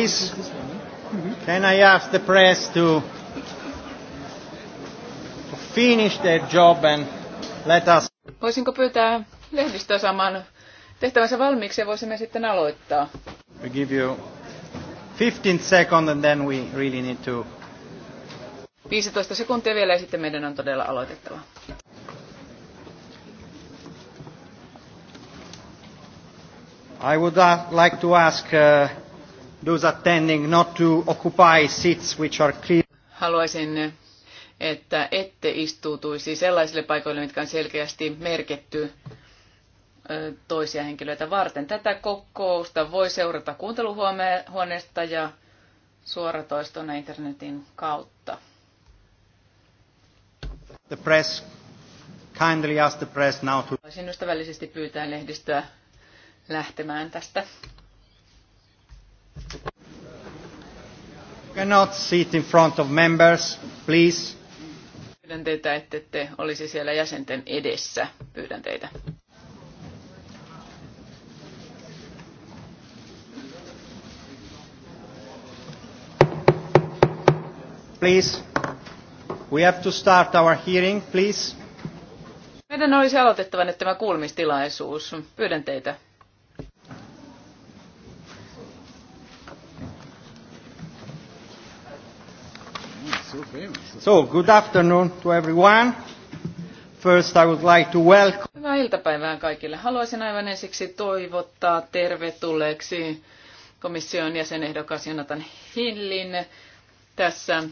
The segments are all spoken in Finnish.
Please, can I ask the press to, to finish their job and let us... Voisinko pyytää lehdistöä saamaan tehtävänsä valmiiksi ja voisimme sitten aloittaa? We give you 15 seconds and then we really need to... 15 sekuntia vielä ja sitten meidän on todella aloitettava. I would uh, like to ask uh, those attending not to occupy seats which are clear. Haluaisin, että ette istuutuisi sellaisille paikoille, mitkä on selkeästi merkitty toisia henkilöitä varten. Tätä kokousta voi seurata kuunteluhuoneesta ja suoratoistona internetin kautta. The press kindly ask the press now to... Haluaisin ystävällisesti pyytää lehdistöä lähtemään tästä. cannot sit in front of members, please. Pyydän teitä, ette te olisi siellä jäsenten edessä. Pyydän teitä. Please. We have to start our hearing, please. Meidän olisi aloitettava nyt tämä kuulemistilaisuus. Pyydän teitä So, good afternoon to everyone. First I would like to welcome... Hyvää iltapäivää kaikille. Haluaisin aivan ensiksi toivottaa tervetulleeksi komission jäsenehdokas Jonathan Hillin tässä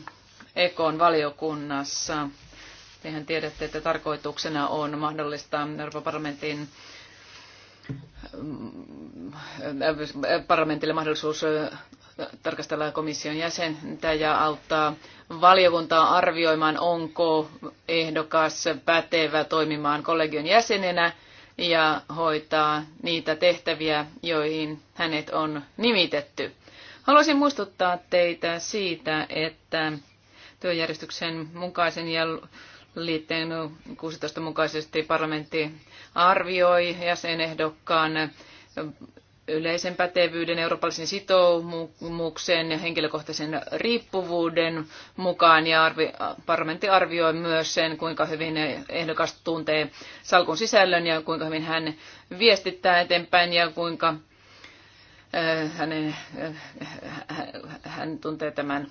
Ekon valiokunnassa. Tehän tiedätte, että tarkoituksena on mahdollistaa Euroopan parlamentin mm, äh, äh, parlamentille mahdollisuus tarkastellaan komission jäsentä ja auttaa valiokuntaa arvioimaan, onko ehdokas pätevä toimimaan kollegion jäsenenä ja hoitaa niitä tehtäviä, joihin hänet on nimitetty. Haluaisin muistuttaa teitä siitä, että työjärjestyksen mukaisen ja liitteen 16 mukaisesti parlamentti arvioi jäsenehdokkaan yleisen pätevyyden, eurooppalaisen sitoumuksen ja henkilökohtaisen riippuvuuden mukaan ja arvi, parlamentti arvioi myös sen, kuinka hyvin ehdokas tuntee salkun sisällön ja kuinka hyvin hän viestittää eteenpäin ja kuinka hänen, hän tuntee tämän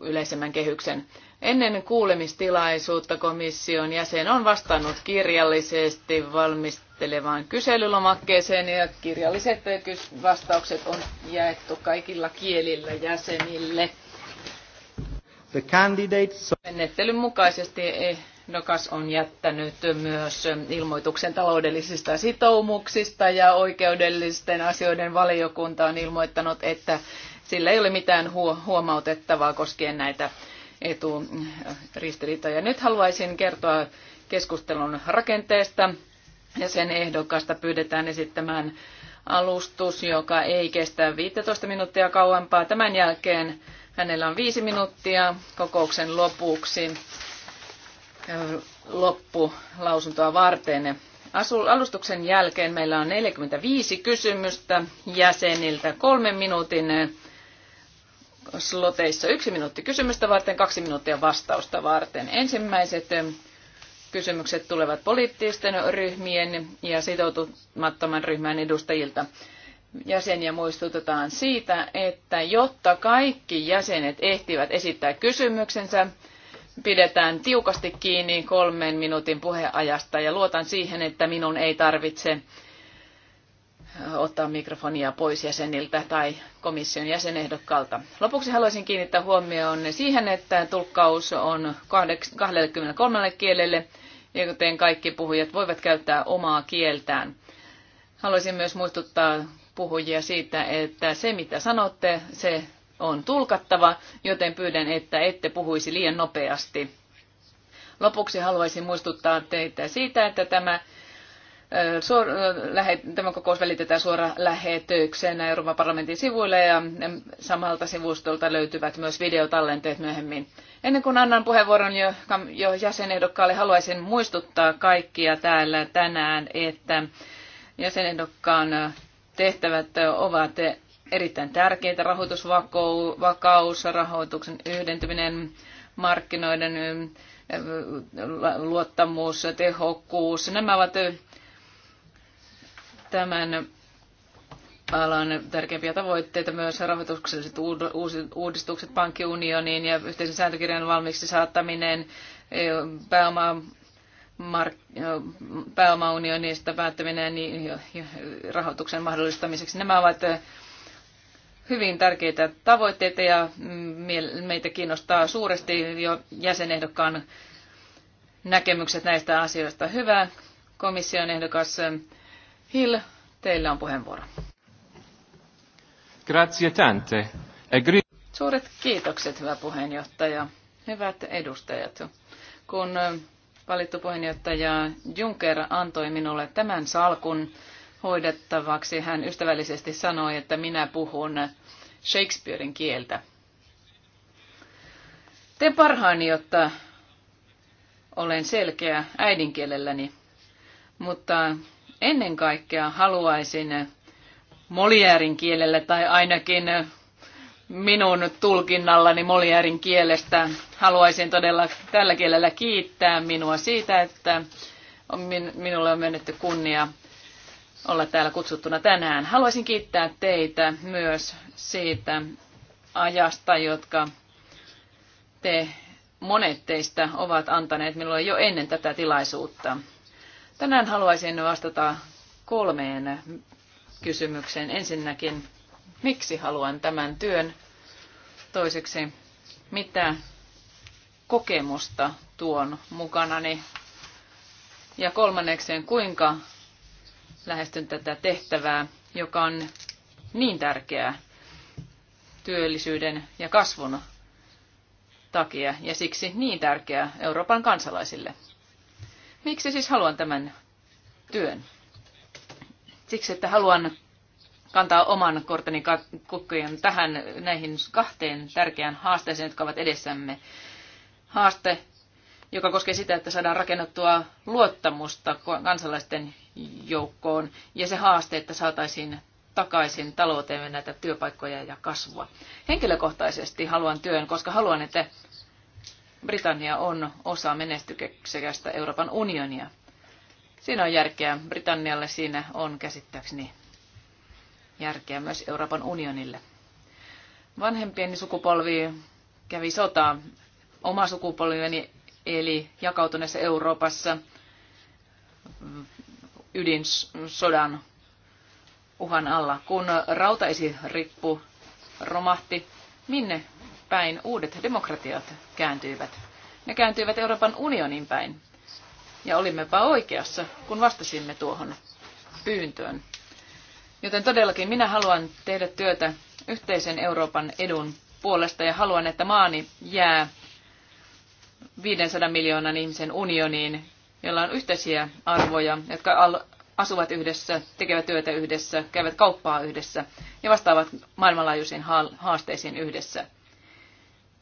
yleisemmän kehyksen. Ennen kuulemistilaisuutta komission jäsen on vastannut kirjallisesti valmistelevaan kyselylomakkeeseen ja kirjalliset vastaukset on jaettu kaikilla kielillä jäsenille. The candidate... Menettelyn mukaisesti ehdokas on jättänyt myös ilmoituksen taloudellisista sitoumuksista ja oikeudellisten asioiden valiokunta on ilmoittanut, että sillä ei ole mitään huomautettavaa koskien näitä eturistiriitoja. Nyt haluaisin kertoa keskustelun rakenteesta ja sen ehdokasta pyydetään esittämään alustus, joka ei kestä 15 minuuttia kauempaa. Tämän jälkeen hänellä on viisi minuuttia kokouksen lopuksi loppulausuntoa varten. Alustuksen jälkeen meillä on 45 kysymystä jäseniltä kolmen minuutin sloteissa. Yksi minuutti kysymystä varten, kaksi minuuttia vastausta varten. Ensimmäiset eh, kysymykset tulevat poliittisten ryhmien ja sitoutumattoman ryhmän edustajilta. Jäseniä muistutetaan siitä, että jotta kaikki jäsenet ehtivät esittää kysymyksensä, pidetään tiukasti kiinni kolmen minuutin puheajasta ja luotan siihen, että minun ei tarvitse ottaa mikrofonia pois jäseniltä tai komission jäsenehdokkaalta. Lopuksi haluaisin kiinnittää huomioon siihen, että tulkkaus on 23 kielelle, joten kaikki puhujat voivat käyttää omaa kieltään. Haluaisin myös muistuttaa puhujia siitä, että se mitä sanotte, se on tulkattava, joten pyydän, että ette puhuisi liian nopeasti. Lopuksi haluaisin muistuttaa teitä siitä, että tämä suor, lähe... tämä kokous välitetään suora lähetyksenä Euroopan parlamentin sivuille ja samalta sivustolta löytyvät myös videotallenteet myöhemmin. Ennen kuin annan puheenvuoron jo, jo jäsenehdokkaalle, haluaisin muistuttaa kaikkia täällä tänään, että jäsenehdokkaan tehtävät ovat erittäin tärkeitä, rahoitusvakaus, rahoituksen yhdentyminen, markkinoiden luottamus, tehokkuus, nämä ovat tämän alan tärkeimpiä tavoitteita myös rahoitukselliset uudistukset pankkiunioniin ja yhteisen sääntökirjan valmiiksi saattaminen, e, pääoma mark- e, pääomaunionista päättäminen niin rahoituksen mahdollistamiseksi. Nämä ovat e, hyvin tärkeitä tavoitteita ja mm, meitä kiinnostaa suuresti jo jäsenehdokkaan näkemykset näistä asioista. Hyvä komission ehdokas Hill, teillä on puheenvuoro. Grazie tante. Agri- e Suuret kiitokset, hyvä puheenjohtaja. Hyvät edustajat. Kun valittu puheenjohtaja Juncker antoi minulle tämän salkun hoidettavaksi, hän ystävällisesti sanoi, että minä puhun Shakespearen kieltä. Teen parhaani, jotta olen selkeä äidinkielelläni, mutta Ennen kaikkea haluaisin Moliärin kielellä tai ainakin minun tulkinnallani Moliärin kielestä haluaisin todella tällä kielellä kiittää minua siitä, että minulle on myönnetty kunnia olla täällä kutsuttuna tänään. Haluaisin kiittää teitä myös siitä ajasta, jotka te monet teistä ovat antaneet minulle jo ennen tätä tilaisuutta. Tänään haluaisin vastata kolmeen kysymykseen. Ensinnäkin, miksi haluan tämän työn? Toiseksi, mitä kokemusta tuon mukanani? Ja kolmannekseen, kuinka lähestyn tätä tehtävää, joka on niin tärkeää työllisyyden ja kasvun takia ja siksi niin tärkeää Euroopan kansalaisille. Miksi siis haluan tämän työn? Siksi, että haluan kantaa oman korteni kukkojen tähän näihin kahteen tärkeään haasteeseen, jotka ovat edessämme. Haaste, joka koskee sitä, että saadaan rakennettua luottamusta kansalaisten joukkoon, ja se haaste, että saataisiin takaisin talouteen näitä työpaikkoja ja kasvua. Henkilökohtaisesti haluan työn, koska haluan, että Britannia on osa menestyksekästä Euroopan unionia. Siinä on järkeä Britannialle, siinä on käsittääkseni järkeä myös Euroopan unionille. Vanhempieni sukupolvi kävi sotaa. Oma sukupolveni eli jakautuneessa Euroopassa ydinsodan uhan alla. Kun rippu romahti, minne päin uudet demokratiat kääntyivät. Ne kääntyivät Euroopan unionin päin. Ja olimmepa oikeassa, kun vastasimme tuohon pyyntöön. Joten todellakin minä haluan tehdä työtä yhteisen Euroopan edun puolesta ja haluan, että maani jää 500 miljoonan ihmisen unioniin, jolla on yhteisiä arvoja, jotka asuvat yhdessä, tekevät työtä yhdessä, käyvät kauppaa yhdessä ja vastaavat maailmanlaajuisiin haasteisiin yhdessä.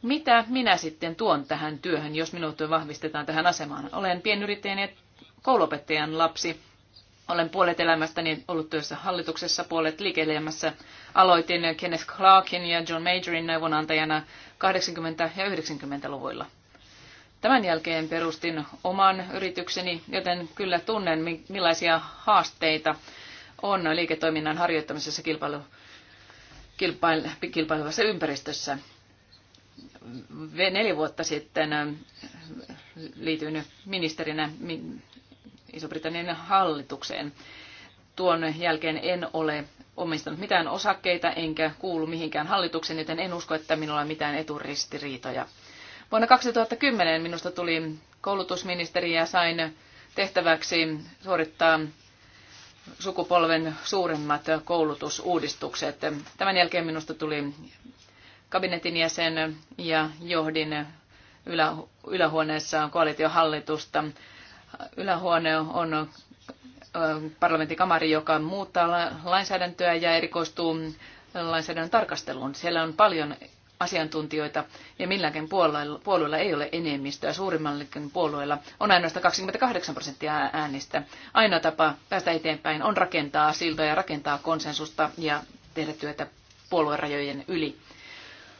Mitä minä sitten tuon tähän työhön, jos minut vahvistetaan tähän asemaan? Olen pienyrittäjän ja kouluopettajan lapsi. Olen puolet elämästäni ollut työssä hallituksessa, puolet liike-elämässä. Aloitin Kenneth Clarkin ja John Majorin neuvonantajana 80- ja 90-luvuilla. Tämän jälkeen perustin oman yritykseni, joten kyllä tunnen, millaisia haasteita on liiketoiminnan harjoittamisessa kilpailu, kilpail, kilpailevassa ympäristössä neljä vuotta sitten liityin ministerinä Iso-Britannian hallitukseen. Tuon jälkeen en ole omistanut mitään osakkeita enkä kuulu mihinkään hallitukseen, joten en usko, että minulla on mitään eturistiriitoja. Vuonna 2010 minusta tuli koulutusministeri ja sain tehtäväksi suorittaa sukupolven suurimmat koulutusuudistukset. Tämän jälkeen minusta tuli kabinetin jäsen ja johdin ylä, ylähuoneessa koalitiohallitusta. Ylähuone on parlamentin kamari, joka muuttaa lainsäädäntöä ja erikoistuu lainsäädännön tarkasteluun. Siellä on paljon asiantuntijoita ja milläkin puolueella, puolueella ei ole enemmistöä. Suurimmallakin puolueella on ainoastaan 28 prosenttia äänistä. Ainoa tapa päästä eteenpäin on rakentaa siltoja, rakentaa konsensusta ja tehdä työtä puoluerajojen yli.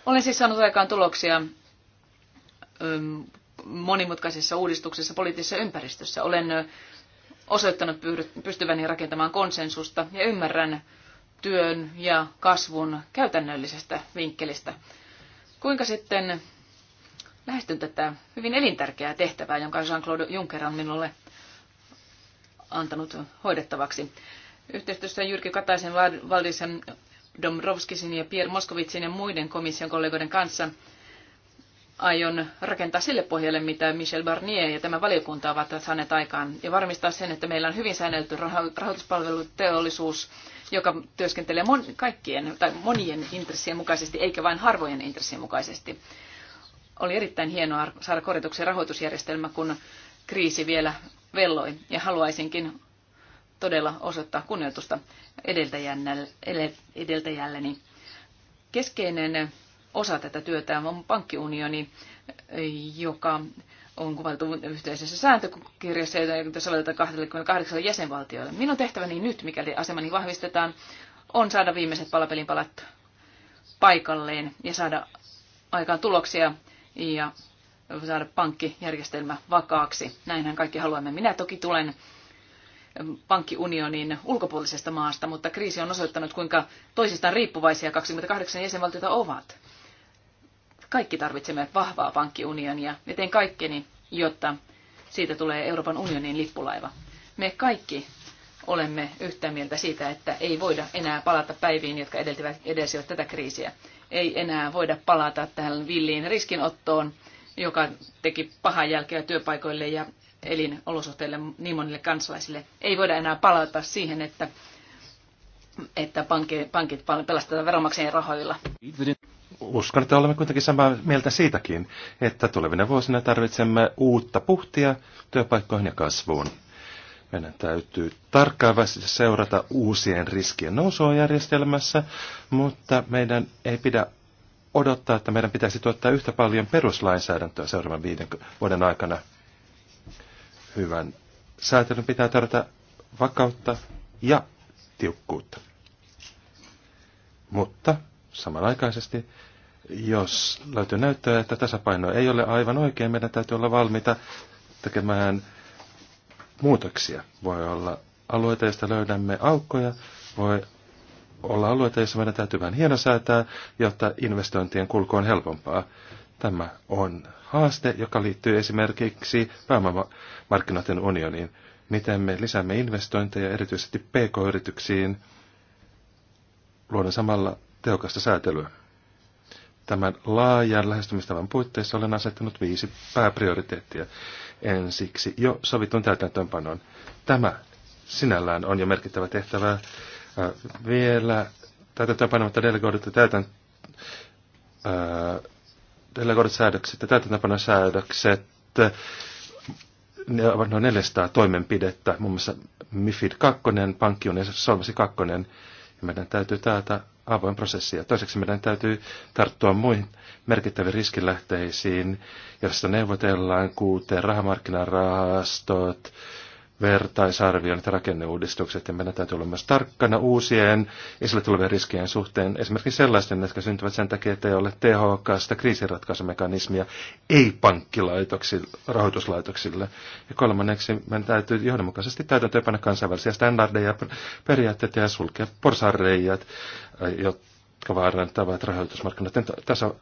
Olen siis saanut aikaan tuloksia monimutkaisessa uudistuksessa poliittisessa ympäristössä. Olen osoittanut pystyväni rakentamaan konsensusta ja ymmärrän työn ja kasvun käytännöllisestä vinkkelistä. Kuinka sitten lähestyn tätä hyvin elintärkeää tehtävää, jonka Jean-Claude Juncker on minulle antanut hoidettavaksi. Yhteistyössä Jyrki Kataisen, Valdisen, Dombrovskisin ja Pierre Moskovitsin ja muiden komission kollegoiden kanssa aion rakentaa sille pohjalle, mitä Michel Barnier ja tämä valiokunta ovat saaneet aikaan, ja varmistaa sen, että meillä on hyvin säännelty rahoituspalveluteollisuus, joka työskentelee mon- kaikkien tai monien intressien mukaisesti, eikä vain harvojen intressien mukaisesti. Oli erittäin hienoa saada korjatuksen rahoitusjärjestelmä, kun kriisi vielä velloi, ja haluaisinkin todella osoittaa kunnioitusta edeltäjälleni. Keskeinen osa tätä työtä on pankkiunioni, joka on kuvailtu yhteisessä sääntökirjassa, jota sovelletaan 28 jäsenvaltioille. Minun tehtäväni nyt, mikäli asemani vahvistetaan, on saada viimeiset palapelin palat paikalleen ja saada aikaan tuloksia ja saada pankkijärjestelmä vakaaksi. Näinhän kaikki haluamme. Minä toki tulen pankkiunionin ulkopuolisesta maasta, mutta kriisi on osoittanut, kuinka toisistaan riippuvaisia 28 jäsenvaltiota ovat. Kaikki tarvitsemme vahvaa pankkiunionia ja teen kaikkeni, jotta siitä tulee Euroopan unionin lippulaiva. Me kaikki olemme yhtä mieltä siitä, että ei voida enää palata päiviin, jotka edeltivät, edelsivät tätä kriisiä. Ei enää voida palata tähän villiin riskinottoon, joka teki pahan jälkeä työpaikoille ja elinolosuhteille niin monille kansalaisille. Ei voida enää palata siihen, että, että pankit, pankit pelastetaan veronmaksajien rahoilla. Uskon, että olemme kuitenkin samaa mieltä siitäkin, että tulevina vuosina tarvitsemme uutta puhtia työpaikkoihin ja kasvuun. Meidän täytyy tarkkaavasti seurata uusien riskien nousua järjestelmässä, mutta meidän ei pidä odottaa, että meidän pitäisi tuottaa yhtä paljon peruslainsäädäntöä seuraavan viiden vuoden aikana. Hyvän säätelyn pitää tarjota vakautta ja tiukkuutta. Mutta samanaikaisesti, jos löytyy näyttöä, että tasapaino ei ole aivan oikein, meidän täytyy olla valmiita tekemään muutoksia. Voi olla alueita, joista löydämme aukkoja, voi olla alueita, joissa meidän täytyy vähän hienosäätää, jotta investointien kulku on helpompaa. Tämä on haaste, joka liittyy esimerkiksi pääomamarkkinoiden unioniin. Miten me lisäämme investointeja erityisesti pk-yrityksiin luoden samalla tehokasta säätelyä. Tämän laajan lähestymistavan puitteissa olen asettanut viisi pääprioriteettia ensiksi jo sovitun täytäntöönpanoon. Tämä sinällään on jo merkittävä tehtävä. Äh, vielä täytäntöönpanomatta delegoidut Äh, kohdassa säädökset ja säädökset. ne ovat noin 400 toimenpidettä, muun muassa MIFID 2, ja solmasi 2, ja meidän täytyy taata avoin prosessi. Ja toiseksi meidän täytyy tarttua muihin merkittäviin riskilähteisiin, joista neuvotellaan, kuuteen rahamarkkinarahastot, vertaisarvioinnit ja rakenneuudistukset, ja meidän täytyy olla myös tarkkana uusien esille tulevien riskien suhteen, esimerkiksi sellaisten, jotka syntyvät sen takia, että ei ole tehokasta kriisiratkaisumekanismia, ei pankkilaitoksille, rahoituslaitoksille. Ja kolmanneksi meidän täytyy johdonmukaisesti täytäntöönpanna kansainvälisiä standardeja, periaatteita ja sulkea porsareijat, jotka vaarantavat rahoitusmarkkinoiden tasa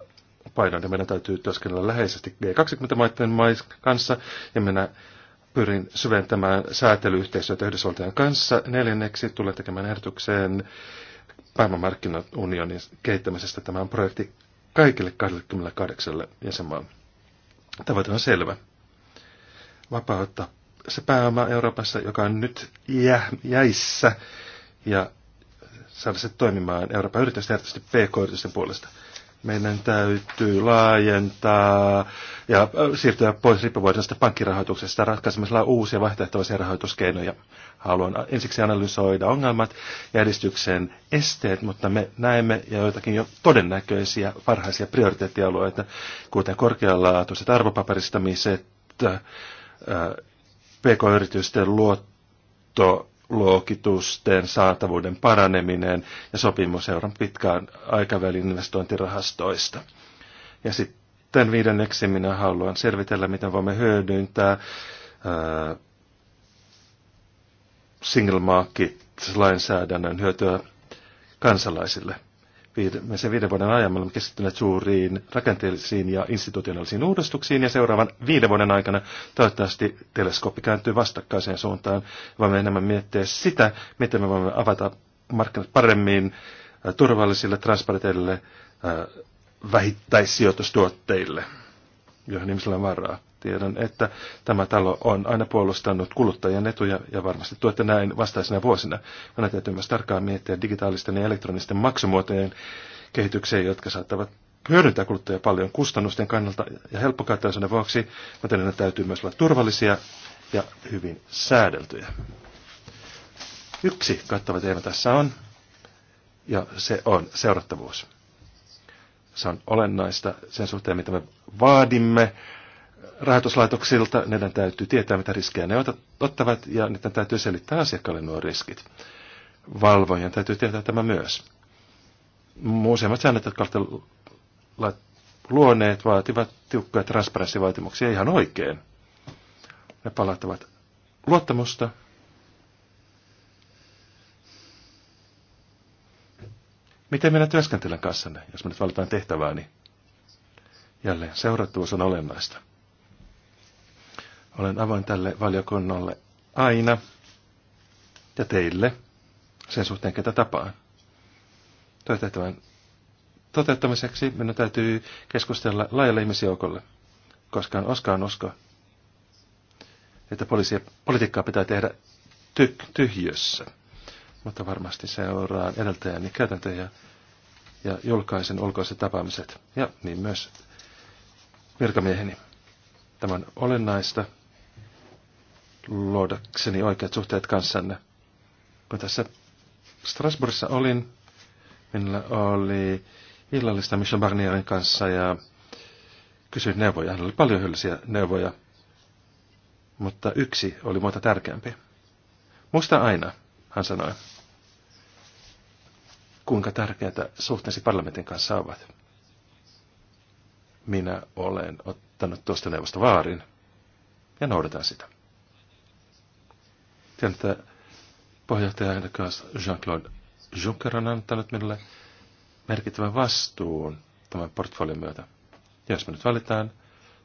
painon, ja meidän täytyy työskennellä läheisesti G20-maiden kanssa, ja meidän pyrin syventämään säätelyyhteistyötä Yhdysvaltojen kanssa. Neljänneksi tulee tekemään ehdotukseen pääomamarkkinaunionin kehittämisestä tämän projekti kaikille 28 jäsenmaan. Tavoite on selvä. Vapauttaa se pääoma Euroopassa, joka on nyt jä, jäissä, ja saada se toimimaan Euroopan yritysten, erityisesti PK-yritysten puolesta meidän täytyy laajentaa ja siirtyä pois riippuvuudesta pankkirahoituksesta ratkaisemisella uusia vaihtoehtoisia rahoituskeinoja. Haluan ensiksi analysoida ongelmat ja edistyksen esteet, mutta me näemme ja joitakin jo todennäköisiä parhaisia prioriteettialueita, kuten korkealaatuiset arvopaperistamiset, pk-yritysten luotto luokitusten saatavuuden paraneminen ja sopimuseuran pitkään aikavälin investointirahastoista. Ja sitten viidenneksi minä haluan selvitellä, miten voimme hyödyntää ää, single market lainsäädännön hyötyä kansalaisille – viimeisen viiden vuoden ajan me olemme keskittyneet suuriin rakenteellisiin ja institutionaalisiin uudistuksiin, ja seuraavan viiden vuoden aikana toivottavasti teleskooppi kääntyy vastakkaiseen suuntaan. Voimme enemmän miettiä sitä, miten me voimme avata markkinat paremmin äh, turvallisille, transparenteille, äh, vähittäissijoitustuotteille, joihin ihmisillä on varaa tiedän, että tämä talo on aina puolustanut kuluttajien etuja ja varmasti tuotte näin vastaisina vuosina. Aina täytyy myös tarkkaan miettiä digitaalisten ja elektronisten maksumuotojen kehitykseen, jotka saattavat hyödyntää kuluttajia paljon kustannusten kannalta ja helppokäyttäisenä vuoksi, mutta ne täytyy myös olla turvallisia ja hyvin säädeltyjä. Yksi kattava teema tässä on, ja se on seurattavuus. Se on olennaista sen suhteen, mitä me vaadimme rahoituslaitoksilta, niiden täytyy tietää, mitä riskejä ne ottavat, ja niiden täytyy selittää asiakkaille nuo riskit. Valvojen täytyy tietää tämä myös. Useimmat säännöt, jotka olette luoneet, vaativat tiukkoja transparenssivaatimuksia ihan oikein. Ne palauttavat luottamusta. Miten minä työskentelen kanssanne, jos minä nyt valitaan tehtävääni? Jälleen seurattuus on olennaista. Olen avoin tälle valiokunnalle aina ja teille sen suhteen, ketä tapaan. Toteuttavan toteuttamiseksi minun täytyy keskustella laajalle ihmisjoukolle, koska en oskaan usko, että poliisia, politiikkaa pitää tehdä ty, tyhjössä. Mutta varmasti seuraan edeltäjäni käytäntöjä ja julkaisen ulkoiset tapaamiset ja niin myös virkamieheni. Tämä on olennaista luodakseni oikeat suhteet kanssanne. Kun tässä Strasbourgissa olin, minulla oli illallista Michel Barnierin kanssa ja kysyin neuvoja. Hän oli paljon hyllisiä neuvoja, mutta yksi oli muuta tärkeämpi. Muista aina, hän sanoi, kuinka tärkeätä suhteesi parlamentin kanssa ovat. Minä olen ottanut tuosta neuvosta vaarin ja noudatan sitä. Tiedän, että ehdokas Jean-Claude Juncker on antanut minulle merkittävän vastuun tämän portfolion myötä. Jos me nyt valitaan,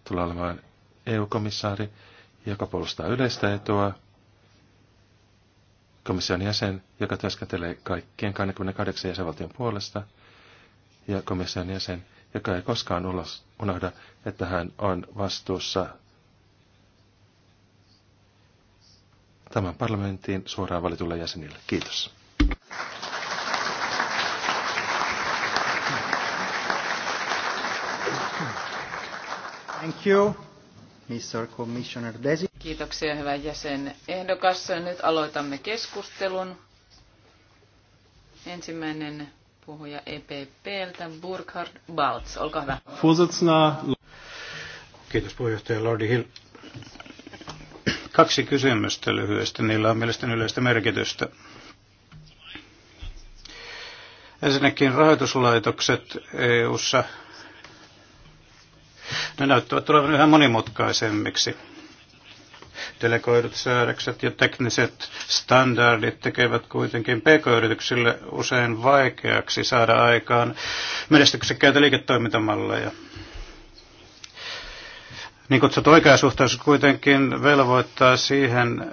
tulee olemaan EU-komissaari, joka puolustaa yleistä etua, komission jäsen, joka työskentelee kaikkien 28 jäsenvaltion puolesta, ja komission jäsen, joka ei koskaan ulos unohda, että hän on vastuussa tämän parlamentin suoraan valitulle jäsenille. Kiitos. Thank you, Mr. Commissioner Desi. Kiitoksia, hyvä jäsen ehdokas. Nyt aloitamme keskustelun. Ensimmäinen puhuja EPPltä, Burkhard Baltz. Olkaa hyvä. Kiitos puheenjohtaja Lordi Hill. Kaksi kysymystä lyhyesti, niillä on mielestäni yleistä merkitystä. Ensinnäkin rahoituslaitokset EU-ssa ne näyttävät tulevan yhä monimutkaisemmiksi. Delegoidut säädökset ja tekniset standardit tekevät kuitenkin pk-yrityksille usein vaikeaksi saada aikaan menestyksekkäitä liiketoimintamalleja. Niin kutsuttu oikeasuhtaisuus kuitenkin velvoittaa siihen,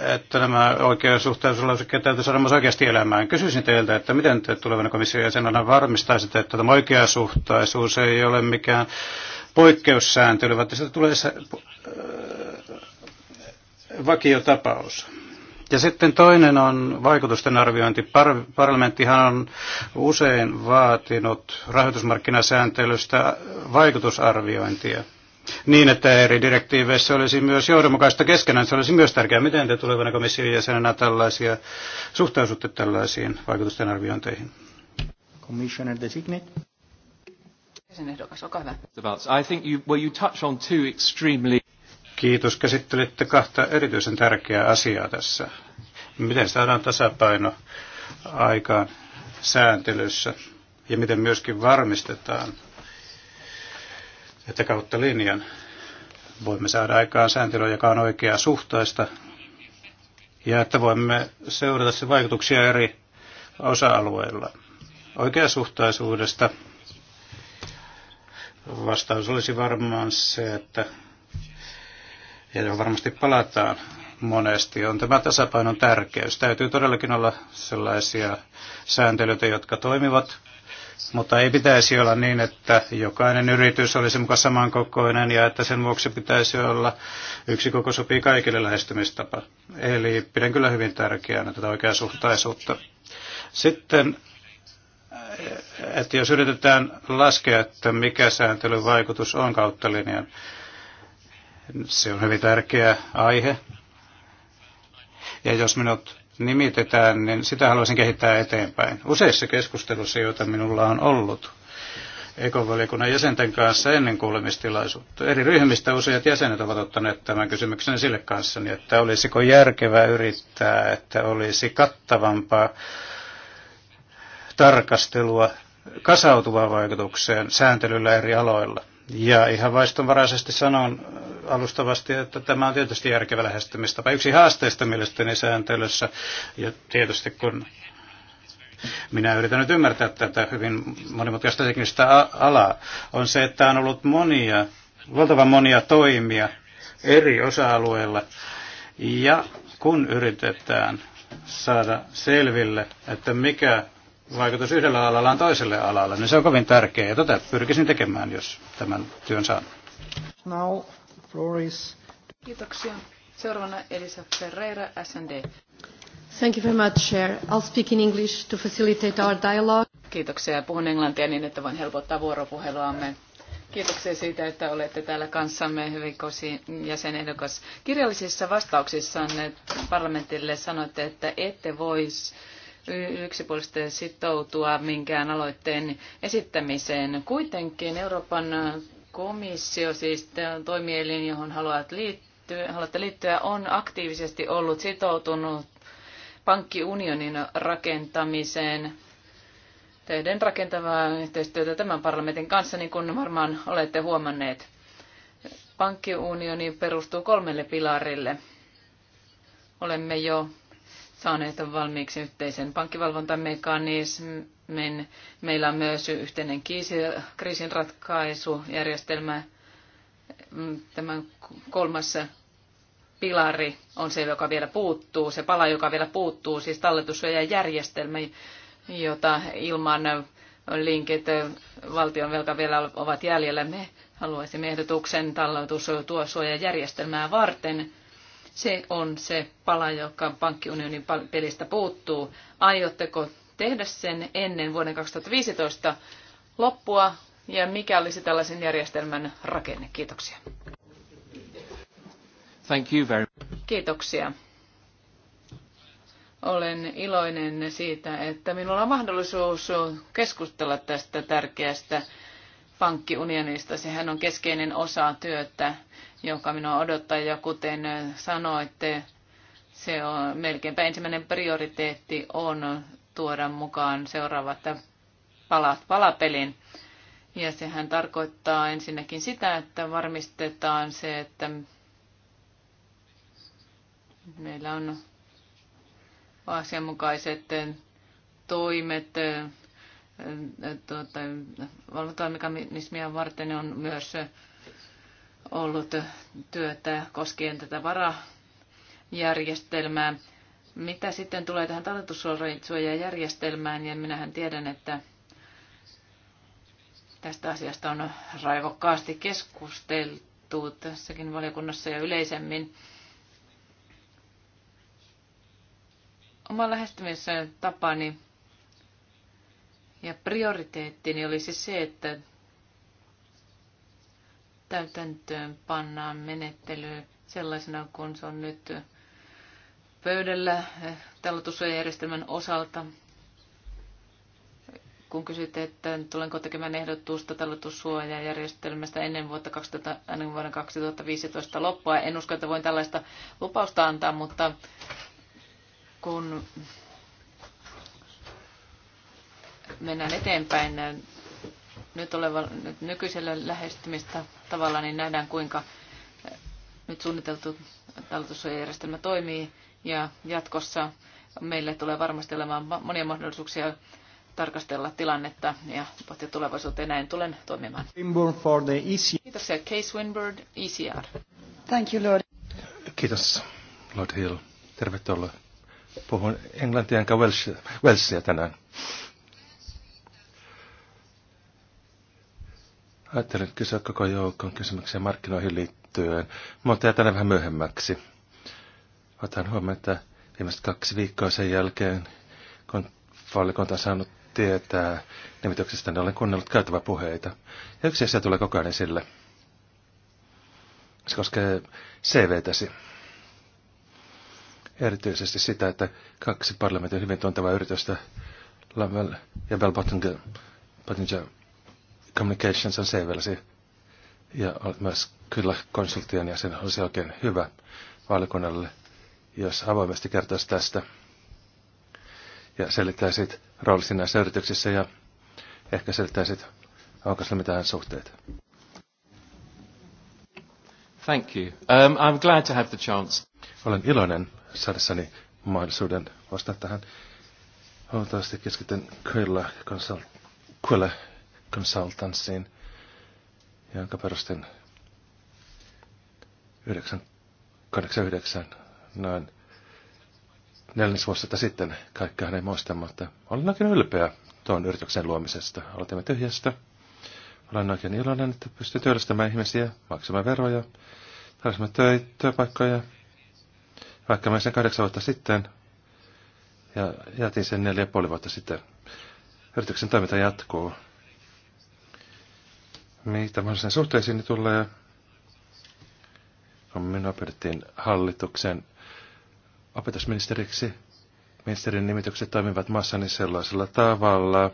että nämä oikeasuhtaisuuslausekkeet täytyy saada myös oikeasti elämään. Kysyisin teiltä, että miten te tulevana komission jäsenenä varmistaisitte, että tämä oikeasuhtaisuus ei ole mikään poikkeussääntely, vaan sitä tulee se, äh, vakiotapaus. Ja sitten toinen on vaikutusten arviointi. Par- parlamenttihan on usein vaatinut rahoitusmarkkinasääntelystä vaikutusarviointia niin, että eri direktiiveissä olisi myös johdonmukaista keskenään. Se olisi myös tärkeää. Miten te tulevana komission jäsenenä tällaisia, suhtaudutte tällaisiin vaikutusten arviointeihin? Commissioner designate. I think well, you touch on two extremely... Kiitos. Käsittelitte kahta erityisen tärkeää asiaa tässä. Miten saadaan tasapaino aikaan sääntelyssä ja miten myöskin varmistetaan että kautta linjan voimme saada aikaan sääntelyä, joka on oikea suhtaista, ja että voimme seurata sen vaikutuksia eri osa-alueilla. Oikeasuhtaisuudesta vastaus olisi varmaan se, että ja johon varmasti palataan monesti, on tämä tasapainon tärkeys. Täytyy todellakin olla sellaisia sääntelyitä, jotka toimivat mutta ei pitäisi olla niin, että jokainen yritys olisi mukaan samankokoinen ja että sen vuoksi pitäisi olla yksi koko sopii kaikille lähestymistapa. Eli pidän kyllä hyvin tärkeänä tätä oikeasuhtaisuutta. Sitten, että jos yritetään laskea, että mikä sääntelyn vaikutus on kautta linjan, se on hyvin tärkeä aihe. Ja jos minut nimitetään, niin sitä haluaisin kehittää eteenpäin. Useissa keskusteluissa, joita minulla on ollut ekovaliokunnan jäsenten kanssa ennen kuulemistilaisuutta, eri ryhmistä useat jäsenet ovat ottaneet tämän kysymyksen sille kanssa, niin että olisiko järkevää yrittää, että olisi kattavampaa tarkastelua kasautuvaan vaikutukseen sääntelyllä eri aloilla. Ja ihan vaistonvaraisesti sanon alustavasti, että tämä on tietysti järkevä lähestymistapa. Yksi haasteista mielestäni sääntelyssä, ja tietysti kun minä yritän nyt ymmärtää tätä hyvin monimutkaista teknistä alaa, on se, että on ollut monia, valtavan monia toimia eri osa-alueilla. Ja kun yritetään saada selville, että mikä vaikutus yhdellä alalla on toiselle alalle, niin se on kovin tärkeää. Ja tätä tota pyrkisin tekemään, jos tämän työn saan. Now, Floris. Kiitoksia. Seuraavana Elisa Ferreira, SND. Thank you very much, Chair. I'll speak in English to facilitate our dialogue. Kiitoksia. Puhun englantia niin, että voin helpottaa vuoropuheluamme. Kiitoksia siitä, että olette täällä kanssamme rikosi jäsenehdokas. Kirjallisissa vastauksissanne parlamentille sanoitte, että ette voisi yksipuolisesti sitoutua minkään aloitteen esittämiseen. Kuitenkin Euroopan komissio, siis toimielin, johon haluat liittyä, haluatte liittyä, on aktiivisesti ollut sitoutunut pankkiunionin rakentamiseen tehden rakentavaa yhteistyötä tämän parlamentin kanssa, niin kuin varmaan olette huomanneet. Pankkiunioni perustuu kolmelle pilarille. Olemme jo saaneet valmiiksi yhteisen pankkivalvontamekanismin. Meillä on myös yhteinen kriisinratkaisujärjestelmä. Mm, Tämä kolmas pilari on se, joka vielä puuttuu, se pala, joka vielä puuttuu, siis talletussuojajärjestelmä, jota ilman linkit valtion velka vielä ovat jäljellä. Me haluaisimme ehdotuksen talletussuojajärjestelmää varten – se on se pala, joka pankkiunionin pelistä puuttuu. Aiotteko tehdä sen ennen vuoden 2015 loppua ja mikä olisi tällaisen järjestelmän rakenne? Kiitoksia. Thank you very Kiitoksia. Olen iloinen siitä, että minulla on mahdollisuus keskustella tästä tärkeästä pankkiunionista. Sehän on keskeinen osa työtä, joka minua odottaa ja kuten sanoitte, se on melkeinpä ensimmäinen prioriteetti on tuoda mukaan seuraavat palat palapelin. Ja sehän tarkoittaa ensinnäkin sitä, että varmistetaan se, että meillä on asianmukaiset toimet tuota, valvontamekanismia varten on myös ollut työtä koskien tätä varajärjestelmää. Mitä sitten tulee tähän talletussuojajärjestelmään, ja minähän tiedän, että tästä asiasta on raivokkaasti keskusteltu tässäkin valiokunnassa ja yleisemmin. Oma lähestymistapani ja prioriteettini olisi se, että täytäntöön pannaan menettely sellaisena kuin se on nyt pöydällä eh, talotussuojajärjestelmän osalta. Kun kysytte, että tulenko tekemään ehdotusta talotussuojajärjestelmästä ennen, vuotta 2000, ennen vuoden 2015 loppua, en usko, että voin tällaista lupausta antaa, mutta kun mennään eteenpäin nyt, oleva, nyt nykyisellä tavalla, niin nähdään kuinka eh, nyt suunniteltu talletussuojajärjestelmä toimii ja jatkossa meille tulee varmasti olemaan monia mahdollisuuksia tarkastella tilannetta ja pohtia tulevaisuuteen. Näin tulen toimimaan. For the ECR. Kiitoksia. Case Winbird, ECR. Thank you, Lord. Kiitos, Lord Hill. Tervetuloa. Puhun englantia enkä welshia tänään. Ajattelin kysyä koko joukon kysymyksiä markkinoihin liittyen, mutta jää tänne vähän myöhemmäksi. Otan huomioon, että viimeiset kaksi viikkoa sen jälkeen, kun valikonta on saanut tietää nimityksestä, niin olen kuunnellut puheita. Ja yksi asia tulee koko ajan esille. Se koskee cv CV-täsi. Erityisesti sitä, että kaksi parlamentin hyvin tuntevaa yritystä, Lamel ja Bell Pottinger, Communications on Savelsi. ja myös kyllä konsulttien jäsen. Olisi oikein hyvä valiokunnalle, jos avoimesti kertoisi tästä ja selittäisit roolisi näissä yrityksissä ja ehkä selittäisit, onko sillä mitään suhteita. Thank you. Um, I'm glad to have the chance. Olen iloinen saadessani mahdollisuuden vastata tähän. Huomattavasti keskityn kyllä, konsult- kyllä consultancyin, jonka perustin 1989 noin neljäsvuotta sitten. Kaikkihan ei muista, mutta olin oikein ylpeä tuon yrityksen luomisesta. Aloitimme tyhjästä. Olen oikein iloinen, että pystyn työllistämään ihmisiä, maksamaan veroja, tarvitsemme töitä, työpaikkoja. Vaikka mä sen kahdeksan vuotta sitten ja jätin sen neljä ja puoli vuotta sitten. Yrityksen toiminta jatkuu. Mitä mahdollisiin suhteisiin niin tulee, kun minua pyydettiin hallituksen opetusministeriksi, ministerin nimitykset toimivat maassani niin sellaisella tavalla.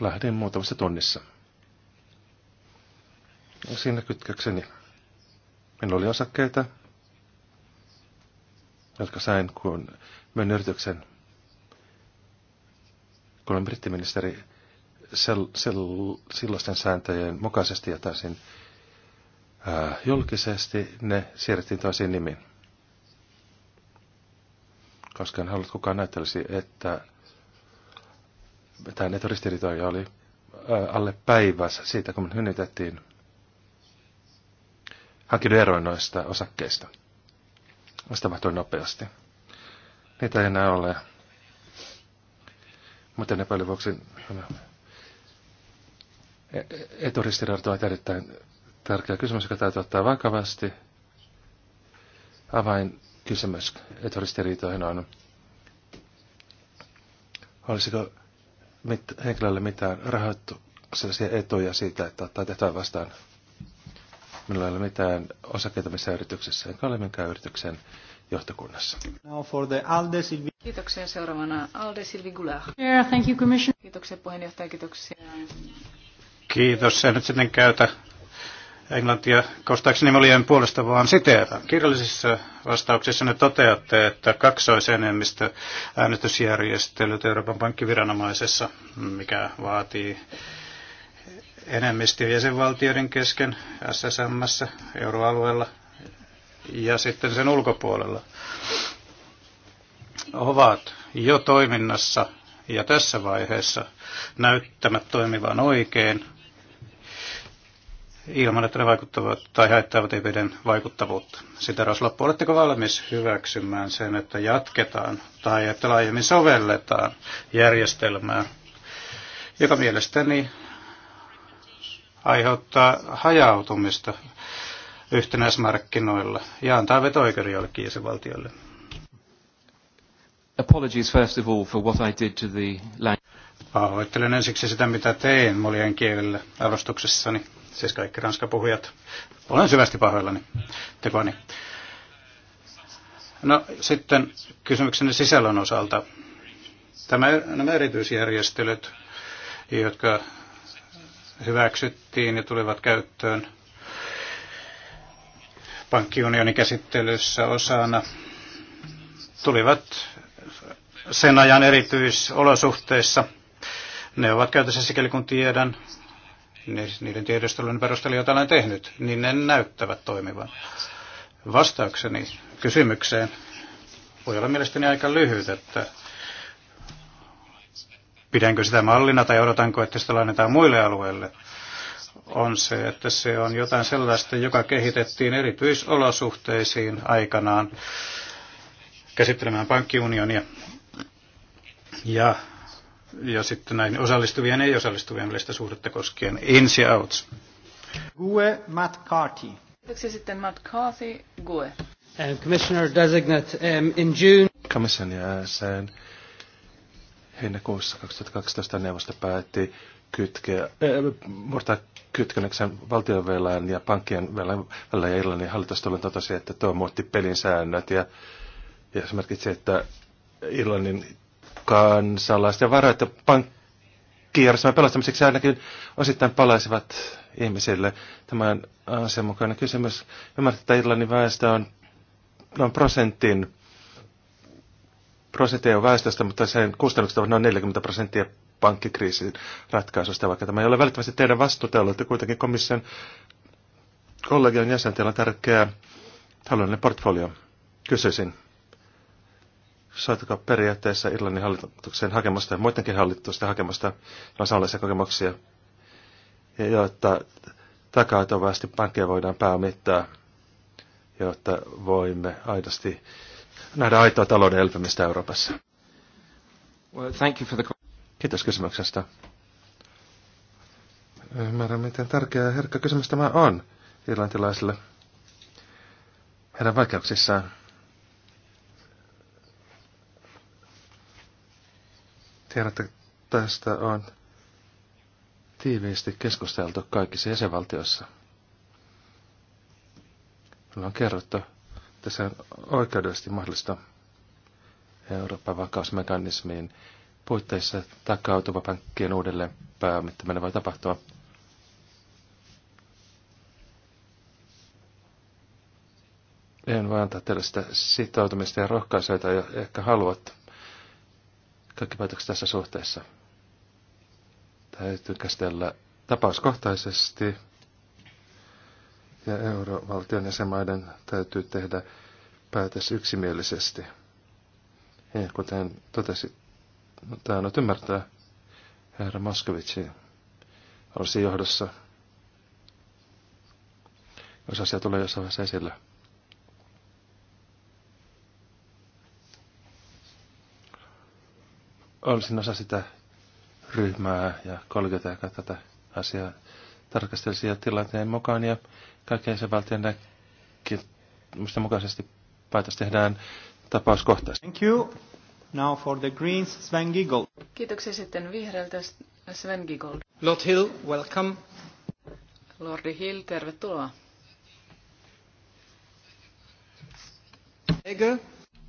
Lähdin muutamassa tunnissa. Ja siinä kytkökseni. Minulla oli osakkeita, jotka sain, kun myin yrityksen. Kun olin brittiministeri, sel, sel, silloisten sääntöjen mukaisesti ja täysin ää, julkisesti, ne siirrettiin toisiin nimiin. Koska en halunnut kukaan näyttelisi, että tämä netoristiriitoja oli ää, alle päivässä siitä, kun me hynnytettiin hankinut eroin noista osakkeista. Sitä tapahtui nopeasti. Niitä ei enää ole. Mutta paljon vuoksi eturistiriidat ovat erittäin tärkeä kysymys, joka täytyy ottaa vakavasti. Avainkysymys eturistiriitoihin on, olisiko mit, henkilölle mitään sellaisia etuja siitä, että ottaa tehtävä vastaan. Minulla ei ole mitään osakkeita missä yrityksessä, enkä ole minkään yrityksen johtokunnassa. Kiitoksia seuraavana Alde Silvi Goulart. Yeah, thank you, Kiitoksia puheenjohtaja, kiitoksia Kiitos. En nyt sitten käytä englantia kostaakseni molien puolesta, vaan siteeraan. Kirjallisissa vastauksissa ne toteatte, että kaksoisenemmistö äänestysjärjestelyt Euroopan pankkiviranomaisessa, mikä vaatii enemmistö jäsenvaltioiden kesken SSM, euroalueella ja sitten sen ulkopuolella, ovat jo toiminnassa ja tässä vaiheessa näyttämät toimivan oikein ilman, että ne vaikuttavat tai haittaavat EPDn vaikuttavuutta. Sitä loppu. Oletteko valmis hyväksymään sen, että jatketaan tai että laajemmin sovelletaan järjestelmää, joka mielestäni aiheuttaa hajautumista yhtenäismarkkinoilla ja antaa veto-oikeuden jollekin jäsenvaltiolle? Apologies first of all for what I did to the language. Pahoittelen ensiksi sitä, mitä tein molien kielellä alustuksessani siis kaikki ranskan puhujat. Olen syvästi pahoillani tekoani. No sitten kysymyksen sisällön osalta. Tämä, nämä erityisjärjestelyt, jotka hyväksyttiin ja tulivat käyttöön pankkiunionin käsittelyssä osana, tulivat sen ajan erityisolosuhteissa. Ne ovat käytössä sikäli kun tiedän niiden tiedustelun perusteella, joita olen tehnyt, niin ne näyttävät toimivan. Vastaukseni kysymykseen voi olla mielestäni aika lyhyt, että pidänkö sitä mallina tai odotanko, että sitä laajennetaan muille alueille, on se, että se on jotain sellaista, joka kehitettiin erityisolosuhteisiin aikanaan käsittelemään pankkiunionia. Ja ja sitten näin osallistuvien ja ei-osallistuvien välistä suhdetta koskien ins ja outs. Gue Matt Carty. Yksi sitten Matt Carthy, Gue. Um, commissioner designate um, in June. Komission jäsen heinäkuussa 2012 neuvosto päätti kytkeä, äh, murtaa kytkenneksen valtionvelan ja pankkien velan välillä ja Irlannin hallitus tuli totesi, että tuo muutti pelin säännöt ja, ja se merkitsi, että Irlannin kansalaisten varoja, että pankkijärjestelmän pelastamiseksi ainakin osittain palaisivat ihmisille. Tämä on asianmukainen kysymys. Ymmärrän, että Irlannin väestö on noin prosentin prosenttia on väestöstä, mutta sen kustannukset ovat noin 40 prosenttia pankkikriisin ratkaisusta, vaikka tämä ei ole välttämättä teidän vastuuta, että kuitenkin komission kollegion jäsen, teillä on tärkeä taloudellinen portfolio. Kysyisin, soitakaa periaatteessa Irlannin hallituksen hakemasta ja muidenkin hallitusten hakemasta, joilla on samanlaisia kokemuksia, ja jotta takautuvasti pankkeja voidaan pääomittaa, jotta voimme aidosti nähdä aitoa talouden elpymistä Euroopassa. Well, thank you for the... Kiitos kysymyksestä. Ymmärrän, miten tärkeä ja herkkä kysymys tämä on irlantilaisille heidän vaikeuksissaan. Tiedän, että tästä on tiiviisti keskusteltu kaikissa jäsenvaltioissa. Meillä on kerrottu, että se on oikeudellisesti mahdollista Euroopan vakausmekanismiin puitteissa takautuva pankkien uudelleen pääomittaminen voi tapahtua. En voi antaa teille sitä sitoutumista ja rohkaisuja, ja ehkä haluat kaikki päätökset tässä suhteessa. Täytyy käsitellä tapauskohtaisesti ja eurovaltion jäsenmaiden täytyy tehdä päätös yksimielisesti. Ja kuten totesi, no, tämä on ymmärtää, herra Moskovitsi olisi johdossa, jos asia tulee jossain vaiheessa esille. olisin osa sitä ryhmää ja kollegoita, joka tätä asiaa tarkastelisi ja tilanteen mukaan ja kaikkien sen valtion näkemysten mukaisesti päätös tehdään tapauskohtaisesti. Thank you. Now for the Greens, Sven Giegold. Kiitoksia sitten vihreältä Sven Giegold. Lord Hill, welcome. Lordi Hill, tervetuloa.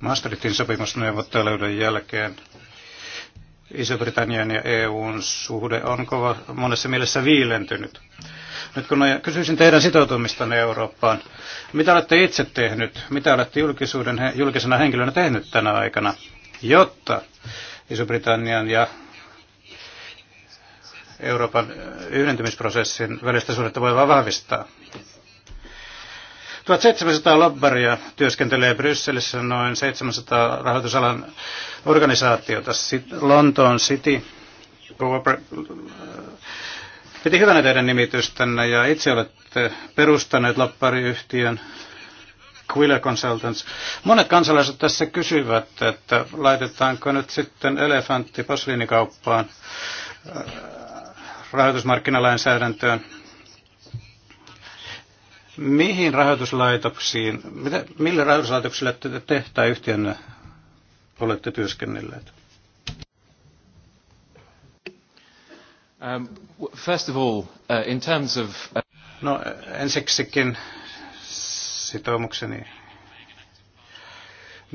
Maastrichtin sopimusneuvottelujen jälkeen Iso-Britannian ja EUn suhde on kova, monessa mielessä viilentynyt. Nyt kun kysyisin teidän sitoutumistanne Eurooppaan, mitä olette itse tehnyt, mitä olette julkisuuden, julkisena henkilönä tehnyt tänä aikana, jotta Iso-Britannian ja Euroopan yhdentymisprosessin välistä suhdetta voi vahvistaa. 1700 lobbaria työskentelee Brysselissä noin 700 rahoitusalan organisaatiota. Lontoon City piti hyvänä teidän nimitystänne ja itse olette perustaneet lobbariyhtiön Quiller Consultants. Monet kansalaiset tässä kysyvät, että laitetaanko nyt sitten elefantti posliinikauppaan äh, rahoitusmarkkinalainsäädäntöön Mihin rahoituslaitoksiin, mitä, millä rahoituslaitoksilla te, te tai yhtiönne olette työskennelleet? Um, first of all, uh, in terms of... Uh, no ensiksikin sitoumukseni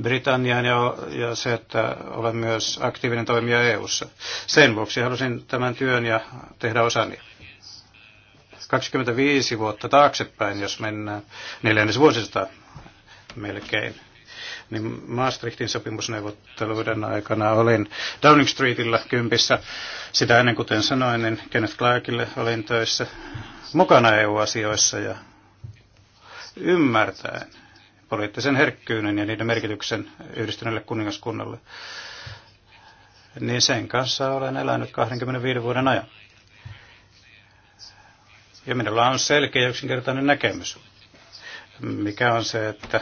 Britanniaan ja, ja se, että olen myös aktiivinen toimija EU:ssa. Sen vuoksi halusin tämän työn ja tehdä osani. 25 vuotta taaksepäin, jos mennään vuosista melkein, niin Maastrichtin sopimusneuvotteluiden aikana olin Downing Streetillä kympissä. Sitä ennen, kuten sanoin, niin Kenneth Clarkille olin töissä mukana EU-asioissa ja ymmärtäen poliittisen herkkyyden ja niiden merkityksen yhdistyneelle kuningaskunnalle. Niin sen kanssa olen elänyt 25 vuoden ajan. Ja minulla on selkeä yksinkertainen näkemys, mikä on se, että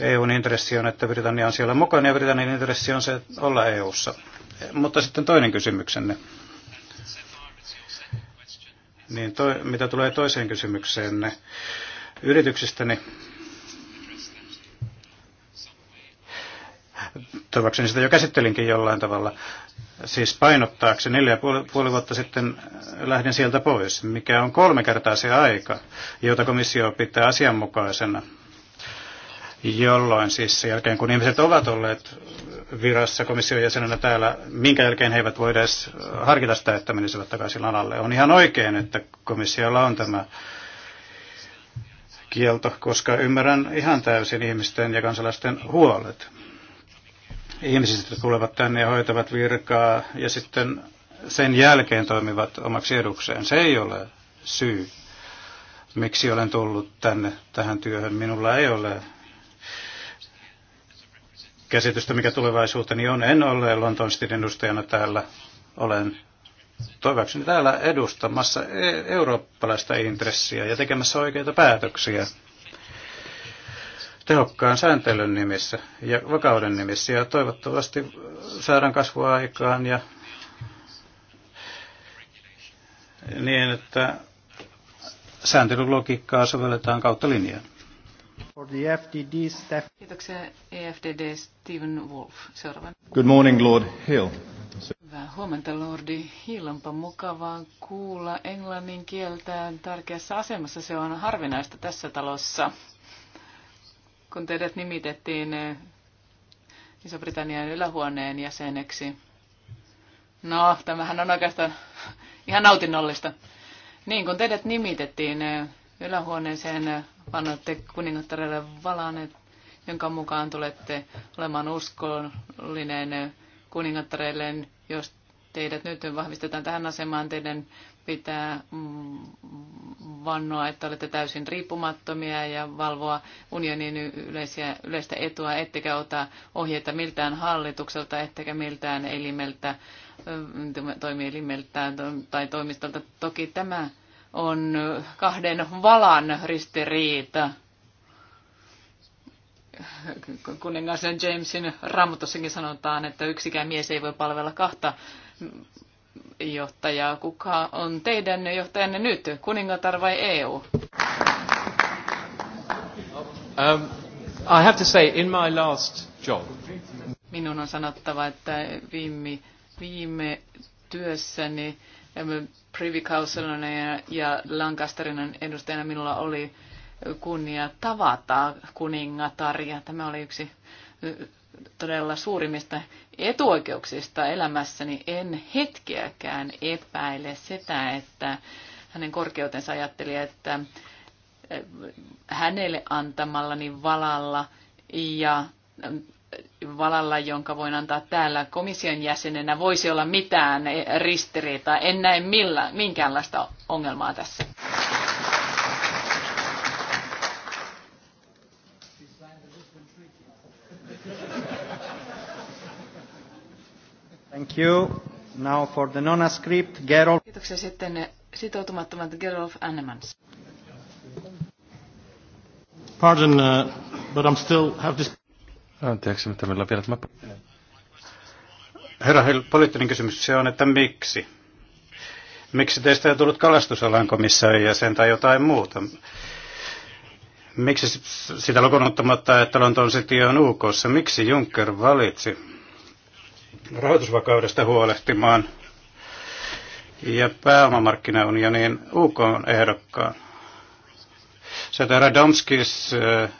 EUn intressi on, että Britannia on siellä mukana ja Britannian intressi on se olla EUssa. Mutta sitten toinen kysymyksenne. Niin toi, mitä tulee toiseen kysymykseenne yrityksestäni, niin toivakseni sitä jo käsittelinkin jollain tavalla, siis painottaakseni neljä ja puoli, puoli vuotta sitten lähdin sieltä pois, mikä on kolme kertaa se aika, jota komissio pitää asianmukaisena, jolloin siis sen jälkeen, kun ihmiset ovat olleet virassa komission jäsenenä täällä, minkä jälkeen he eivät voi edes harkita sitä, että menisivät takaisin alalle. On ihan oikein, että komissiolla on tämä kielto, koska ymmärrän ihan täysin ihmisten ja kansalaisten huolet ihmiset, jotka tulevat tänne ja hoitavat virkaa ja sitten sen jälkeen toimivat omaksi edukseen. Se ei ole syy, miksi olen tullut tänne tähän työhön. Minulla ei ole käsitystä, mikä tulevaisuuteni on. En ole Lontonstin edustajana täällä. Olen toivakseni täällä edustamassa e- eurooppalaista intressiä ja tekemässä oikeita päätöksiä tehokkaan sääntelyn nimissä ja vakauden nimissä. Ja toivottavasti saadaan kasvua aikaan ja niin, että sääntelylogiikkaa sovelletaan kautta linjaan. Kiitoksia EFDD Stephen Wolf. Seuraava. Good morning, Lord Hill. Hyvää huomenta, Lordi. onpa mukavaa kuulla englannin kieltään tärkeässä asemassa. Se on harvinaista tässä talossa kun teidät nimitettiin eh, Iso-Britannian ylähuoneen jäseneksi. No, tämähän on oikeastaan ihan nautinnollista. Niin, kun teidät nimitettiin eh, ylähuoneeseen, vannoitte eh, kuningattarelle valan, jonka mukaan tulette olemaan uskollinen kuningattarelle, jos teidät nyt vahvistetaan tähän asemaan, teidän pitää mm, vannoa, että olette täysin riippumattomia ja valvoa unionin yleisiä, yleistä etua, ettekä ota ohjeita miltään hallitukselta, ettekä miltään elimeltä, toimielimeltä tai toimistolta. Toki tämä on kahden valan ristiriita. Kuningas Jamesin raamatussakin sanotaan, että yksikään mies ei voi palvella kahta johtajaa. Kuka on teidän johtajanne nyt, kuningatar vai EU? Um, I have to say, in my last job. Minun on sanottava, että viime, viime työssäni Privy Councilina ja, ja Lancasterin edustajana minulla oli kunnia tavata kuningatar ja tämä oli yksi todella suurimmista etuoikeuksista elämässäni en hetkeäkään epäile sitä, että hänen korkeutensa ajatteli, että eh, hänelle antamallani valalla ja mm, valalla, jonka voin antaa täällä komission jäsenenä, voisi olla mitään eh, ristiriitaa. En näe millä, minkäänlaista ongelmaa tässä. Thank you. Now for the non-script, Gerolf. Kiitoksia sitten sitoutumattomat Gerolf Annemans. Pardon, uh, but I'm still have this... Anteeksi, mutta meillä on vielä tämä... Herra Hill, poliittinen kysymys se on, että miksi? Miksi teistä ei tullut kalastusalan komissaari jäsen tai jotain muuta? Miksi sitä lukunottamatta, että Lontoon City on UK, miksi Juncker valitsi rahoitusvakaudesta huolehtimaan ja pääomamarkkinaunionin UK-ehdokkaan. Sätä Radomskis eh,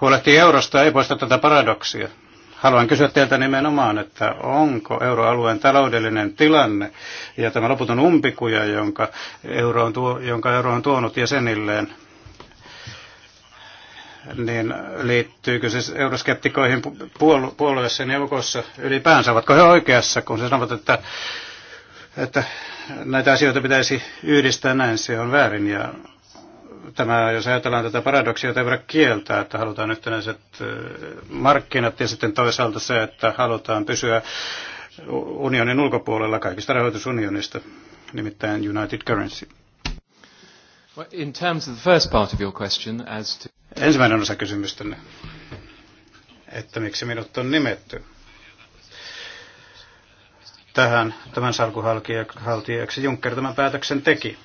huolehtii eurosta, ei poista tätä paradoksia. Haluan kysyä teiltä nimenomaan, että onko euroalueen taloudellinen tilanne ja tämä loputon umpikuja, jonka euro on, tuo, jonka euro on tuonut jäsenilleen, niin liittyykö se euroskeptikoihin puolueessa ja neuvokossa ylipäänsä? Ovatko he oikeassa, kun se sanovat, että, että näitä asioita pitäisi yhdistää näin, se on väärin. Ja tämä, jos ajatellaan tätä paradoksia, ei voida kieltää, että halutaan yhtenäiset eh, markkinat ja sitten toisaalta se, että halutaan pysyä unionin ulkopuolella kaikista rahoitusunionista, nimittäin United Currency. In terms of the first part of your question, as to... Ensimmäinen osa kysymystänne, että miksi minut on nimetty tähän tämän salkuhaltijaksi Juncker tämän päätöksen teki.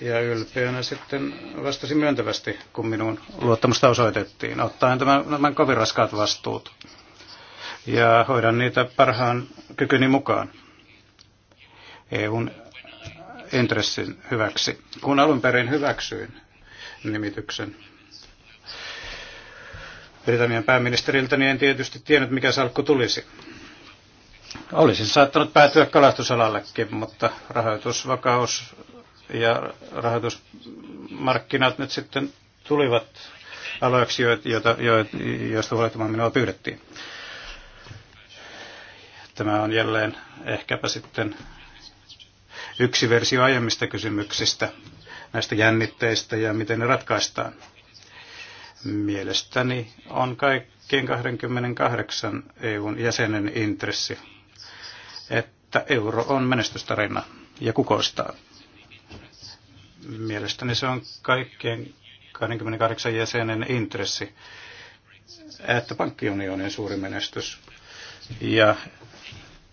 Ja ylpeänä sitten vastasi myöntävästi, kun minun luottamusta osoitettiin, ottaen tämän, tämän kovin raskaat vastuut. Ja hoidan niitä parhaan kykyni mukaan. EUn intressin hyväksi. Kun alun perin hyväksyin nimityksen Britannian pääministeriltä, niin en tietysti tiennyt, mikä salkku tulisi. Olisin saattanut päätyä kalastusalallekin, mutta rahoitusvakaus ja rahoitusmarkkinat nyt sitten tulivat aloiksi, joita, joista huolehtimaan minua pyydettiin. Tämä on jälleen ehkäpä sitten yksi versio aiemmista kysymyksistä, näistä jännitteistä ja miten ne ratkaistaan. Mielestäni on kaikkien 28 EUn jäsenen intressi, että euro on menestystarina ja kukoistaa. Mielestäni se on kaikkien 28 jäsenen intressi, että pankkiunioni on suuri menestys. Ja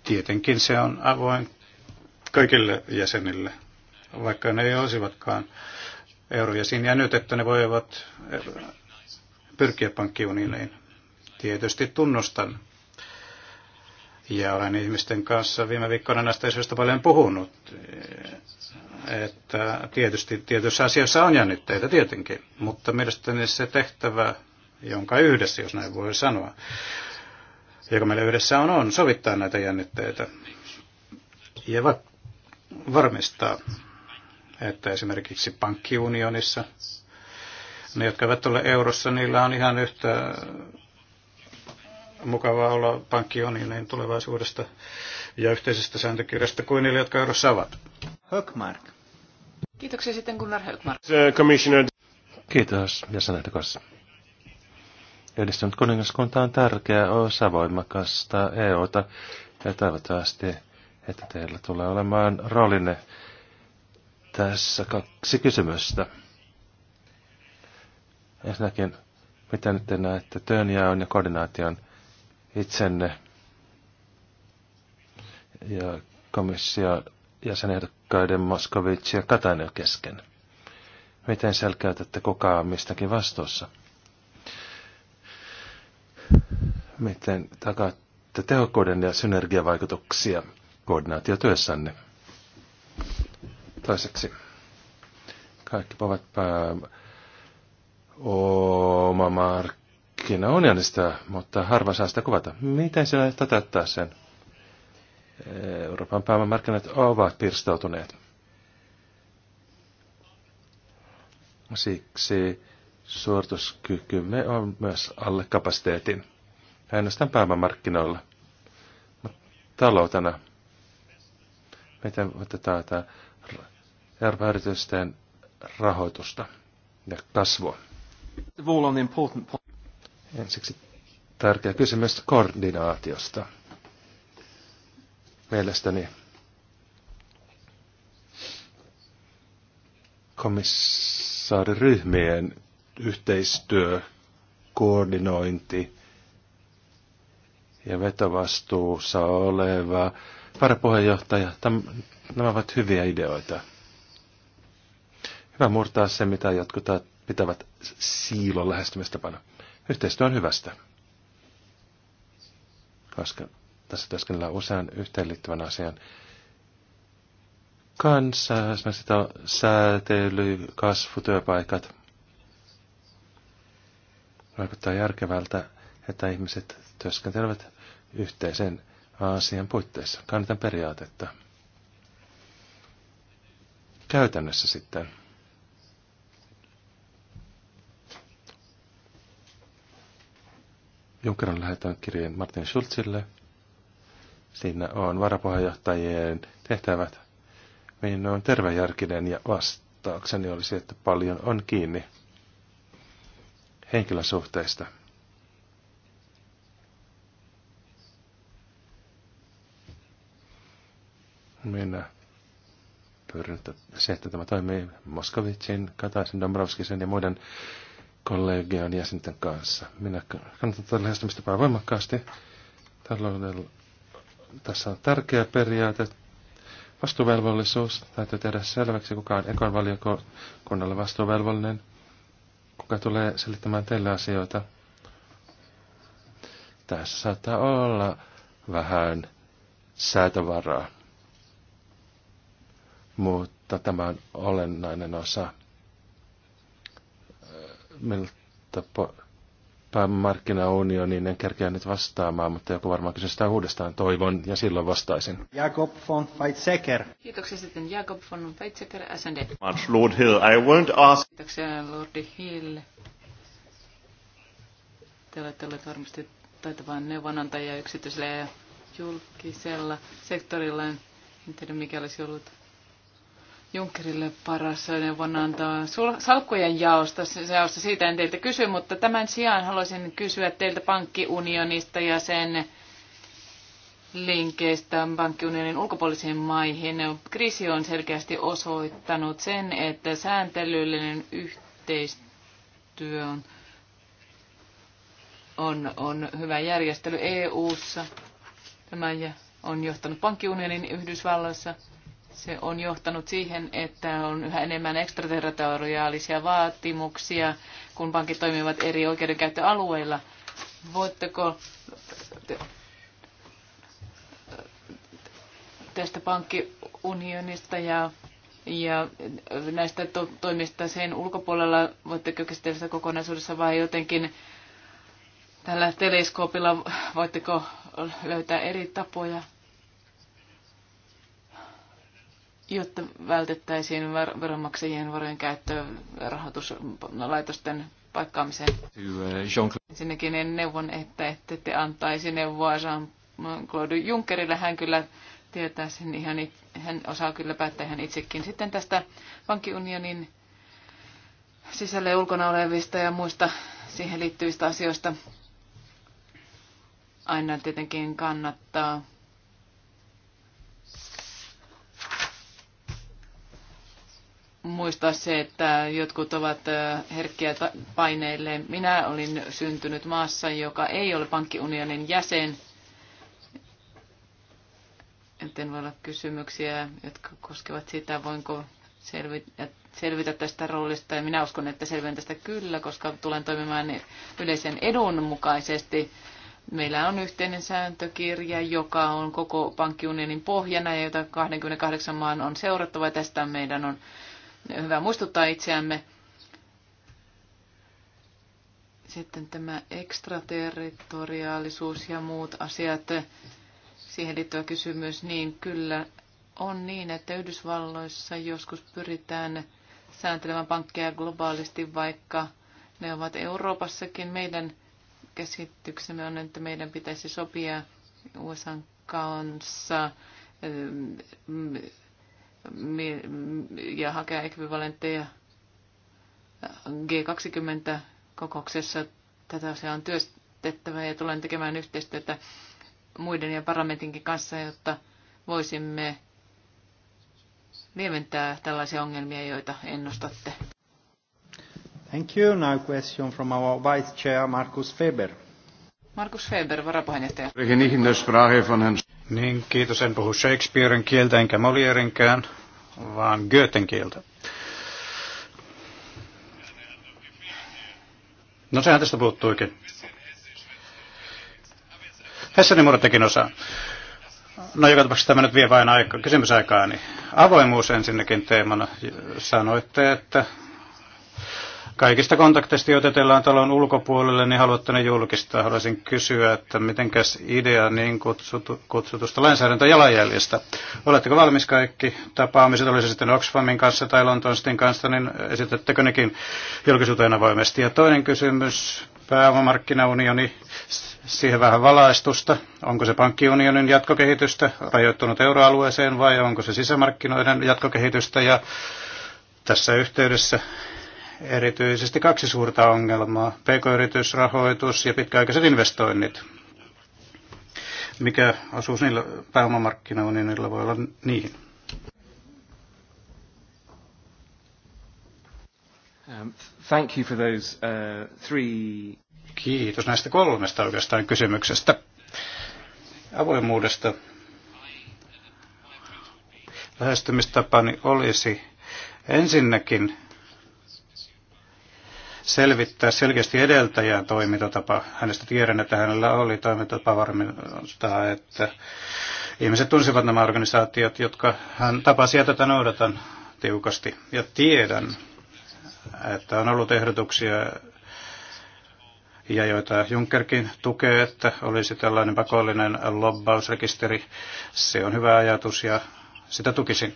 tietenkin se on avoin kaikille jäsenille, vaikka ne ei olisivatkaan eurojäseniä nyt, että ne voivat eh, pyrkiä pankkiunioniin. Tietysti tunnustan ja olen ihmisten kanssa viime viikkoina näistä asioista paljon puhunut, eh, että tietysti tietyissä asioissa on jännitteitä tietenkin, mutta mielestäni se tehtävä, jonka yhdessä, jos näin voi sanoa, joka meillä yhdessä on, on sovittaa näitä jännitteitä ja varmistaa, että esimerkiksi pankkiunionissa ne, jotka eivät ole eurossa, niillä on ihan yhtä mukavaa olla pankkiunionin tulevaisuudesta ja yhteisestä sääntökirjasta kuin niillä, jotka eurossa ovat. Höckmark. Kiitoksia sitten Gunnar Höckmark. Uh, commissioner. Kiitos jäsenehdokas. Yhdistynyt kuningaskunta on tärkeä osa voimakasta EUta ja toivottavasti että teillä tulee olemaan roolinne tässä kaksi kysymystä. Ensinnäkin, mitä nyt te näette työnjaon ja koordinaation itsenne ja sen jäsenehdokkaiden Moskovic ja Katainen kesken? Miten selkeytätte kukaan mistäkin vastuussa? Miten takaatte tehokkuuden ja synergiavaikutuksia koordinaatiotyössänne. Toiseksi, kaikki ovat oma markkina unionista, mutta harva saa sitä kuvata. Miten sinä toteuttaa sen? Euroopan pääomamarkkinat ovat pirstoutuneet. Siksi suorituskykymme on myös alle kapasiteetin. Ainoastaan pääomamarkkinoilla. Taloutena miten otetaan tämä Euroopan yritysten rahoitusta ja kasvua? Ensiksi tärkeä kysymys koordinaatiosta. Mielestäni komissaariryhmien yhteistyö, koordinointi ja vetovastuussa oleva varapuheenjohtaja, täm, nämä ovat hyviä ideoita. Hyvä murtaa se, mitä jotkut pitävät siilon lähestymistapana. Yhteistyö on hyvästä, koska tässä työskennellään usean yhteenliittyvän asian kanssa, esimerkiksi sitä säätely, kasvu, työpaikat. Vaikuttaa järkevältä, että ihmiset työskentelevät yhteisen asian puitteissa. Kannatan periaatetta. Käytännössä sitten. Juncker on lähettänyt kirjeen Martin Schulzille. Siinä on varapuheenjohtajien tehtävät. Minun on tervejärkinen ja vastaukseni olisi, että paljon on kiinni henkilösuhteista – minä pyrin, se, että tämä toimii Moskovitsin, Kataisen, Dombrovskisen ja muiden kollegion jäsenten kanssa. Minä kannatan tätä lähestymistapaa voimakkaasti. Taloudella tässä on tärkeä periaate. Vastuvelvollisuus. täytyy tehdä selväksi, kuka on ekon valiokunnalle vastuvelvollinen. kuka tulee selittämään teille asioita. Tässä saattaa olla vähän säätövaraa mutta tämä on olennainen osa. Äh, miltä po- päämarkkinaunioniin en kerkeä nyt vastaamaan, mutta joku varmaan kysyy sitä uudestaan, toivon, ja silloin vastaisin. Jakob von Weizsäcker. Kiitoksia sitten Jakob von Weizsäcker, SND. Much Lord Hill, I won't ask. Kiitoksia Lordi Hill. Te olette olleet varmasti taitavaa neuvonantaja yksityisellä ja julkisella sektorilla. En tiedä, mikä olisi ollut Junkerille paras antaa salkkujen jaosta, jaosta. Siitä en teiltä kysy, mutta tämän sijaan haluaisin kysyä teiltä pankkiunionista ja sen linkeistä pankkiunionin ulkopuolisiin maihin. Kriisi on selkeästi osoittanut sen, että sääntelyllinen yhteistyö on, on, on hyvä järjestely EU-ssa. Tämä on johtanut pankkiunionin Yhdysvalloissa – se on johtanut siihen, että on yhä enemmän ekstraterritoriaalisia vaatimuksia, kun pankit toimivat eri oikeudenkäyttöalueilla. Voitteko tästä pankkiunionista ja, ja näistä to- toimista sen ulkopuolella, voitteko käsitellä sitä kokonaisuudessa vai jotenkin tällä teleskoopilla, voitteko löytää eri tapoja jotta vältettäisiin veronmaksajien varojen käyttö rahoituslaitosten paikkaamiseen. Ensinnäkin en neuvon, että ette antaisi neuvoa Jean-Claude Junckerille. Hän kyllä tietää sen ihan, hän osaa kyllä päättää ihan itsekin. Sitten tästä pankkiunionin sisälle ulkona olevista ja muista siihen liittyvistä asioista aina tietenkin kannattaa muistaa se, että jotkut ovat herkkiä paineille. Minä olin syntynyt maassa, joka ei ole pankkiunionin jäsen. En voi olla kysymyksiä, jotka koskevat sitä, voinko selvitä, selvitä tästä roolista. Ja minä uskon, että selviän tästä kyllä, koska tulen toimimaan yleisen edun mukaisesti. Meillä on yhteinen sääntökirja, joka on koko pankkiunionin pohjana ja jota 28 maan on seurattava. Tästä meidän on hyvä muistuttaa itseämme. Sitten tämä ekstraterritoriaalisuus ja muut asiat, siihen liittyvä kysymys, niin kyllä on niin, että Yhdysvalloissa joskus pyritään sääntelemään pankkeja globaalisti, vaikka ne ovat Euroopassakin. Meidän käsityksemme on, että meidän pitäisi sopia USA kanssa ja hakea ekvivalentteja G20-kokouksessa. Tätä asiaa on työstettävä ja tulen tekemään yhteistyötä muiden ja parlamentinkin kanssa, jotta voisimme lieventää tällaisia ongelmia, joita ennustatte. Thank you. Now question from our vice chair, Markus Feber. Markus Feber, varapuheenjohtaja. Niin, kiitos. En puhu Shakespearen kieltä enkä Molierenkään, vaan Goethen kieltä. No sehän tästä puuttuikin. Hessenin murtekin osaa. No joka tapauksessa tämä nyt vie vain aika, kysymysaikaa, niin avoimuus ensinnäkin teemana. Sanoitte, että kaikista kontakteista, joita teillä on talon ulkopuolelle, niin haluatte ne julkistaa. Haluaisin kysyä, että mitenkäs idea niin kutsutu, kutsutusta lainsäädäntöjalanjäljestä. Oletteko valmis kaikki tapaamiset, olisi sitten Oxfamin kanssa tai Lontoonstin kanssa, niin esitettekö nekin julkisuuteen avoimesti? Ja toinen kysymys, pääomamarkkinaunioni, siihen vähän valaistusta. Onko se pankkiunionin jatkokehitystä rajoittunut euroalueeseen vai onko se sisämarkkinoiden jatkokehitystä? Ja tässä yhteydessä erityisesti kaksi suurta ongelmaa, pk-yritysrahoitus ja pitkäaikaiset investoinnit. Mikä osuus niillä pääomamarkkinaunionilla voi olla niihin? Um, thank you for those, uh, three... Kiitos näistä kolmesta oikeastaan kysymyksestä. Avoimuudesta lähestymistapani olisi ensinnäkin selvittää selkeästi edeltäjän toimintatapa. Hänestä tiedän, että hänellä oli toimintatapa varmistaa, että ihmiset tunsivat nämä organisaatiot, jotka hän tapasi ja tätä noudatan tiukasti. Ja tiedän, että on ollut ehdotuksia ja joita Junckerkin tukee, että olisi tällainen pakollinen lobbausrekisteri. Se on hyvä ajatus ja sitä tukisin.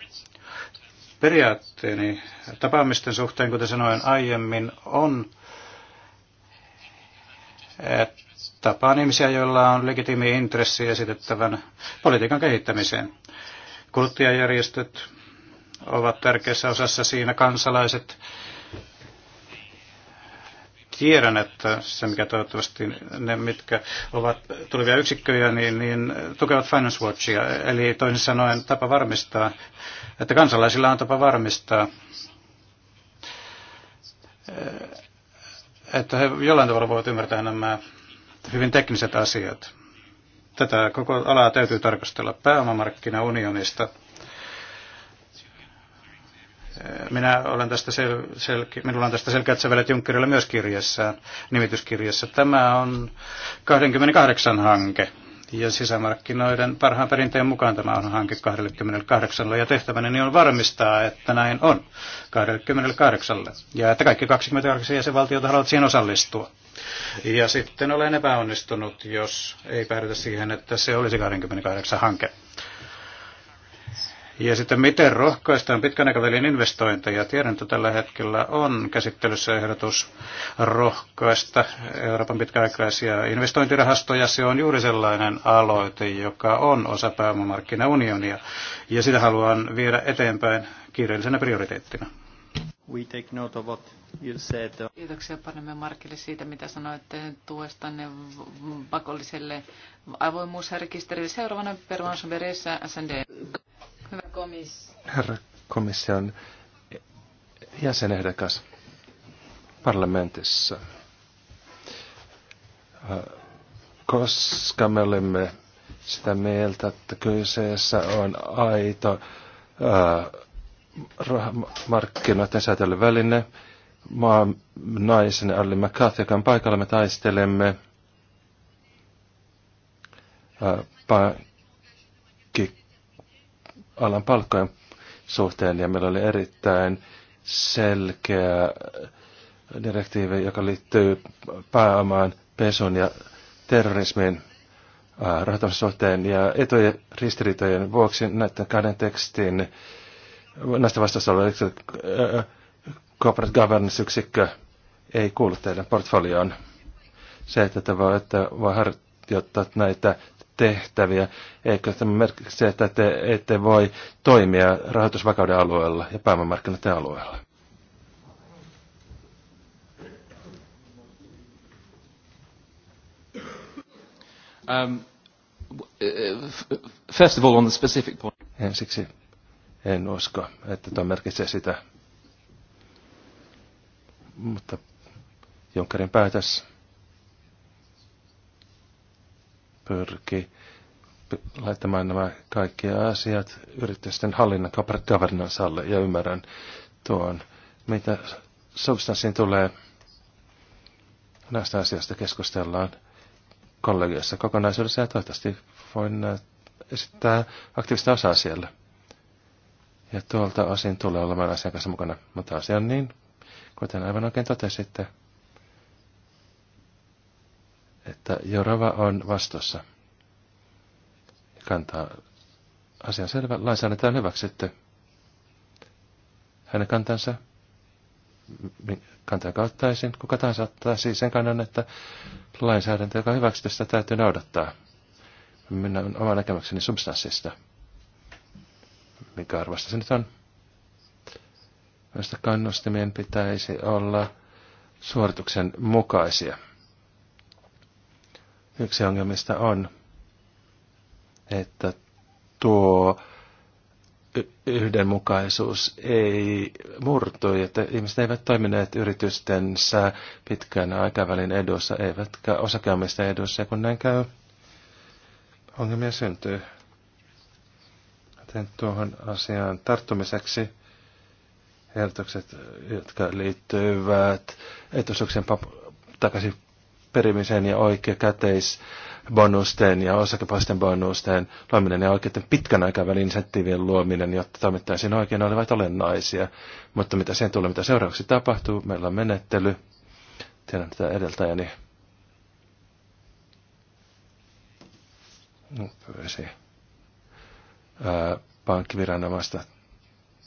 Periaatteeni tapaamisten suhteen, kuten sanoin aiemmin, on että tapaan ihmisiä, joilla on legitiimi intressi esitettävän politiikan kehittämiseen. Kuluttajajärjestöt ovat tärkeässä osassa siinä kansalaiset, tiedän, että se mikä toivottavasti ne, mitkä ovat tulevia yksikköjä, niin, niin tukevat Finance Watchia. Eli toisin sanoen tapa varmistaa, että kansalaisilla on tapa varmistaa, että he jollain tavalla voivat ymmärtää nämä hyvin tekniset asiat. Tätä koko alaa täytyy tarkastella pääomamarkkinaunionista minä olen tästä sel, sel, minulla on tästä selkeät sävelet Junckerilla myös kirjassa, nimityskirjassa. Tämä on 28 hanke ja sisämarkkinoiden parhaan perinteen mukaan tämä on hanke 28 ja tehtäväni niin on varmistaa, että näin on 28 ja että kaikki 28 jäsenvaltiota haluavat siihen osallistua. Ja sitten olen epäonnistunut, jos ei päädytä siihen, että se olisi 28 hanke. Ja sitten miten rohkaistaan pitkän aikavälin investointeja? Tiedän, että tällä hetkellä on käsittelyssä ehdotus rohkaista Euroopan pitkäaikaisia investointirahastoja. Se on juuri sellainen aloite, joka on osa pääomamarkkinaunionia. Ja sitä haluan viedä eteenpäin kiireellisenä prioriteettina. We take note of what you said. Kiitoksia panemme Markille siitä, mitä sanoitte tuestanne pakolliselle avoimuusrekisterille. Seuraavana Pervanson Beressa SND komis... Herra komission jäsenehdokas parlamentissa. Äh, koska me olemme sitä mieltä, että kyseessä on aito äh, markkinoiden säätelyväline, maan naisen Alli McCarthy, joka on paikalla, me taistelemme ää, äh, alan palkkojen suhteen ja meillä oli erittäin selkeä direktiivi, joka liittyy pääomaan, pesun ja terrorismin rahoitussuhteen ja etujen ristiriitojen vuoksi näiden kahden tekstin näistä oli, että corporate governance-yksikkö ei kuulu teidän portfolioon. Se, että te voitte harjoittaa näitä tehtäviä, eikö tämä merkitse, että te ette voi toimia rahoitusvakauden alueella ja pääomamarkkinoiden alueella? Um, first of all on the specific point. Ensiksi en usko, että tuo merkitsee sitä. Mutta Junckerin päätös pyrki laittamaan nämä kaikki asiat yritysten hallinnan governance alle ja ymmärrän tuon, mitä substanssiin tulee. Näistä asioista keskustellaan kollegiossa kokonaisuudessa ja toivottavasti voin äh, esittää aktiivista osaa siellä. Ja tuolta osin tulee olemaan asian kanssa mukana, mutta asia on niin, kuten aivan oikein totesitte, että Jorava on vastossa. Kantaa asian selvä. Lainsäädäntö on hyväksytty. Hänen kantansa kantaa kauttaisin. Kuka tahansa ottaa siis sen kannan, että lainsäädäntö, joka hyväksytty, sitä täytyy noudattaa. Minä olen oma näkemykseni substanssista. Mikä arvosta se nyt on? Minusta kannustimien pitäisi olla suorituksen mukaisia. Yksi ongelmista on, että tuo yhdenmukaisuus ei murtu, että ihmiset eivät toimineet yritystensä pitkän aikavälin edussa, eivätkä osakeomista edussa, ja kun näin käy, ongelmia syntyy. Joten tuohon asiaan tarttumiseksi ehdotukset, jotka liittyvät etuisuuksien takaisin perimisen ja oikea käteisbonusten ja osakepaisten bonusten luominen ja oikeiden pitkän aikavälin insentiivien luominen, jotta toimittaisiin oikein, olivat olennaisia. Mutta mitä sen tulee, mitä seuraavaksi tapahtuu, meillä on menettely. Tiedän tätä edeltäjäni. Pyysi pankkiviranomaista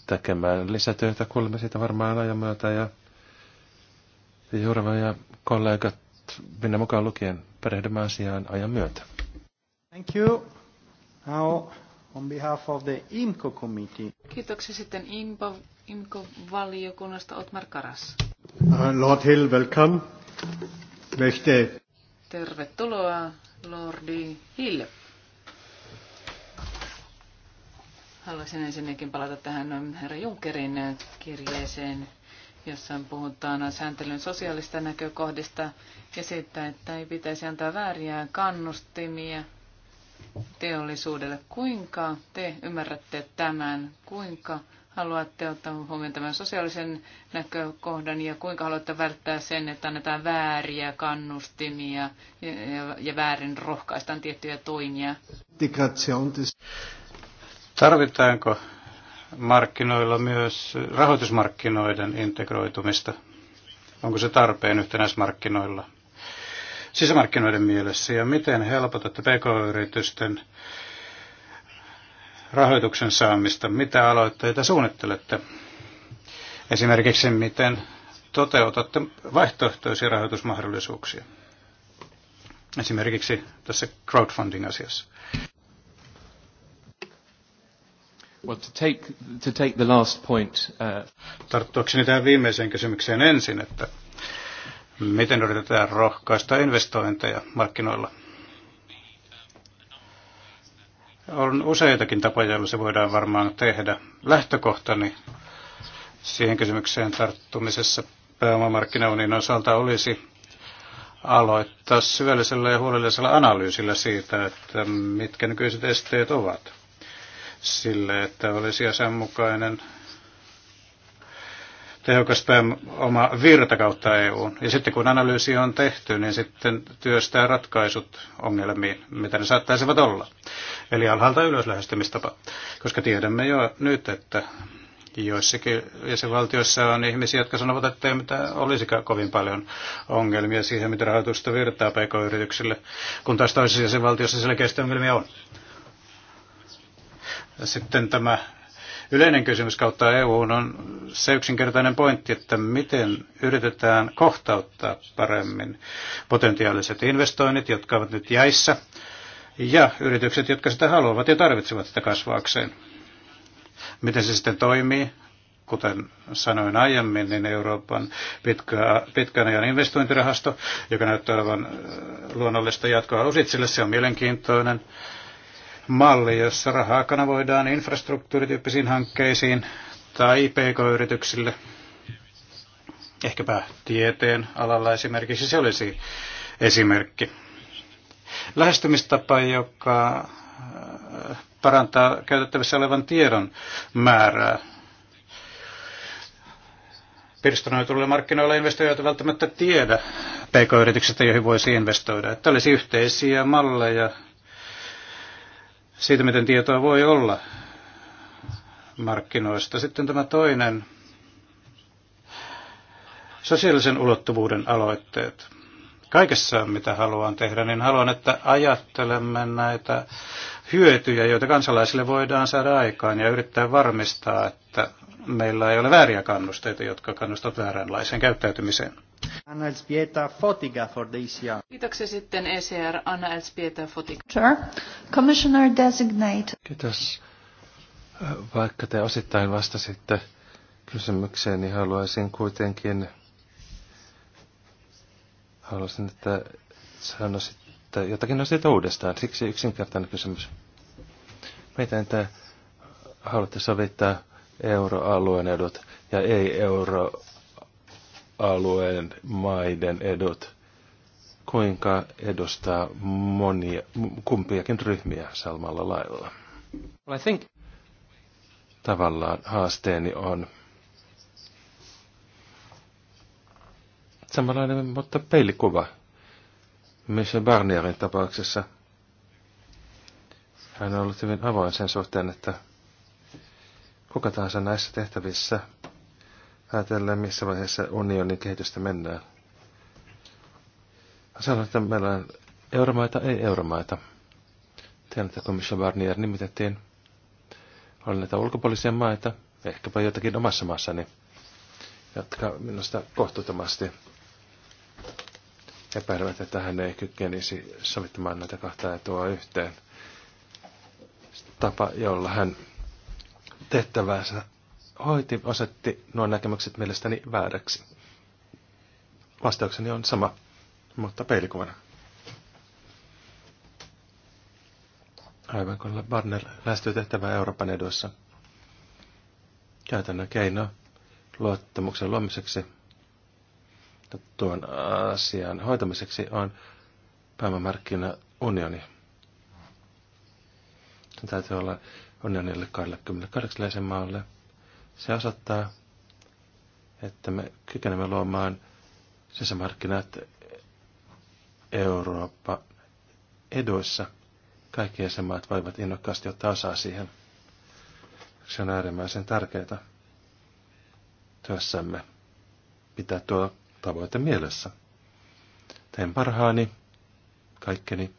tekemään lisätyötä. Kuulemme siitä varmaan ajan myötä. Ja Jurva ja kollegat minä mukaan lukien perehdymään asiaan ajan myötä. Thank you. Now, on behalf of the IMCO committee. Kiitoksia sitten IMCO, IMCO-valiokunnasta Otmar Karas. Uh, Lord Hill, welcome. Möchte. Tervetuloa, Lordi Hill. Haluaisin ensinnäkin palata tähän um, herra Junckerin uh, kirjeeseen jossa puhutaan sääntelyn sosiaalista näkökohdista ja siitä, että ei pitäisi antaa vääriä kannustimia teollisuudelle. Kuinka te ymmärrätte tämän? Kuinka haluatte ottaa huomioon tämän sosiaalisen näkökohdan ja kuinka haluatte välttää sen, että annetaan vääriä kannustimia ja, väärin rohkaistaan tiettyjä toimia? Tarvitaanko markkinoilla myös rahoitusmarkkinoiden integroitumista? Onko se tarpeen yhtenäismarkkinoilla sisämarkkinoiden mielessä? Ja miten helpotatte pk-yritysten rahoituksen saamista? Mitä aloitteita suunnittelette? Esimerkiksi miten toteutatte vaihtoehtoisia rahoitusmahdollisuuksia? Esimerkiksi tässä crowdfunding-asiassa. Well, to take, to take the last point, uh... Tarttuakseni tähän viimeiseen kysymykseen ensin, että miten yritetään rohkaista investointeja markkinoilla? On useitakin tapoja, joilla se voidaan varmaan tehdä. Lähtökohtani siihen kysymykseen tarttumisessa pääomamarkkinaunin osalta olisi aloittaa syvällisellä ja huolellisella analyysillä siitä, että mitkä nykyiset esteet ovat sille, että olisi jäsenmukainen tehokas oma virta kautta EU. Ja sitten kun analyysi on tehty, niin sitten työstää ratkaisut ongelmiin, mitä ne saattaisivat olla. Eli alhaalta ylös lähestymistapa, koska tiedämme jo nyt, että joissakin jäsenvaltioissa on ihmisiä, jotka sanovat, että ei mitään olisikaan kovin paljon ongelmia siihen, mitä rahoitusta virtaa pk-yrityksille, kun taas toisessa jäsenvaltiossa selkeästi ongelmia on. Sitten tämä yleinen kysymys kautta EU on se yksinkertainen pointti, että miten yritetään kohtauttaa paremmin potentiaaliset investoinnit, jotka ovat nyt jäissä, ja yritykset, jotka sitä haluavat ja tarvitsevat sitä kasvaakseen. Miten se sitten toimii? Kuten sanoin aiemmin, niin Euroopan pitkä, pitkän ajan investointirahasto, joka näyttää olevan luonnollista jatkoa ositsille, se on mielenkiintoinen malli, jossa rahaa kanavoidaan infrastruktuurityyppisiin hankkeisiin tai pk-yrityksille, ehkäpä tieteen alalla esimerkiksi, se olisi esimerkki. Lähestymistapa, joka äh, parantaa käytettävissä olevan tiedon määrää. Pirstanoituille markkinoille investoijat välttämättä tiedä pk-yrityksistä, joihin voisi investoida. Että olisi yhteisiä malleja siitä, miten tietoa voi olla markkinoista. Sitten tämä toinen, sosiaalisen ulottuvuuden aloitteet. Kaikessa, mitä haluan tehdä, niin haluan, että ajattelemme näitä hyötyjä, joita kansalaisille voidaan saada aikaan ja yrittää varmistaa, että meillä ei ole vääriä kannusteita, jotka kannustavat vääränlaiseen käyttäytymiseen. Anna Elspieta Fotiga for this year. Kiitoksia sitten ECR, Anna Elspieta Fotiga. Sure. Commissioner designate. Kiitos. Vaikka te osittain vastasitte kysymykseen, niin haluaisin kuitenkin, haluaisin, että sanoisitte jotakin asioita uudestaan. Siksi yksinkertainen kysymys. Miten te haluatte sovittaa euroalueen edut ja ei-euro alueen maiden edut, kuinka edustaa monia, kumpiakin ryhmiä samalla lailla. Well, I think... Tavallaan haasteeni on samanlainen, mutta peilikuva. Michel Barnierin tapauksessa hän on ollut hyvin avoin sen suhteen, että kuka tahansa näissä tehtävissä – ajatellaan, missä vaiheessa unionin kehitystä mennään. Sanoin, että meillä on euromaita, ei euromaita. Tiedän, että komission Barnier nimitettiin, oli näitä ulkopuolisia maita, ehkäpä jotakin omassa maassani, jotka minusta kohtuuttomasti epäilevät, että hän ei kykenisi sovittamaan näitä kahta tuo yhteen. Tapa, jolla hän tehtävänsä hoiti asetti nuo näkemykset mielestäni vääräksi. Vastaukseni on sama, mutta peilikuvana. Aivan kun Barnell lähestyy tehtävää Euroopan eduissa. Käytännön keino luottamuksen luomiseksi ja tuon asian hoitamiseksi on Unioni. Se täytyy olla unionille 28 jäsenmaalle – se osoittaa, että me kykenemme luomaan sisämarkkinat Eurooppa eduissa. Kaikki jäsenmaat voivat innokkaasti ottaa osaa siihen. Se on äärimmäisen tärkeää työssämme pitää tuo tavoite mielessä. Teen parhaani, kaikkeni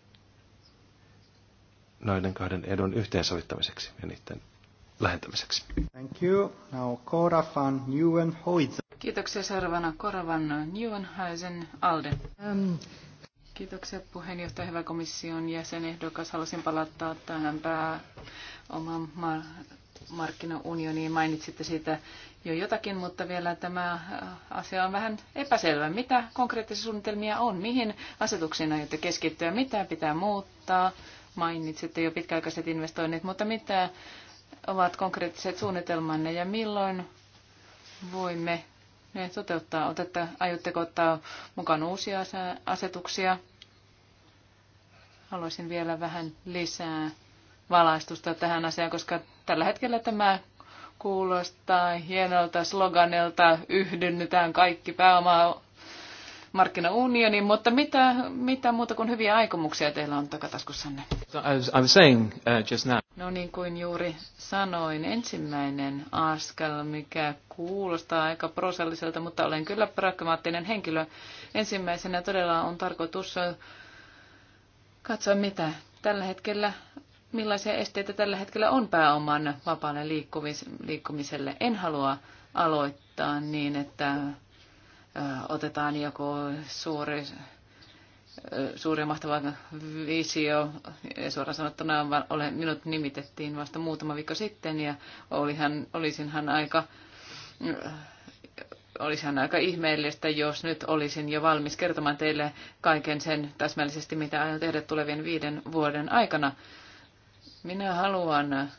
noiden kahden edun yhteensovittamiseksi ja niiden lähentämiseksi. Thank you. Now Cora van Nieuwenhuizen. Kiitoksia seuraavana Cora van Nieuwenhuizen Alde. Um. Kiitoksia puheenjohtaja, hyvä komission jäsenehdokas. Haluaisin palata tähän pää oman mar- markkinaunioniin. Mainitsitte siitä jo jotakin, mutta vielä tämä äh, asia on vähän epäselvä. Mitä konkreettisia suunnitelmia on? Mihin asetuksiin aiotte keskittyä? Mitä pitää muuttaa? Mainitsitte jo pitkäaikaiset investoinnit, mutta mitä ovat konkreettiset suunnitelmanne ja milloin voimme ne toteuttaa? Otetta, aiotteko ottaa mukaan uusia asetuksia? Haluaisin vielä vähän lisää valaistusta tähän asiaan, koska tällä hetkellä tämä kuulostaa hienolta sloganelta, yhdynnytään kaikki pääomaa markkinaunioniin, mutta mitä, mitä muuta kuin hyviä aikomuksia teillä on takataskussanne? I was saying, uh, just now. No niin kuin juuri sanoin, ensimmäinen askel, mikä kuulostaa aika prosalliselta, mutta olen kyllä pragmaattinen henkilö. Ensimmäisenä todella on tarkoitus katsoa, mitä tällä hetkellä millaisia esteitä tällä hetkellä on pääoman vapaalle liikkumiselle. En halua aloittaa niin, että otetaan joku suuri suuri mahtava visio. Ja suoraan sanottuna olen, minut nimitettiin vasta muutama viikko sitten ja olihan, olisinhan aika olisihan aika ihmeellistä, jos nyt olisin jo valmis kertomaan teille kaiken sen täsmällisesti, mitä aion tehdä tulevien viiden vuoden aikana. Minä haluan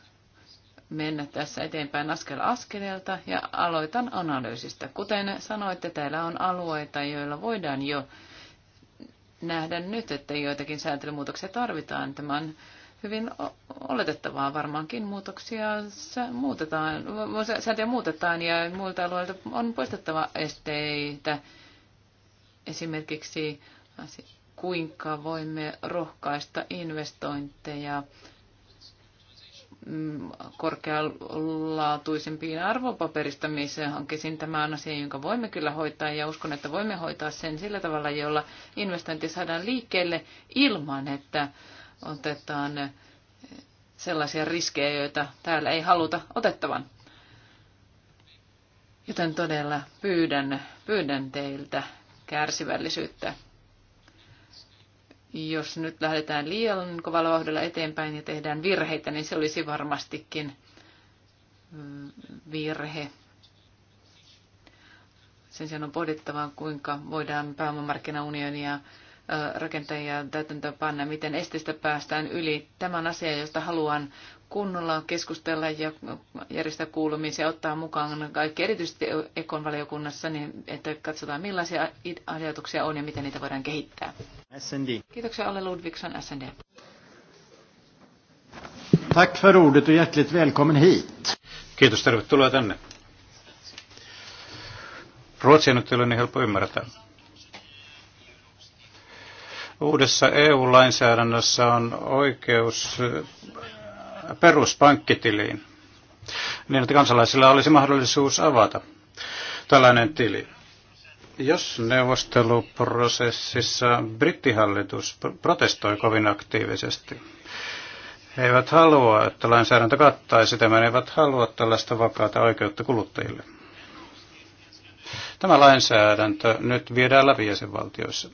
mennä tässä eteenpäin askel askeleelta ja aloitan analyysistä. Kuten sanoitte, täällä on alueita, joilla voidaan jo nähdä nyt, että joitakin sääntelymuutoksia tarvitaan. Tämä on hyvin oletettavaa varmaankin muutoksia muutetaan, sääntöjä muutetaan ja muilta alueilta on poistettava esteitä. Esimerkiksi kuinka voimme rohkaista investointeja Mm, korkealaatuisempiin arvopaperistamiseen hankkeisiin. Tämä on asia, jonka voimme kyllä hoitaa ja uskon, että voimme hoitaa sen sillä tavalla, jolla investointi saadaan liikkeelle ilman, että otetaan sellaisia riskejä, joita täällä ei haluta otettavan. Joten todella pyydän, pyydän teiltä kärsivällisyyttä jos nyt lähdetään liian kovalla vauhdilla eteenpäin ja tehdään virheitä, niin se olisi varmastikin mm, virhe. Sen sijaan on pohdittava, kuinka voidaan pääomamarkkinaunionia rakentajia täytäntöön panna, miten esteistä päästään yli. Tämä on asia, josta haluan kunnolla keskustella ja järjestää kuulumisia, ottaa mukaan kaikki, erityisesti Ekon valiokunnassa, niin että katsotaan millaisia ajatuksia on ja miten niitä voidaan kehittää. SND. Kiitoksia Olle Ludvigsson, SND. Tack för ordet och hjärtligt välkommen hit. Kiitos, tervetuloa tänne. Ruotsia nyt ei ole niin helppo ymmärtää. Uudessa EU-lainsäädännössä on oikeus peruspankkitiliin, niin että kansalaisilla olisi mahdollisuus avata tällainen tili. Jos neuvosteluprosessissa brittihallitus protestoi kovin aktiivisesti, he eivät halua, että lainsäädäntö kattaisi tämän, eivät halua tällaista vakaata oikeutta kuluttajille. Tämä lainsäädäntö nyt viedään läpi jäsenvaltioissa.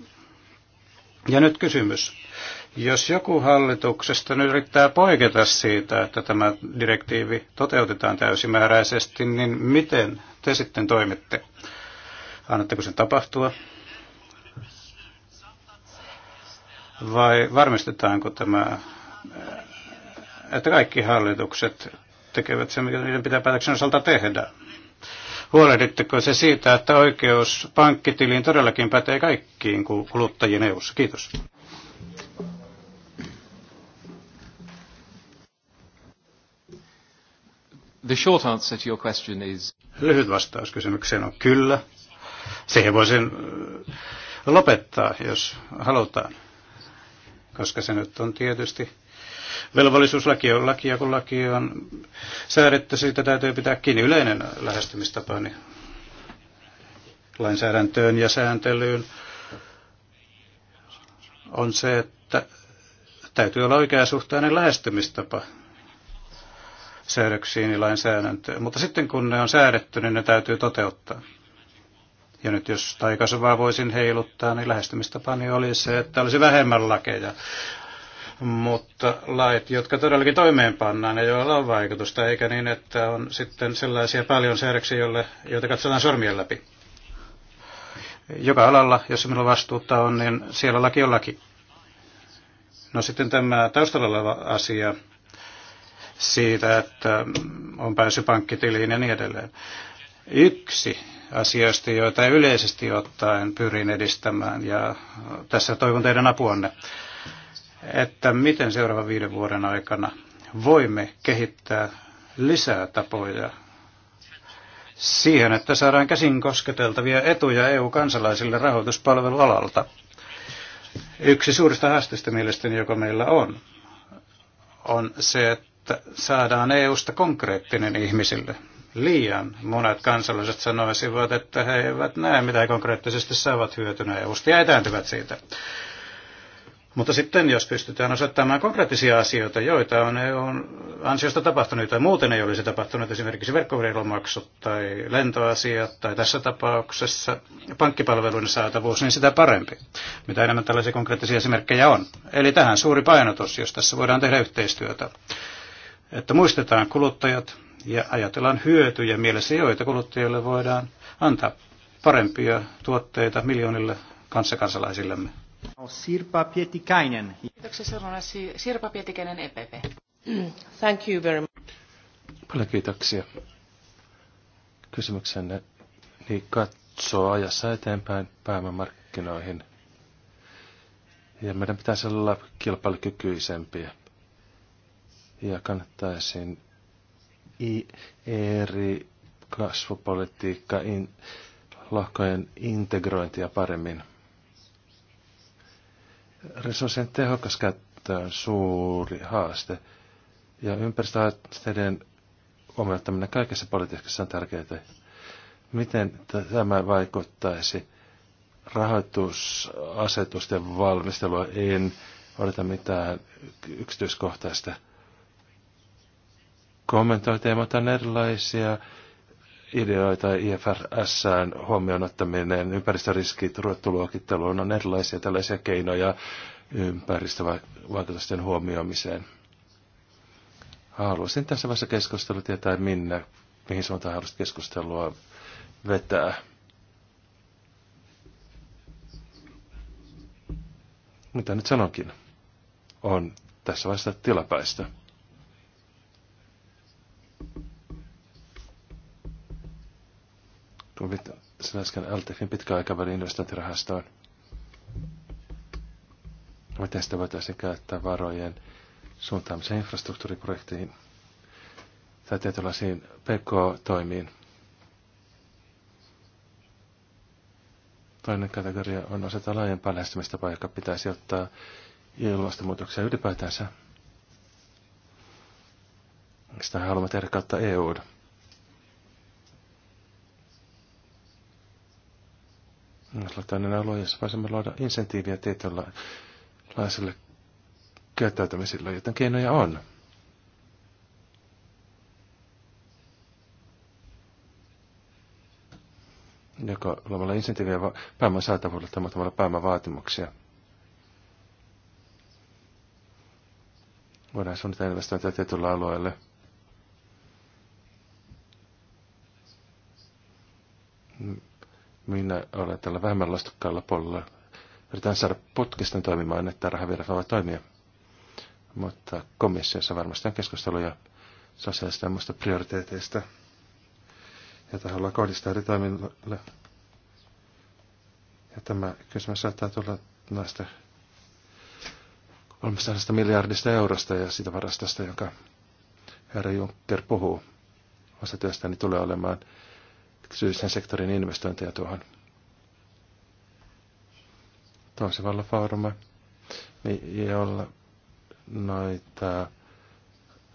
Ja nyt kysymys. Jos joku hallituksesta nyt yrittää poiketa siitä, että tämä direktiivi toteutetaan täysimääräisesti, niin miten te sitten toimitte? Annatteko sen tapahtua? Vai varmistetaanko tämä, että kaikki hallitukset tekevät sen, mitä niiden pitää päätöksen osalta tehdä? Huolehditteko se siitä, että oikeus pankkitiliin todellakin pätee kaikkiin kuluttajien eu Kiitos. The short answer to your question is... Lyhyt vastaus kysymykseen on kyllä. Siihen sen lopettaa, jos halutaan, koska se nyt on tietysti velvollisuuslaki on laki, ja kun laki on säädetty, siitä täytyy pitää kiinni yleinen lähestymistapa niin lainsäädäntöön ja sääntelyyn on se, että täytyy olla oikeasuhtainen lähestymistapa säädöksiin ja lainsäädäntöön. Mutta sitten kun ne on säädetty, niin ne täytyy toteuttaa. Ja nyt jos taikasuvaa voisin heiluttaa, niin lähestymistapani oli se, että olisi vähemmän lakeja. Mutta lait, jotka todellakin toimeenpannaan ja joilla on vaikutusta, eikä niin, että on sitten sellaisia paljon säädöksiä, jolle, joita katsotaan sormien läpi. Joka alalla, jossa minulla vastuutta on, niin siellä laki on laki. No sitten tämä taustalla oleva asia, siitä, että mm, on päässyt pankkitiliin ja niin edelleen. Yksi asioista, joita yleisesti ottaen pyrin edistämään, ja tässä toivon teidän apuanne, että miten seuraavan viiden vuoden aikana voimme kehittää lisää tapoja siihen, että saadaan käsin kosketeltavia etuja EU-kansalaisille rahoituspalvelualalta. Yksi suurista haasteista mielestäni, joka meillä on, on se, että saadaan EUsta konkreettinen ihmisille. Liian monet kansalaiset sanoisivat, että he eivät näe, mitä konkreettisesti saavat hyötynä EUsta ja etääntyvät siitä. Mutta sitten jos pystytään osoittamaan konkreettisia asioita, joita on EUn ansiosta tapahtunut tai muuten ei olisi tapahtunut, esimerkiksi verkkoverilomaksut tai lentoasiat tai tässä tapauksessa pankkipalveluiden saatavuus, niin sitä parempi, mitä enemmän tällaisia konkreettisia esimerkkejä on. Eli tähän suuri painotus, jos tässä voidaan tehdä yhteistyötä että muistetaan kuluttajat ja ajatellaan hyötyjä mielessä, joita kuluttajille voidaan antaa parempia tuotteita miljoonille kanssakansalaisillemme. Sirpa Pietikainen. Kiitoksia seuraavana Sirpa Pietikäinen EPP. Thank you very much. Paljon kiitoksia. Kysymyksenne niin katsoo ajassa eteenpäin päämarkkinoihin. Ja meidän pitäisi olla kilpailukykyisempiä ja kannattaisin eri kasvupolitiikka in, lohkojen integrointia paremmin. Resurssien tehokas käyttö on suuri haaste ja ympäristöhaasteiden huomioittaminen kaikessa politiikassa on tärkeää. Miten tämä vaikuttaisi rahoitusasetusten valmistelua? En odota mitään yksityiskohtaista kommentoi teemotaan erilaisia ideoita IFRSään huomioon ottaminen, ympäristöriskit, ruottuluokitteluun on erilaisia tällaisia keinoja ympäristövaikutusten huomioimiseen. Haluaisin tässä vaiheessa keskustelua tietää minne, mihin suuntaan haluaisit keskustelua vetää. Mitä nyt sanonkin? On tässä vaiheessa tilapäistä. Kun sen äsken LTFin pitkäaikavälin investointirahastoon, miten sitä voitaisiin käyttää varojen suuntaamiseen infrastruktuuriprojektiin tai tietynlaisiin PK-toimiin. Toinen kategoria on osata laajempaa lähestymistapaa, joka pitäisi ottaa ilmastonmuutoksia ylipäätänsä sitä haluamme tehdä kautta EUn. Tällainen alue, jossa voisimme luoda insentiiviä tietynlaiselle käyttäytymisille, joten keinoja on. joko luomalla insentiiviä pääoman saatavuudelle tai muutamalla pääoman vaatimuksia. Voidaan suunnitella investointeja tietyllä alueelle. minä olen tällä vähemmän lastukkaalla puolella. Yritän saada putkista toimimaan, että rahavirrat voivat toimia. Mutta komissiossa varmasti on keskusteluja sosiaalista ja muista prioriteeteista, joita haluaa kohdistaa eri toimille. Ja tämä kysymys saattaa tulla näistä 300 miljardista eurosta ja sitä varastosta, joka herra Juncker puhuu osa työstäni tulee olemaan yksityisen sektorin investointeja tuohon. Toisivalla niin jolla noita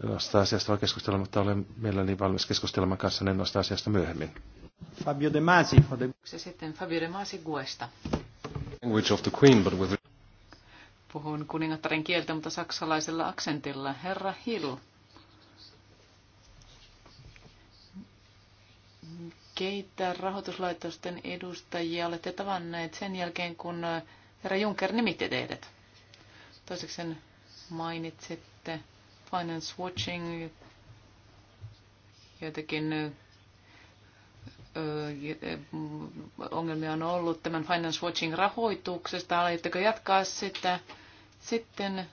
nosta asiasta voi keskustella, mutta olen mielelläni valmis keskustelemaan niin noista asiasta myöhemmin. Fabio De Masi. Se sitten Fabio De Masi Guesta. Language of the Queen, but with... Puhun kuningattaren kieltä, mutta saksalaisella aksentilla. Herra Hill. keitä rahoituslaitosten edustajia olette tavanneet sen jälkeen, kun äh, herra Juncker nimitti teidät? Toiseksi mainitsitte Finance Watching, joitakin äh, äh, ongelmia on ollut tämän Finance Watching rahoituksesta. Aloitteko jatkaa sitä? Sitten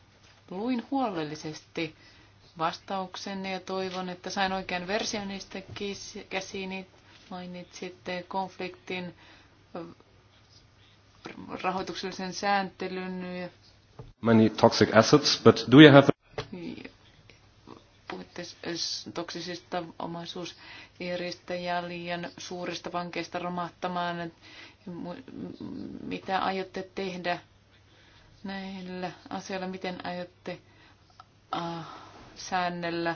luin huolellisesti vastauksenne ja toivon, että sain oikean version niistä käsiini. Mainitsitte konfliktin rahoituksellisen sääntelyn. Many toxic assets, but do you have puhutte toksisista omaisuuseristä ja liian suurista vankeista romahtamaan. Mitä aiotte tehdä näillä asioilla? Miten aiotte uh, säännellä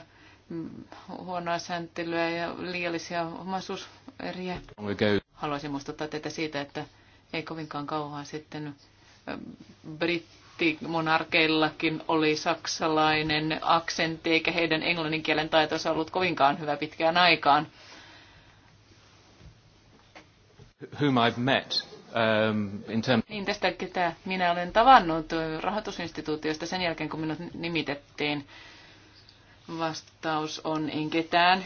Mm, huonoa sääntelyä ja liiallisia omaisuuseriä. Haluaisin muistuttaa teitä siitä, että ei kovinkaan kauan sitten ähm, brittimonarkeillakin oli saksalainen aksentti, eikä heidän englanninkielen taitonsa ollut kovinkaan hyvä pitkään aikaan. Whom I've met. Um, in term... Niin tästä, ketä minä olen tavannut äh, rahoitusinstituutiosta sen jälkeen, kun minut nimitettiin Vastaus on en ketään.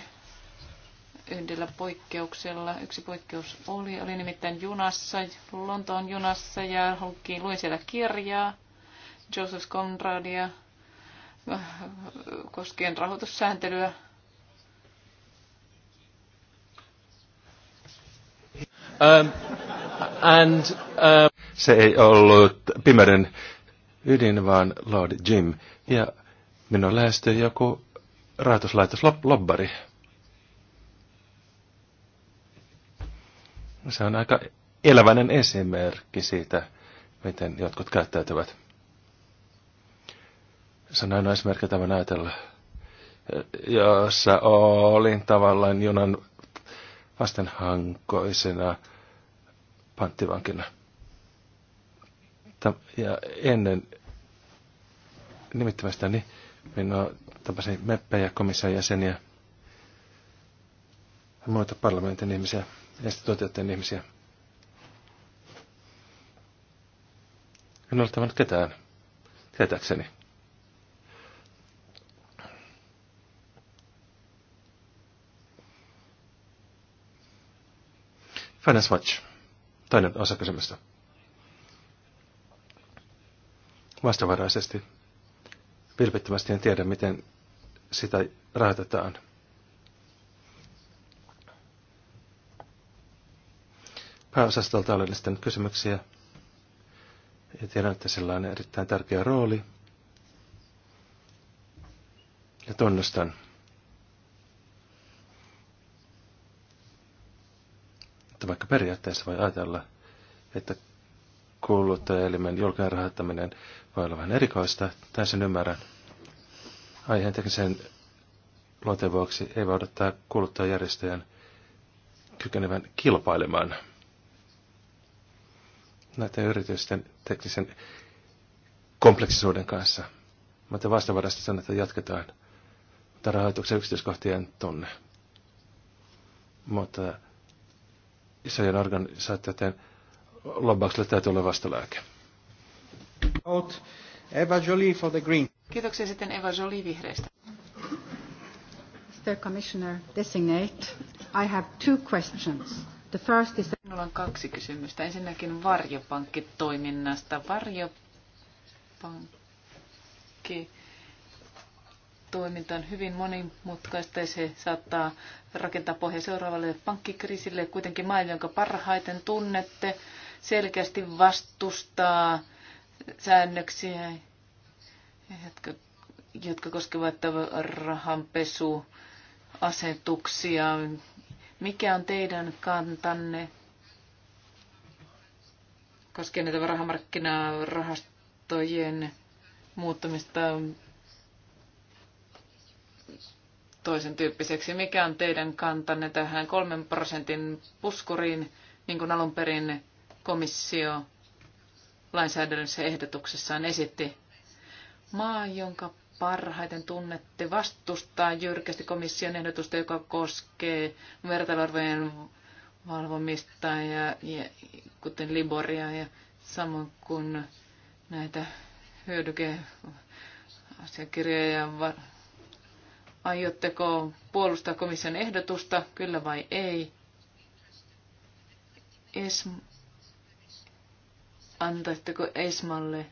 Yhdellä poikkeuksella. Yksi poikkeus oli. Oli nimittäin junassa, Lontoon junassa ja hukkiin. Luin siellä kirjaa Joseph Conradia äh, koskien rahoitussääntelyä. Um, and, um... Se ei ollut pimeyden ydin, vaan Lord Jim. Ja minun lähestyi joku rahoituslaitos lobbari. Se on aika eläväinen esimerkki siitä, miten jotkut käyttäytyvät. Se on aina esimerkki tämän ajatella, jossa olin tavallaan junan vastenhankoisena panttivankina. Ja ennen niin minä tapasin meppejä, komission jäseniä ja muita parlamentin ihmisiä, instituutioiden ihmisiä. En ole tavannut ketään, tietääkseni. Finance Watch. Toinen osa kysymystä. Vastavaraisesti vilpittömästi en tiedä, miten sitä rahoitetaan. Pääosastolta olen esittänyt kysymyksiä ja tiedän, että sillä on erittäin tärkeä rooli. Ja tunnustan. Että vaikka periaatteessa voi ajatella, että kuuluttajaelimen julkinen rahoittaminen voi olla vähän erikoista, tämän sen ymmärrän. Aiheen tekemisen luonteen vuoksi ei voi odottaa kuuluttajajärjestöjen kykenevän kilpailemaan näiden yritysten teknisen kompleksisuuden kanssa. Mutta vastavarasti sanotaan että jatketaan mutta rahoituksen yksityiskohtien tunne. Mutta isojen organisaatioiden lobbaukselle täytyy olla vastalääke. Eva Jolie for the Green. Kiitoksia sitten Eva Jolie vihreistä. Mr. Commissioner designate, I have two questions. The first is... Minulla on kaksi kysymystä. Ensinnäkin varjopankkitoiminnasta. Varjopankki toiminta on hyvin monimutkaista ja se saattaa rakentaa pohja seuraavalle pankkikriisille. Kuitenkin maille, jonka parhaiten tunnette, selkeästi vastustaa säännöksiä, jotka, jotka koskevat rahanpesuasetuksia. Mikä on teidän kantanne koskien näitä rahamarkkinarahastojen muuttamista toisen tyyppiseksi. Mikä on teidän kantanne tähän kolmen prosentin puskuriin, niin kuin alun perin komissio lainsäädännössä ehdotuksessaan esitti. Maa, jonka parhaiten tunnette, vastustaa jyrkästi komission ehdotusta, joka koskee vertailuarvojen valvomista, ja, ja, kuten Liboria ja samoin kuin näitä hyödykeasiakirjoja. Ja va- Aiotteko puolustaa komission ehdotusta, kyllä vai ei? ESM antaisitteko Esmalle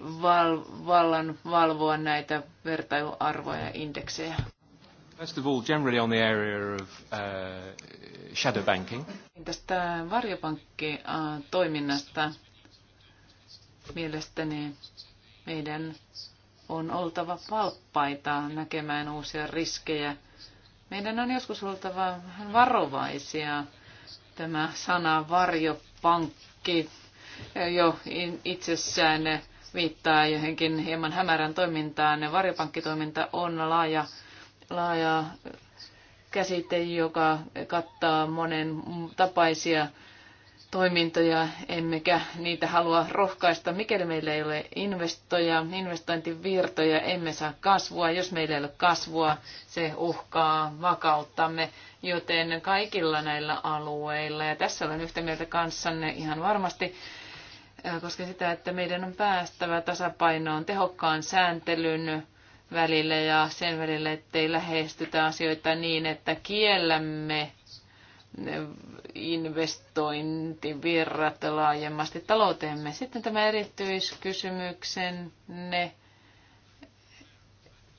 val, vallan valvoa näitä vertailuarvoja ja indeksejä? First of all, generally on the area of uh, shadow banking. Niin tästä varjopankki-toiminnasta uh, mielestäni meidän on oltava valppaita näkemään uusia riskejä. Meidän on joskus oltava vähän varovaisia. Tämä sana varjopankki kaikki jo itsessään viittaa johonkin hieman hämärän toimintaan. Varjopankkitoiminta on laaja, laaja käsite, joka kattaa monen tapaisia toimintoja, emmekä niitä halua rohkaista. Mikäli meillä ei ole investoja, investointivirtoja, emme saa kasvua. Jos meillä ei ole kasvua, se uhkaa vakauttamme joten kaikilla näillä alueilla, ja tässä olen yhtä mieltä kanssanne ihan varmasti, koska sitä, että meidän on päästävä tasapainoon tehokkaan sääntelyn välillä ja sen välillä, ettei lähestytä asioita niin, että kiellämme investointivirrat laajemmasti talouteemme. Sitten tämä erityiskysymyksenne.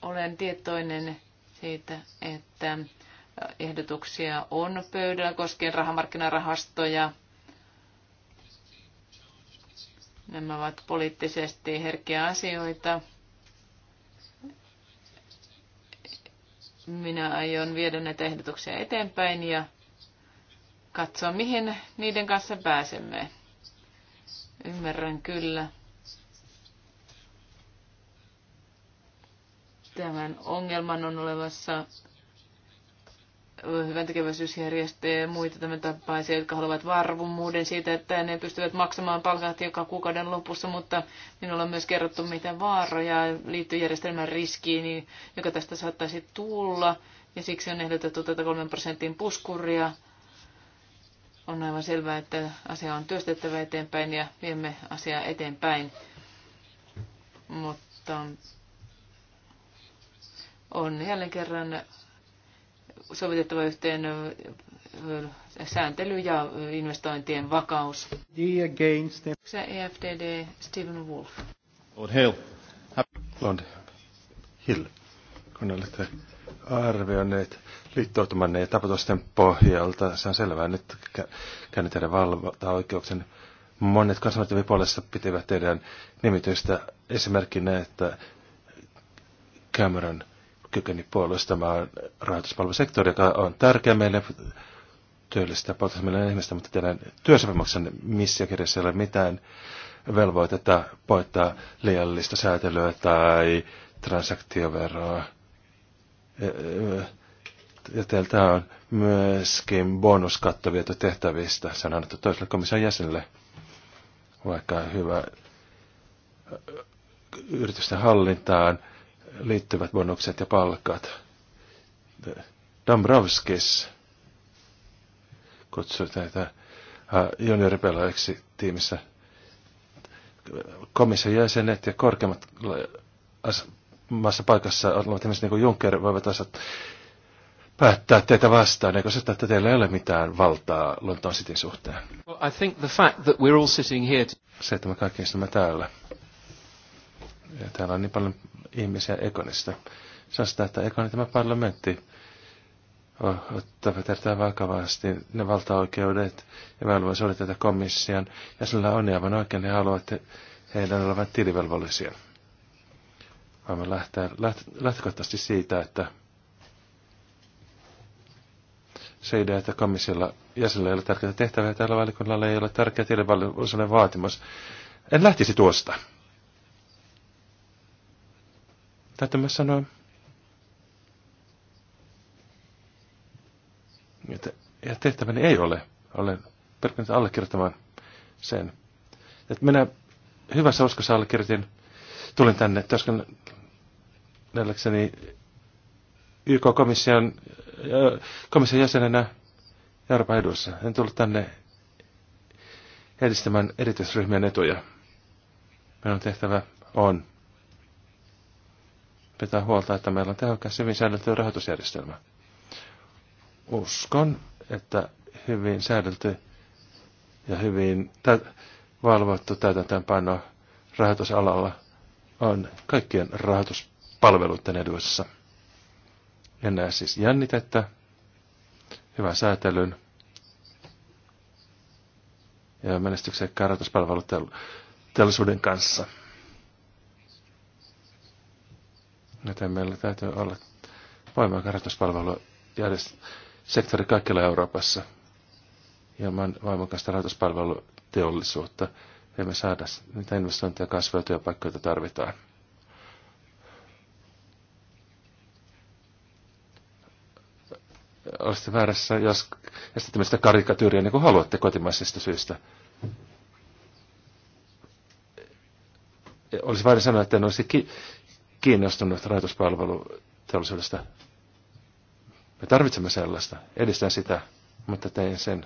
Olen tietoinen siitä, että ehdotuksia on pöydällä koskien rahamarkkinarahastoja. Nämä ovat poliittisesti herkkiä asioita. Minä aion viedä näitä ehdotuksia eteenpäin ja katsoa, mihin niiden kanssa pääsemme. Ymmärrän kyllä tämän ongelman on olevassa hyvän tekeväisyysjärjestöjä ja muita tämän tapaisia, jotka haluavat varvumuuden siitä, että ne pystyvät maksamaan palkat joka kuukauden lopussa, mutta minulla on myös kerrottu, mitä vaaroja liittyy järjestelmän riskiin, niin joka tästä saattaisi tulla. Ja siksi on ehdotettu tätä 3 prosentin puskuria. On aivan selvää, että asia on työstettävä eteenpäin ja viemme asiaa eteenpäin. Mutta on jälleen kerran sovitettava yhteen sääntely ja investointien vakaus. Se EFDD Stephen Wolf. Lord Hill. Lord Hill. Kun olette arvioineet liittoutumanne ja tapatusten pohjalta, se on selvää nyt käynyt teidän valvontaoikeuksen. Monet konservatiivin puolesta pitivät teidän nimitystä esimerkkinä, että Cameron – kykeni puolustamaan rahoituspalvelusektori, joka on tärkeä meille työllistää puolitoista ihmistä, mutta teidän työsopimuksen missiokirjassa ei ole mitään velvoitetta poittaa liiallista säätelyä tai transaktioveroa. Ja teiltä on myöskin bonuskatto viety tehtävistä. Se on annettu toiselle komission jäsenelle, vaikka hyvä yritysten hallintaan – liittyvät bonukset ja palkat. Damravskis kutsui näitä äh, junioripelaajiksi tiimissä. Komission jäsenet ja korkeimmat maassa paikassa olevat ihmiset, niin kuin Juncker, voivat osata päättää teitä vastaan, eikö se, että teillä ei ole mitään valtaa Lontoon Cityn suhteen? Well, I think the fact that we're all sitting here... To... Se, että me kaikki istumme täällä. Ja täällä on niin paljon ihmisiä Ekonista. Se on sitä, että Ekoni tämä parlamentti ottaa tätä vakavasti ne valtaoikeudet ja velvollisuudet tätä komission, ja sillä on aivan oikein, he haluavat heidän olevan tilivelvollisia. Voimme lähteä läht, lähtökohtaisesti siitä, että se idea, että komissiolla jäsenillä ei ole tärkeitä tehtäviä, tällä valikunnalla ei ole tärkeä tilivelvollisuuden vaatimus. En lähtisi tuosta. Täytyy myös sanoa, että ja tehtäväni ei ole. Olen pyrkinyt allekirjoittamaan sen. Että minä hyvässä uskossa allekirjoitin, tulin tänne työskennelläkseni YK-komission komission jäsenenä Euroopan edussa. En tullut tänne edistämään erityisryhmien etuja. Minun tehtävä on pitää huolta, että meillä on tehokas hyvin säädelty rahoitusjärjestelmä. Uskon, että hyvin säädelty ja hyvin tä- valvottu täytäntöönpano rahoitusalalla on kaikkien rahoituspalveluiden eduissa. En näe siis jännitettä, hyvän säätelyn ja menestyksekkään rahoituspalveluteollisuuden kanssa. Näitä meillä täytyy olla voimaa rahoituspalvelu sektori kaikilla Euroopassa. Ilman voimakasta rahoituspalveluteollisuutta emme saada niitä investointeja, kasvua ja työpaikkoja, joita tarvitaan. olisitte väärässä, jos esitätte sitä karikatyyriä niin kuin haluatte kotimaisista syistä. Olisi väärin sanoa, että en olisi ki- kiinnostunut teollisuudesta. Me tarvitsemme sellaista, edistän sitä, mutta tein sen,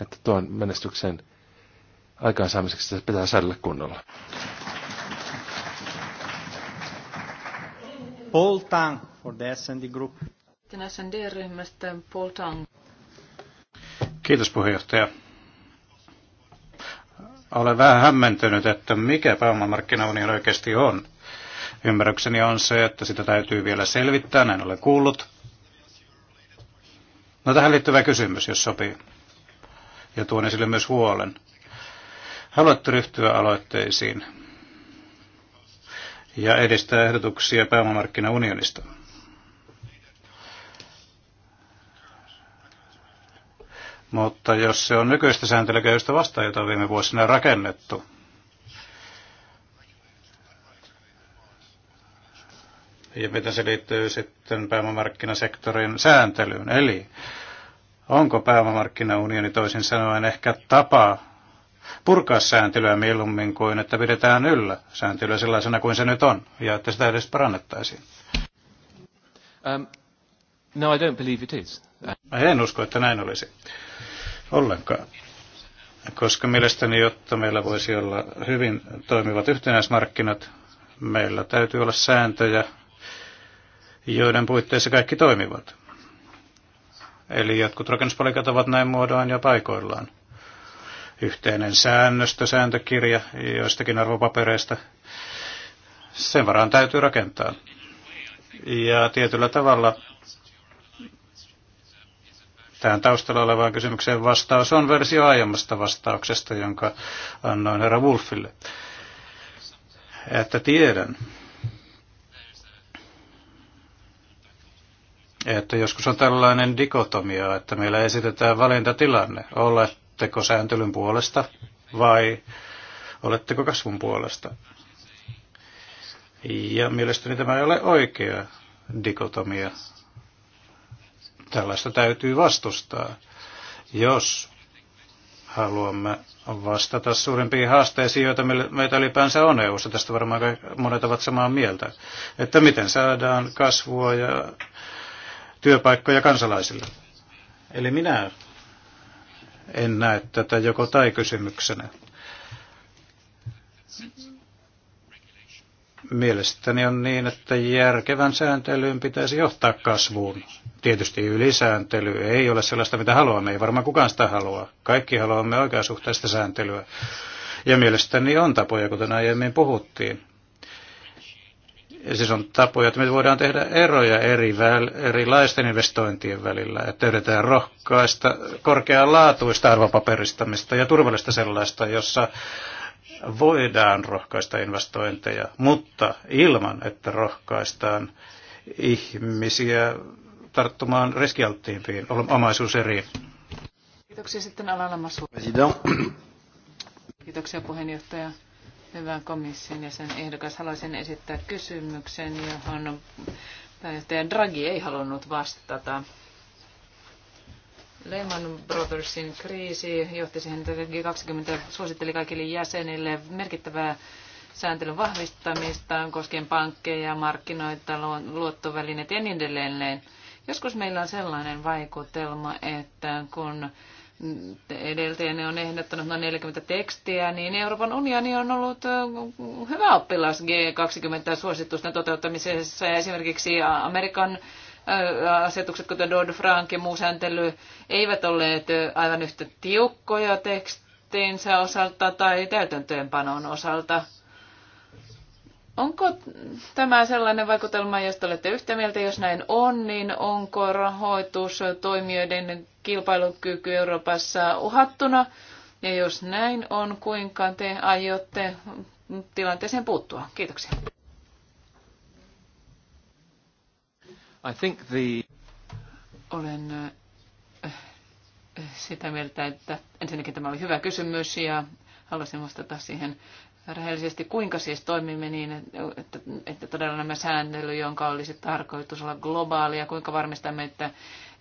että tuon menestyksen aikaansaamiseksi se pitää säädellä kunnolla. Paul Tang for the S&D Group. ryhmästä Paul Tang. Kiitos puheenjohtaja. Olen vähän hämmentynyt, että mikä pääomamarkkinaunio oikeasti on. Ymmärrykseni on se, että sitä täytyy vielä selvittää, näin olen kuullut. No tähän liittyvä kysymys, jos sopii. Ja tuon esille myös huolen. Haluatte ryhtyä aloitteisiin ja edistää ehdotuksia pääomamarkkinaunionista. Mutta jos se on nykyistä sääntelykehystä vastaan, jota on viime vuosina rakennettu, ja miten se liittyy sitten pääomamarkkinasektorin sääntelyyn. Eli onko pääomamarkkinaunioni toisin sanoen ehkä tapa purkaa sääntelyä mieluummin kuin että pidetään yllä sääntelyä sellaisena kuin se nyt on ja että sitä edes parannettaisiin? Um, no, I don't believe it is. En usko, että näin olisi ollenkaan koska mielestäni, jotta meillä voisi olla hyvin toimivat yhtenäismarkkinat, meillä täytyy olla sääntöjä, joiden puitteissa kaikki toimivat. Eli jotkut rakennuspalikat ovat näin muodoin ja paikoillaan. Yhteinen säännöstö, sääntökirja joistakin arvopapereista. Sen varaan täytyy rakentaa. Ja tietyllä tavalla tähän taustalla olevaan kysymykseen vastaus on versio aiemmasta vastauksesta, jonka annoin herra Wolfille. Että tiedän, että joskus on tällainen dikotomia, että meillä esitetään valintatilanne. Oletteko sääntelyn puolesta vai oletteko kasvun puolesta? Ja mielestäni tämä ei ole oikea dikotomia. Tällaista täytyy vastustaa, jos haluamme vastata suurimpiin haasteisiin, joita meitä ylipäänsä on eu -ssa. Tästä varmaan monet ovat samaa mieltä, että miten saadaan kasvua ja työpaikkoja kansalaisille. Eli minä en näe tätä joko tai kysymyksenä. Mielestäni on niin, että järkevän sääntelyyn pitäisi johtaa kasvuun. Tietysti ylisääntely ei ole sellaista, mitä haluamme. Ei varmaan kukaan sitä halua. Kaikki haluamme oikeasuhtaista sääntelyä. Ja mielestäni on tapoja, kuten aiemmin puhuttiin, siis on tapoja, että me voidaan tehdä eroja eri väl, erilaisten investointien välillä, että yritetään rohkaista korkealaatuista arvopaperistamista ja turvallista sellaista, jossa voidaan rohkaista investointeja, mutta ilman, että rohkaistaan ihmisiä tarttumaan riskialttiimpiin omaisuuseriin. Kiitoksia sitten Alala Masu. Kiitoksia puheenjohtaja. Hyvä komission ja sen ehdokas. Haluaisin esittää kysymyksen, johon pääjohtaja Draghi ei halunnut vastata. Lehman Brothersin kriisi johti siihen, että 20 suositteli kaikille jäsenille merkittävää sääntelyn vahvistamista koskien pankkeja, markkinoita, luottovälineitä ja niin edelleen. Joskus meillä on sellainen vaikutelma, että kun edeltäjäni on ehdottanut noin 40 tekstiä, niin Euroopan unioni on ollut hyvä oppilas G20-suositusten toteuttamisessa. Esimerkiksi Amerikan asetukset, kuten Dodd-Frank ja muu sääntely, eivät olleet aivan yhtä tiukkoja tekstinsä osalta tai täytäntöönpanon osalta Onko tämä sellainen vaikutelma, josta olette yhtä mieltä, jos näin on, niin onko rahoitus toimijoiden kilpailukyky Euroopassa uhattuna? Ja jos näin on, kuinka te aiotte tilanteeseen puuttua? Kiitoksia. I think the... Olen eh, eh, sitä mieltä, että ensinnäkin tämä oli hyvä kysymys ja haluaisin vastata siihen rehellisesti, kuinka siis toimimme niin, että, että todella nämä sääntely, jonka olisi tarkoitus olla globaalia, kuinka varmistamme, että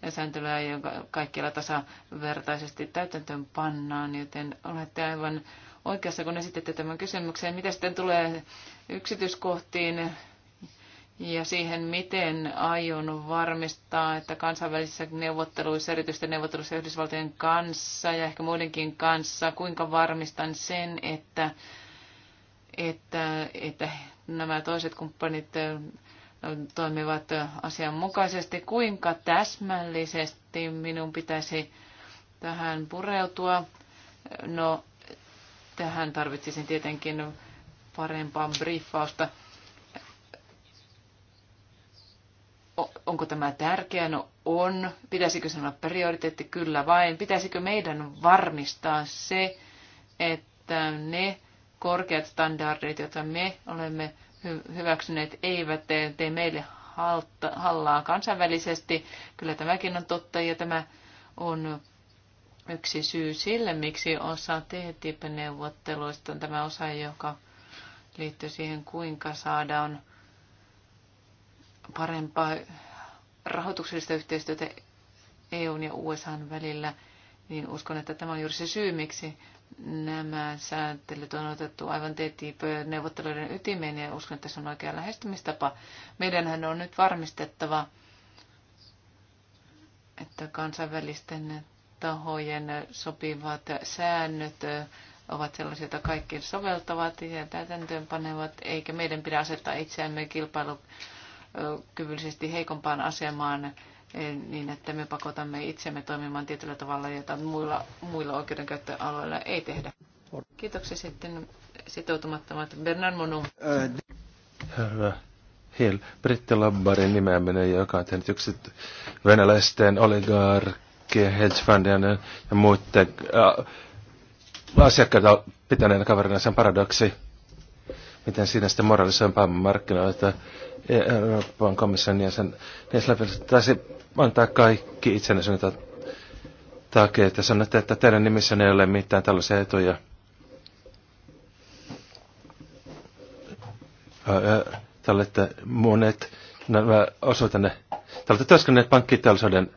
sääntelyä jonka kaikkialla tasavertaisesti täytäntöön pannaan, joten olette aivan oikeassa, kun esitette tämän kysymyksen. Mitä sitten tulee yksityiskohtiin ja siihen, miten aion varmistaa, että kansainvälisissä neuvotteluissa, erityisesti neuvotteluissa Yhdysvaltojen kanssa ja ehkä muidenkin kanssa, kuinka varmistan sen, että että, että nämä toiset kumppanit toimivat asianmukaisesti. Kuinka täsmällisesti minun pitäisi tähän pureutua? No, tähän tarvitsisin tietenkin parempaa briefausta. Onko tämä tärkeä? No on. Pitäisikö se olla prioriteetti? Kyllä vain. Pitäisikö meidän varmistaa se, että ne korkeat standardit, joita me olemme hyväksyneet, eivät tee, tee meille hallaa kansainvälisesti. Kyllä tämäkin on totta ja tämä on yksi syy sille, miksi osa TTIP-neuvotteluista on tämä osa, joka liittyy siihen, kuinka saadaan parempaa rahoituksellista yhteistyötä EUn ja USAn välillä, niin uskon, että tämä on juuri se syy, miksi nämä sääntelyt on otettu aivan TTIP-neuvotteluiden ytimeen ja uskon, että se on oikea lähestymistapa. Meidänhän on nyt varmistettava, että kansainvälisten tahojen sopivat säännöt ovat sellaisia, joita kaikki soveltavat ja täytäntöönpanevat, eikä meidän pidä asettaa itseämme kilpailukyvyllisesti heikompaan asemaan niin, että me pakotamme itsemme toimimaan tietyllä tavalla, jota muilla, muilla oikeudenkäyttöalueilla ei tehdä. Kiitoksia sitten sitoutumattomat. Bernard Monu. Herra Hill, Britti Labbarin nimeäminen, joka on tehnyt yksi venäläisten oligarkkien, hedgefundien ja muiden äh, asiakkaita pitäneenä kaverina sen paradoksi, miten siinä sitten moralisoin maailmanmarkkinoita Euroopan komission jäsen niin taisi antaa kaikki itsenäisyyden takia, että sanotte, että teidän nimissä ei ole mitään tällaisia etuja. Te olette monet, nämä osoitanne, te olette työskennelleet pankkiteollisuuden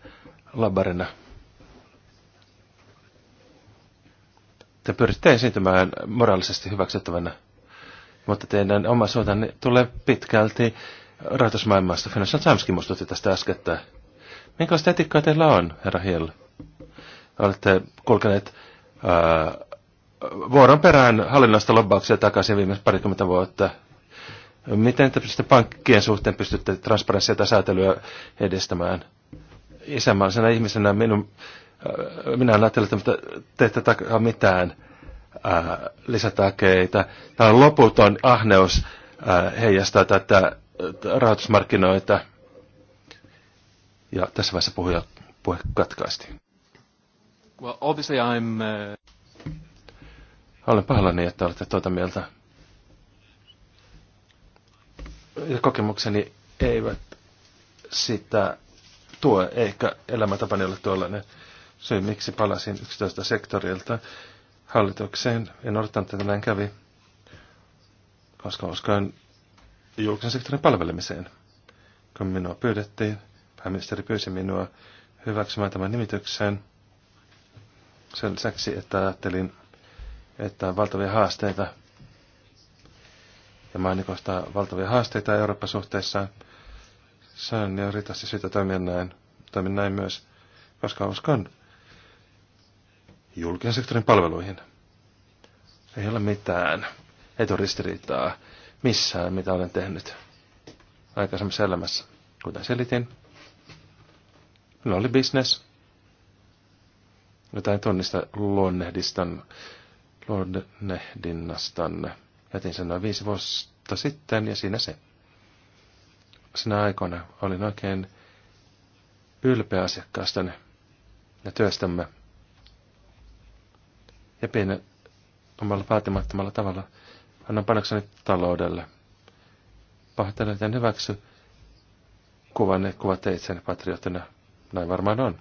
labarina. Te pyritte esiintymään moraalisesti hyväksyttävänä, mutta teidän oma suotanne tulee pitkälti rahoitusmaailmasta. Financial Timeskin muistutti tästä äskettä. Minkälaista etikkaa teillä on, herra Hill? Olette kulkeneet ää, äh, vuoron perään hallinnosta lobbauksia takaisin viimeiset parikymmentä vuotta. Miten te pystytte pankkien suhteen pystytte transparenssia tai säätelyä edistämään? Isänmaallisena ihmisenä minun, ää, äh, minä ajatellut, että te ette takaa mitään ää, äh, lisätakeita. Tämä on loputon ahneus ää, heijastaa tätä rahoitusmarkkinoita. Ja tässä vaiheessa puhuja puhe katkaisti. Well, obviously I'm, uh... Olen pahoillani, että olette tuota mieltä. Ja kokemukseni eivät sitä tuo, eikä elämäntapani ole tuollainen syy, miksi palasin 11 sektorilta hallitukseen. En odottanut, että näin kävi, koska uskoin julkisen sektorin palvelemiseen. Kun minua pyydettiin, pääministeri pyysi minua hyväksymään tämän nimityksen. Sen lisäksi, että ajattelin, että on valtavia haasteita. Ja mainikosta valtavia haasteita Euroopan suhteessa. Se on jo riittävästi syytä toimia näin. Toimin näin myös, koska uskon julkisen sektorin palveluihin. Ei ole mitään eturistiriitaa missään, mitä olen tehnyt aikaisemmassa elämässä. Kuten selitin, minulla oli business, jotain tunnista luonnehdistan, luonnehdinnastanne. Jätin sen noin viisi vuotta sitten ja siinä se. Sinä aikoina olin oikein ylpeä asiakkaastani ja työstämme. Ja pienen omalla vaatimattomalla tavalla – annan panokseni taloudelle. Pahoittelen, että en hyväksy kuvanne, kuvatte itseni patriottina. Näin varmaan on.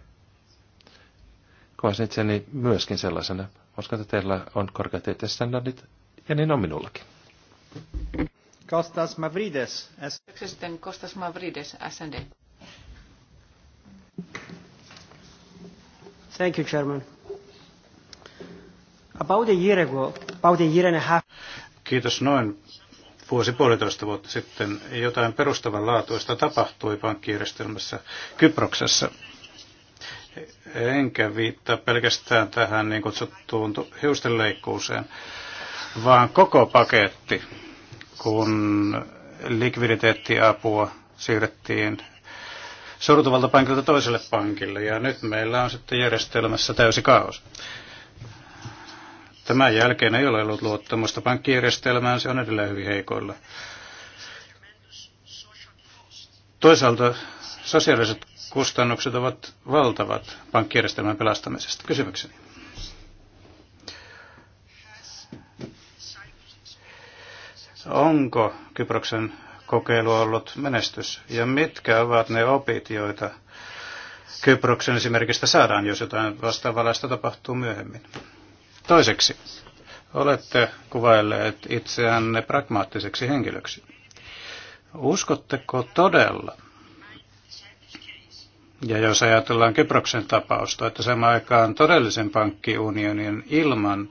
Kuvasin itseni myöskin sellaisena. Uskon, että teillä on korkeat standardit, ja niin on minullakin. Kostas Mavrides. SD. Kostas Mavrides, SND. Thank you, Chairman. About a year ago, about a year and a half... Kiitos noin vuosi puolitoista vuotta sitten jotain perustavanlaatuista tapahtui pankkijärjestelmässä Kyproksessa. Enkä viittaa pelkästään tähän niin kutsuttuun hiustenleikkuuseen, vaan koko paketti, kun likviditeettiapua siirrettiin sortuvalta pankilta toiselle pankille, ja nyt meillä on sitten järjestelmässä täysi kaos. Tämän jälkeen ei ole ollut luottamusta pankkijärjestelmään, se on edelleen hyvin heikoilla. Toisaalta sosiaaliset kustannukset ovat valtavat pankkijärjestelmän pelastamisesta. Kysymykseni. Onko Kyproksen kokeilu ollut menestys ja mitkä ovat ne opit, joita Kyproksen esimerkistä saadaan, jos jotain vastaavanlaista tapahtuu myöhemmin? Toiseksi, olette kuvailleet itseänne pragmaattiseksi henkilöksi. Uskotteko todella, ja jos ajatellaan Kyproksen tapausta, että sama aikaan todellisen pankkiunionin ilman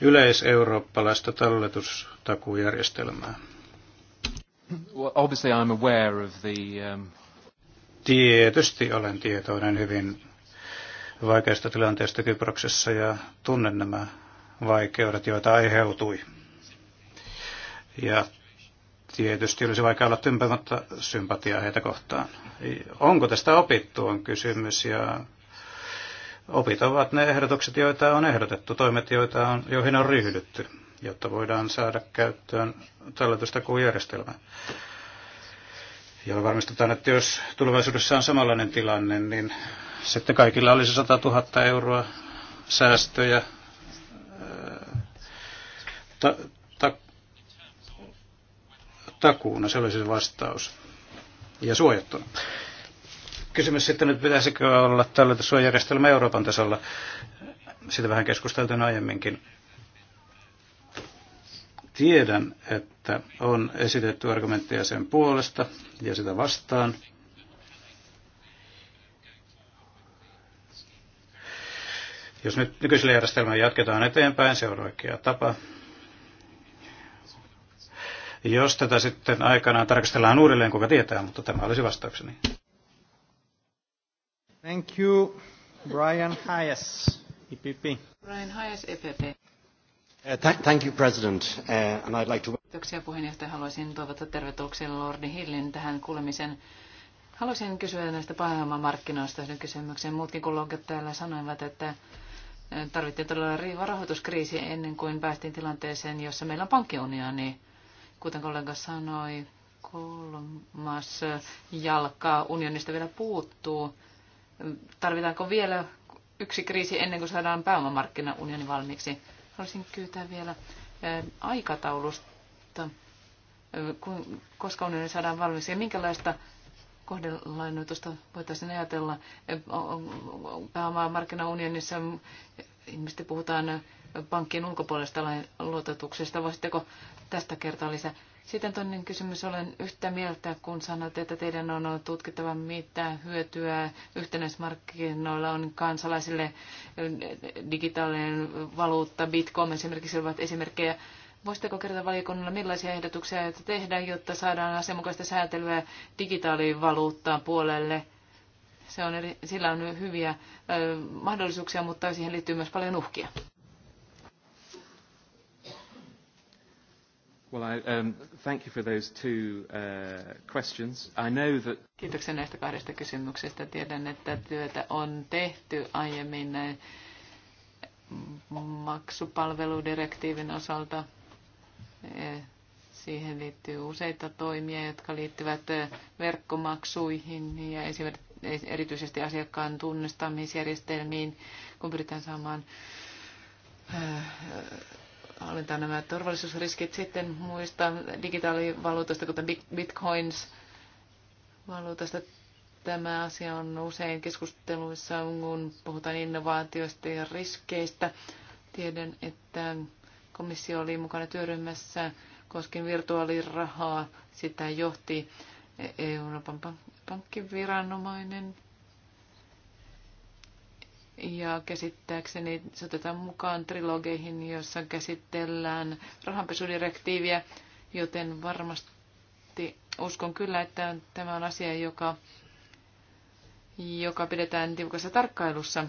yleiseurooppalaista talletustakujärjestelmää? Well, obviously I'm aware of the, um... Tietysti olen tietoinen hyvin vaikeasta tilanteesta Kyproksessa ja tunnen nämä vaikeudet, joita aiheutui. Ja tietysti olisi vaikea olla tympämättä sympatiaa heitä kohtaan. Onko tästä opittu on kysymys ja opit ovat ne ehdotukset, joita on ehdotettu, toimet, joita on, joihin on ryhdytty, jotta voidaan saada käyttöön talletusta kuin järjestelmä. Ja varmistetaan, että jos tulevaisuudessa on samanlainen tilanne, niin sitten kaikilla olisi 100 000 euroa säästöjä ta, ta, takuuna, se olisi vastaus. Ja suojattuna. Kysymys sitten nyt, pitäisikö olla suojajärjestelmä Euroopan tasolla? Sitä vähän keskusteltiin aiemminkin. Tiedän, että on esitetty argumentteja sen puolesta ja sitä vastaan. Jos nyt nykyisellä järjestelmällä jatketaan eteenpäin, se on oikea tapa. Jos tätä sitten aikanaan tarkastellaan uudelleen, kuka tietää, mutta tämä olisi vastaukseni. Thank you, Brian Hayes, EPP. Brian Hayes, EPP. Uh, thank you, President. Uh, and I'd like to... Kiitoksia puheenjohtaja. Haluaisin toivottaa tervetulleeksi Lordi Hillin tähän kuulemisen. Haluaisin kysyä näistä markkinoista yhden kysymyksen. Muutkin kollegat täällä sanoivat, että tarvittiin todella riiva rahoituskriisi ennen kuin päästiin tilanteeseen, jossa meillä on pankkiunioni. Kuten kollega sanoi, kolmas jalka unionista vielä puuttuu. Tarvitaanko vielä yksi kriisi ennen kuin saadaan pääomamarkkinaunioni valmiiksi? Haluaisin kyytää vielä eh, aikataulusta, eh, koska unioni saadaan valmiiksi ja minkälaista kohdelainoitusta voitaisiin ajatella. E, Pääomaa markkinaunionissa ihmisten puhutaan pankkien ulkopuolesta luototuksesta. Voisitteko tästä kertoa lisää? Sitten toinen kysymys. Olen yhtä mieltä, kun sanot että teidän on tutkittava, mitä hyötyä yhtenäismarkkinoilla on kansalaisille digitaalinen valuutta, bitcoin esimerkiksi ovat esimerkkejä Voisitteko kertoa valiokunnalle, millaisia ehdotuksia että tehdään, jotta saadaan asianmukaista säätelyä digitaalivaluuttaan puolelle? Se on eri, sillä on hyviä ö, mahdollisuuksia, mutta siihen liittyy myös paljon uhkia. Well, I, um, thank you for those two uh, questions. I know that... Kiitoksia näistä kahdesta kysymyksestä. Tiedän, että työtä on tehty aiemmin maksupalveludirektiivin osalta. Siihen liittyy useita toimia, jotka liittyvät verkkomaksuihin ja erityisesti asiakkaan tunnistamisjärjestelmiin, kun pyritään saamaan hallintaan nämä turvallisuusriskit sitten muista digitaalivaluutoista, kuten bitcoins valuutasta. Tämä asia on usein keskusteluissa, kun puhutaan innovaatioista ja riskeistä. Tiedän, että Komissio oli mukana työryhmässä koskien virtuaalirahaa. Sitä johti Euroopan pankkiviranomainen. Ja käsittääkseni se otetaan mukaan trilogeihin, joissa käsitellään rahanpesudirektiiviä, joten varmasti uskon kyllä, että tämä on asia, joka, joka pidetään tiukassa tarkkailussa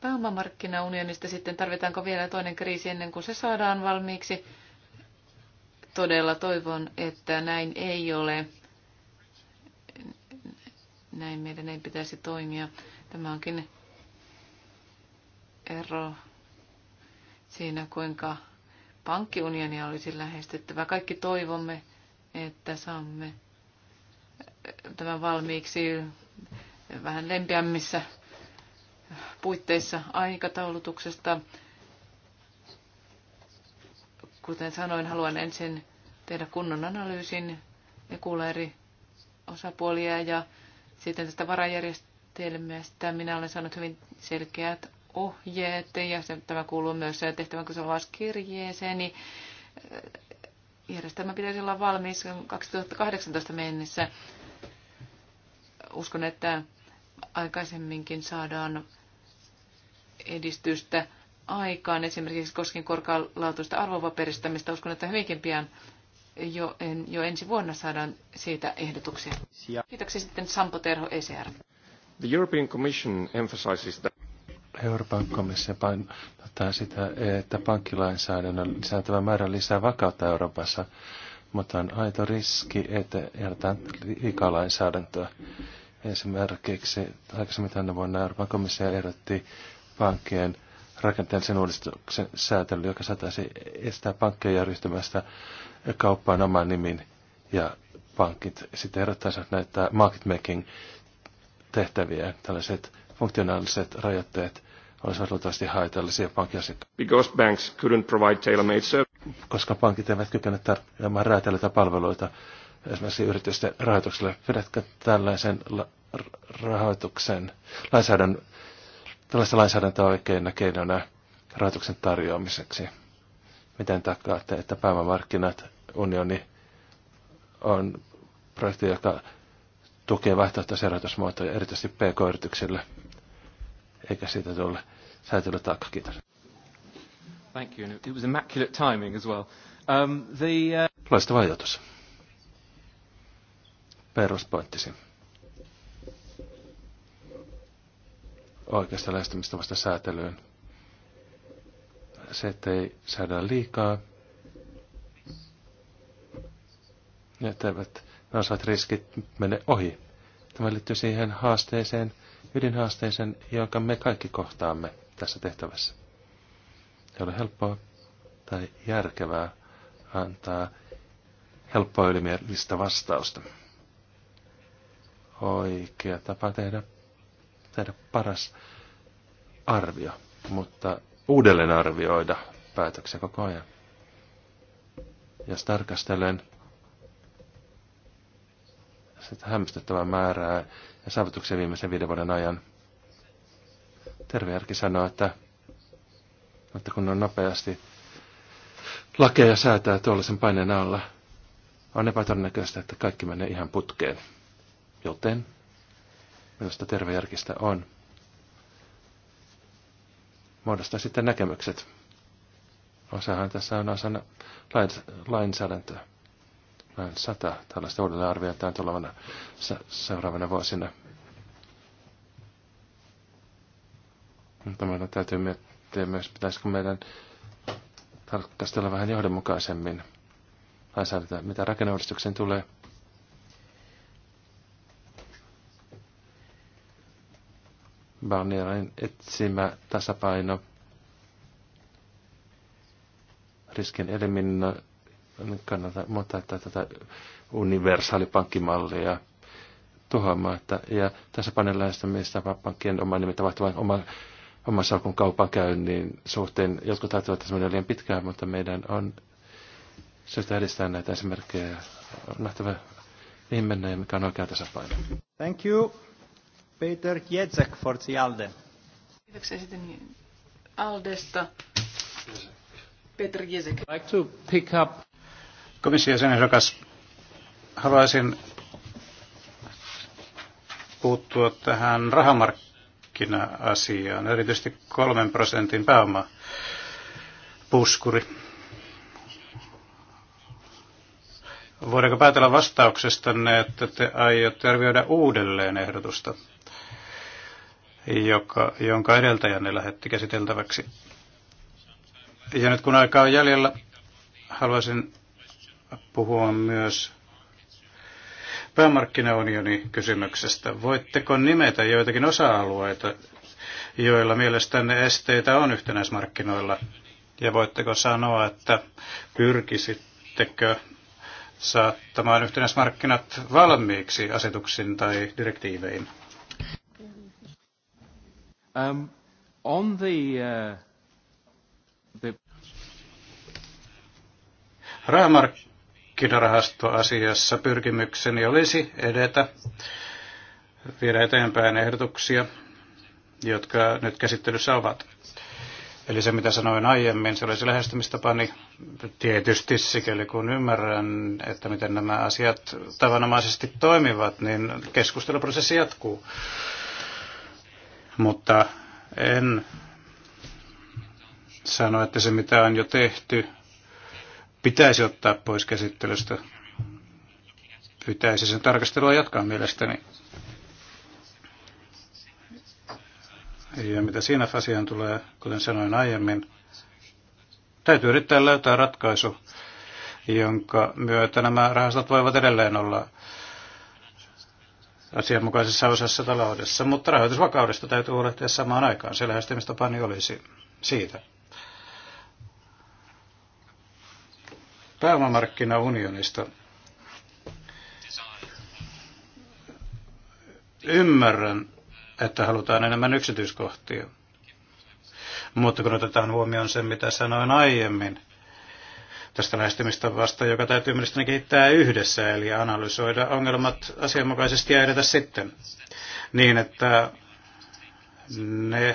pääomamarkkinaunionista sitten tarvitaanko vielä toinen kriisi ennen kuin se saadaan valmiiksi. Todella toivon, että näin ei ole. Näin meidän ei pitäisi toimia. Tämä onkin ero siinä, kuinka pankkiunionia olisi lähestyttävä. Kaikki toivomme, että saamme tämän valmiiksi vähän lempiämmissä puitteissa aikataulutuksesta. Kuten sanoin, haluan ensin tehdä kunnon analyysin ja kuulla eri osapuolia ja sitten tästä varajärjestelmästä minä olen saanut hyvin selkeät ohjeet ja se, tämä kuuluu myös tehtävän kirjeeseen, niin järjestelmä pitäisi olla valmis 2018 mennessä. Uskon, että aikaisemminkin saadaan edistystä aikaan, esimerkiksi koskien korkealaatuista arvopaperistamista. Uskon, että hyvinkin pian jo, en, jo ensi vuonna saadaan siitä ehdotuksia. Kiitoksia sitten Sampo Terho, ECR. The European Commission emphasizes that Euroopan komissio painottaa sitä, että pankkilainsäädännön lisääntyvä määrä lisää vakautta Euroopassa, mutta on aito riski, että jätetään liikaa lainsäädäntöä. Esimerkiksi aikaisemmin tänä vuonna Euroopan komissio ehdotti pankkien rakenteellisen uudistuksen säätely, joka saataisi estää pankkeja järjestämästä kauppaan oman nimin ja pankit sitten erottaisivat näitä market making tehtäviä, tällaiset funktionaaliset rajoitteet olisivat luultavasti haitallisia pankkiasiakkaille. Koska pankit eivät kykene tarjoamaan räätälöitä palveluita esimerkiksi yritysten rahoitukselle. Pidätkö tällaisen la- rahoituksen lainsäädännön tällaista lainsäädäntöä oikeina keinona rahoituksen tarjoamiseksi? Miten takaatte, että pääomamarkkinat unioni on projekti, joka tukee vaihtoehtoisia rahoitusmuotoja erityisesti pk-yrityksille, eikä siitä tule taakka. Kiitos. Thank you. It was immaculate timing as well. Um, the, uh... Loistava ajatus. Peruspointtisi. oikeasta lähestymistavasta säätelyyn. Se, ettei säädä liikaa, ja etteivät nousevat riskit mene ohi. Tämä liittyy siihen haasteeseen, ydinhaasteeseen, jonka me kaikki kohtaamme tässä tehtävässä. Ei ole helppoa tai järkevää antaa helppoa ylimielistä vastausta. Oikea tapa tehdä tehdä paras arvio, mutta uudelleen arvioida päätöksiä koko ajan. Jos tarkastelen sitä hämmästyttävää määrää ja saavutuksia viimeisen viiden vuoden ajan, tervejärki sanoo, että, että kun on nopeasti lakeja säätää tuollaisen paineen alla, on epätodennäköistä, että kaikki menee ihan putkeen. Joten minusta tervejärkistä on. Muodostaa sitten näkemykset. Osahan tässä on osana lainsäädäntöä. Noin sata tällaista uudelleen on tulevana seuraavana vuosina. Mutta meidän täytyy miettiä myös, pitäisikö meidän tarkastella vähän johdonmukaisemmin lainsäädäntöä, mitä rakenneuudistukseen tulee – Barnierin etsimä tasapaino riskin eliminnoinnin kannalta, mutta että tätä universaalipankkimallia tuhoamatta. Ja tasapainoinen lähestymistapa pankkien oman nimen tapahtuvan oman oman salkun kaupan käynnin suhteen. Jotkut ajattelevat, että se menee liian pitkään, mutta meidän on syystä edistää näitä esimerkkejä. On nähtävä, mihin mennään ja mikä on oikea tasapaino. Thank you. Peter Jezek for Alde. Kiitoksia sitten Aldesta. Peter I'd like to pick up... Komission jäsenehdokas, haluaisin puuttua tähän rahamarkkina-asiaan, erityisesti kolmen prosentin puskuri. Voidaanko päätellä vastauksestanne, että te aiotte arvioida uudelleen ehdotusta? joka, jonka edeltäjänne lähetti käsiteltäväksi. Ja nyt kun aikaa on jäljellä, haluaisin puhua myös päämarkkinaunionin kysymyksestä. Voitteko nimetä joitakin osa-alueita, joilla mielestänne esteitä on yhtenäismarkkinoilla? Ja voitteko sanoa, että pyrkisittekö saattamaan yhtenäismarkkinat valmiiksi asetuksin tai direktiivein? Um, on the, uh, the... Rahamarkkinarahastoasiassa pyrkimykseni olisi edetä, viedä eteenpäin ehdotuksia, jotka nyt käsittelyssä ovat. Eli se, mitä sanoin aiemmin, se olisi lähestymistapani tietysti sikäli kun ymmärrän, että miten nämä asiat tavanomaisesti toimivat, niin keskusteluprosessi jatkuu. Mutta en sano, että se mitä on jo tehty pitäisi ottaa pois käsittelystä. Pitäisi sen tarkastelua jatkaa mielestäni. Ja mitä siinä asiaan tulee, kuten sanoin aiemmin, täytyy yrittää löytää ratkaisu, jonka myötä nämä rahastot voivat edelleen olla asianmukaisessa osassa taloudessa, mutta rahoitusvakaudesta täytyy huolehtia samaan aikaan. Se lähestymistapani niin olisi siitä. Pääomamarkkinaunionista ymmärrän, että halutaan enemmän yksityiskohtia. Mutta kun otetaan huomioon sen, mitä sanoin aiemmin, tästä lähestymistavasta, joka täytyy mielestäni kehittää yhdessä, eli analysoida ongelmat asianmukaisesti ja edetä sitten niin, että ne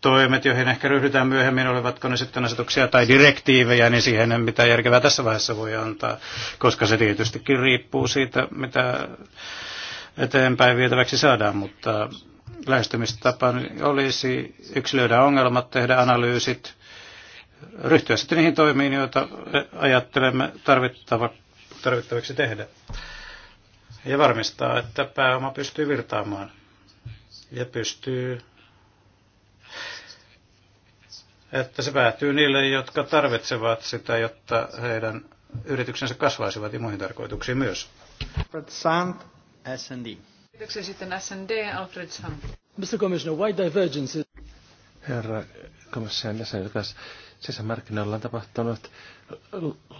toimet, joihin ehkä ryhdytään myöhemmin, olivatko ne sitten asetuksia tai direktiivejä, niin siihen ei mitään järkevää tässä vaiheessa voi antaa, koska se tietystikin riippuu siitä, mitä eteenpäin vietäväksi saadaan, mutta lähestymistapa olisi yksilöidä ongelmat, tehdä analyysit, ryhtyä sitten niihin toimiin, joita ajattelemme tarvittava, tarvittaviksi tehdä. Ja varmistaa, että pääoma pystyy virtaamaan ja pystyy, että se päätyy niille, jotka tarvitsevat sitä, jotta heidän yrityksensä kasvaisivat ja muihin tarkoituksiin myös. Alfred Sand, S&D. Kiitoksia sitten S&D, Alfred Sand. Mr. Commissioner, why divergences? Herra komission jäsenet kanssa sisämarkkinoilla on tapahtunut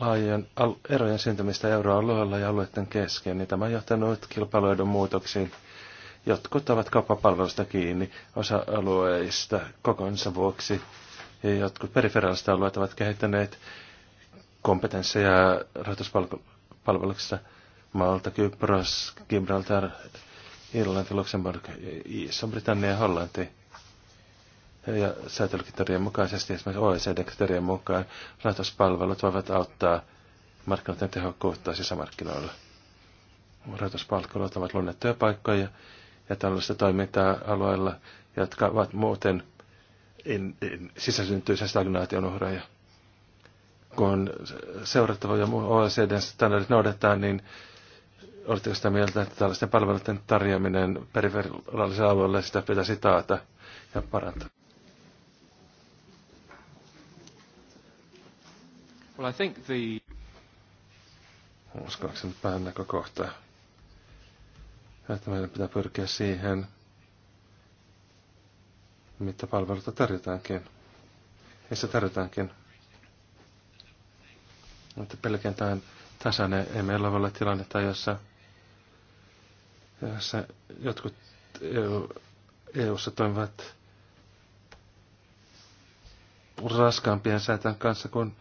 laajojen erojen syntymistä euroalueella ja alueiden kesken, niin tämä on johtanut kilpailuedon muutoksiin. Jotkut ovat kauppapalveluista kiinni osa-alueista kokonsa vuoksi, ja jotkut periferaaliset alueet ovat kehittäneet kompetensseja rahoituspalveluksessa Malta, Kypros, Gibraltar, Irlanti, Luxemburg, Iso-Britannia ja Hollanti ja säätelykriteerien mukaisesti, esimerkiksi OECD-kriteerien mukaan, rahoituspalvelut voivat auttaa markkinoiden tehokkuutta sisämarkkinoilla. Rahoituspalvelut ovat luonne työpaikkoja ja tällaista toimintaa alueilla, jotka ovat muuten in, in, sisäsyntyisen stagnaation uhreja. Kun seurattava ja OECD-standardit noudetaan, niin oletteko sitä mieltä, että tällaisten palveluiden tarjoaminen periferiaalisella alueella sitä pitäisi taata ja parantaa? Well, I think the... Uskoakseni päänäkökohta, että meidän pitää pyrkiä siihen, mitä palveluita tarjotaankin. Missä tarjotaankin. Mutta pelkästään tasainen ei meillä voi olla tilannetta, jossa, jossa jotkut EU, EU-ssa toimivat raskaampien säätän kanssa kuin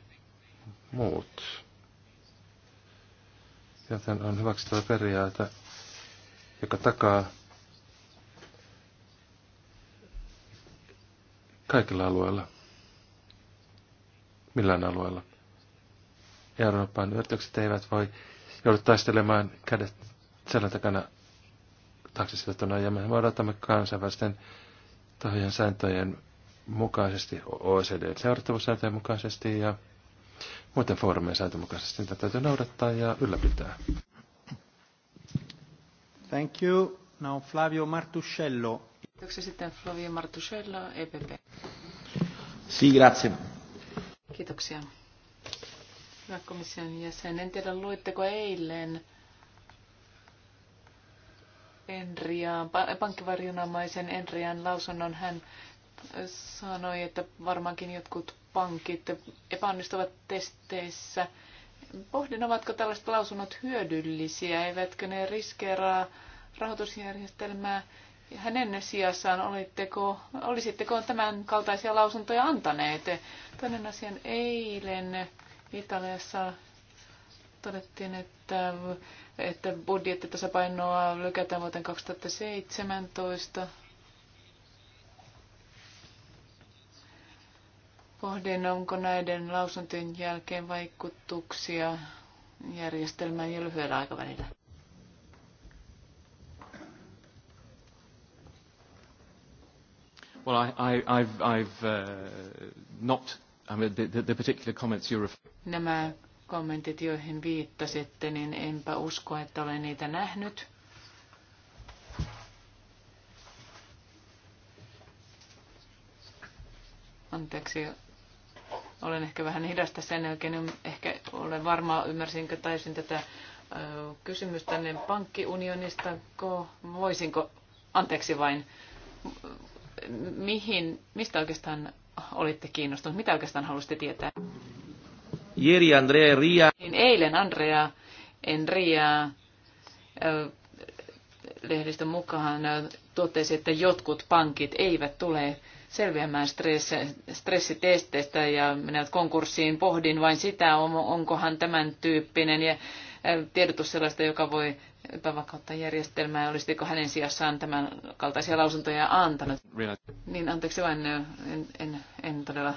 muut. Joten on hyväksyttävä periaate, joka takaa kaikilla alueilla, millään alueella. Euroopan yritykset eivät voi joudu taistelemaan kädet sellan takana taksisiltona. ja me odotamme kansainvälisten tahojen sääntöjen mukaisesti, OECD seurattavuussääntöjen mukaisesti, ja muiden foorumien sääntömukaisesti. Sitä täytyy noudattaa ja ylläpitää. Thank you. Now Flavio Martuscello. Kiitoksia sitten Flavio Martuscello, EPP. Si, grazie. Kiitoksia. Hyvä komission jäsen. En tiedä, luitteko eilen Enrian, pankkivarjunamaisen Enrian lausunnon. Hän sanoi, että varmaankin jotkut pankit epäonnistuvat testeissä. Pohdin, ovatko tällaiset lausunnot hyödyllisiä, eivätkö ne riskeeraa rahoitusjärjestelmää. Hänen sijassaan olitteko, olisitteko tämän kaltaisia lausuntoja antaneet? Toinen asia eilen Italiassa todettiin, että, että budjettitasapainoa lykätään vuoteen 2017 pohdin, onko näiden lausuntojen jälkeen vaikutuksia järjestelmään jo lyhyellä aikavälillä. Well, I, I, I've, I've uh, not, I mean, the, the particular comments you refer... Nämä kommentit, joihin viittasitte, niin enpä usko, että olen niitä nähnyt. Anteeksi, olen ehkä vähän hidasta sen jälkeen, ehkä olen varma, ymmärsinkö täysin tätä kysymystä tänne pankkiunionista. Voisinko, anteeksi vain, mihin, mistä oikeastaan olitte kiinnostunut? Mitä oikeastaan halusitte tietää? Jiri Andrea Ria. Niin eilen Andrea Enria lehdistön mukaan totesi, että jotkut pankit eivät tule selviämään stress, stressitesteistä ja menevät konkurssiin. Pohdin vain sitä, on, onkohan tämän tyyppinen ja tiedotus sellaista, joka voi epävakautta järjestelmää. Olisiko hänen sijassaan tämän kaltaisia lausuntoja antanut? Niin, anteeksi vain, en, en, en todella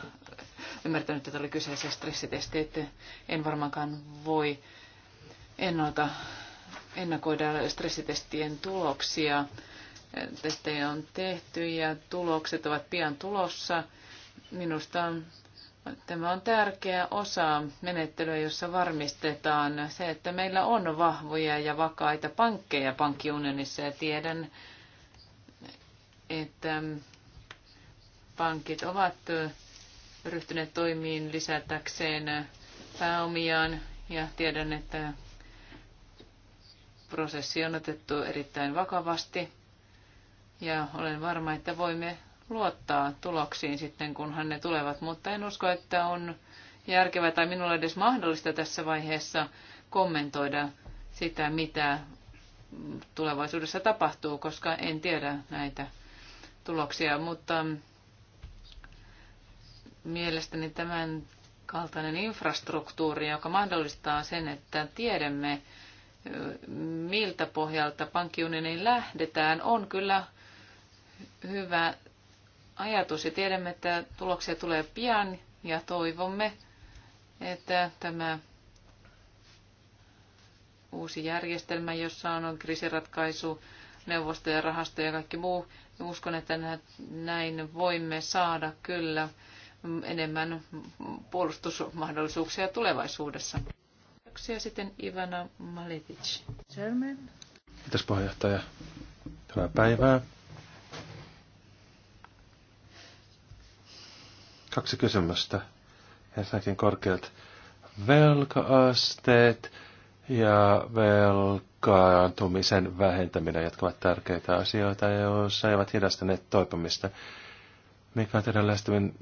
ymmärtänyt, että oli kyseessä stressitesti, että en varmaankaan voi ennalta ennakoida stressitestien tuloksia testejä on tehty ja tulokset ovat pian tulossa. Minusta on, tämä on tärkeä osa menettelyä, jossa varmistetaan se, että meillä on vahvoja ja vakaita pankkeja pankkiunionissa ja tiedän, että pankit ovat ryhtyneet toimiin lisätäkseen pääomiaan ja tiedän, että prosessi on otettu erittäin vakavasti ja olen varma, että voimme luottaa tuloksiin sitten, kunhan ne tulevat, mutta en usko, että on järkevää tai minulla edes mahdollista tässä vaiheessa kommentoida sitä, mitä tulevaisuudessa tapahtuu, koska en tiedä näitä tuloksia, mutta mielestäni tämän kaltainen infrastruktuuri, joka mahdollistaa sen, että tiedämme, miltä pohjalta pankkiunioniin lähdetään, on kyllä hyvä ajatus ja tiedämme, että tuloksia tulee pian ja toivomme, että tämä uusi järjestelmä, jossa on kriisiratkaisu, neuvosto ja rahasto ja kaikki muu. Uskon, että näin voimme saada kyllä enemmän puolustusmahdollisuuksia tulevaisuudessa. Kiitoksia sitten Ivana Maletic. Kiitos puheenjohtaja. Hyvää päivää. Kaksi kysymystä. Ensinnäkin korkeat velkaasteet ja velkaantumisen vähentäminen, jotka ovat tärkeitä asioita, joissa eivät hidastaneet toipumista. Mikä on teidän lähestyminen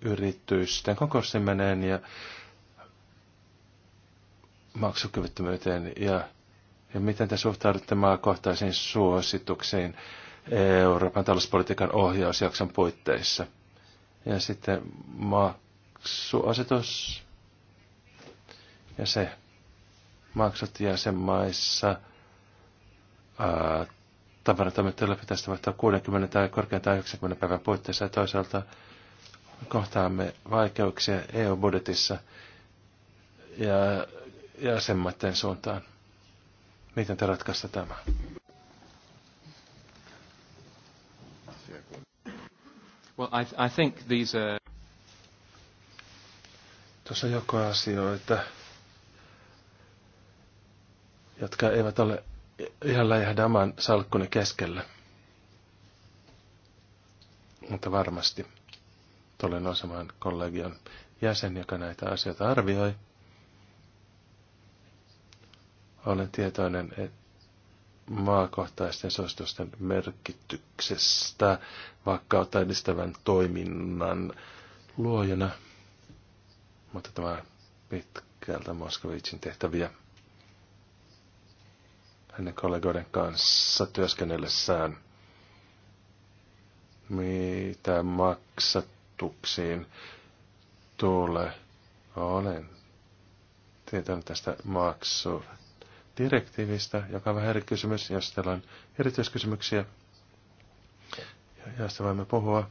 yritysten konkurssimeneen ja maksukyvyttömyyteen ja, ja miten te suhtaudutte maakohtaisiin suosituksiin Euroopan talouspolitiikan ohjausjakson puitteissa? Ja sitten maksuasetus ja se maksut jäsenmaissa tavaratoimittajilla pitäisi tavoittaa 60 tai korkeintaan 90 päivän puitteissa ja toisaalta kohtaamme vaikeuksia EU-budjetissa ja jäsenmaiden suuntaan. Miten te ratkaista tämä? Well, I, I think these are... Tuossa on joko asioita, jotka eivät ole ihan läjähdä oman salkkuni keskellä. Mutta varmasti tulen osamaan kollegion jäsen, joka näitä asioita arvioi. Olen tietoinen, että maakohtaisten suositusten merkityksestä vakkautta edistävän toiminnan luojana. Mutta tämä pitkältä Moskovitsin tehtäviä hänen kollegoiden kanssa työskennellessään, mitä maksatuksiin tulee. Olen tietänyt tästä maksua direktiivistä, joka on vähän eri kysymys, jos teillä on erityiskysymyksiä, joista voimme puhua.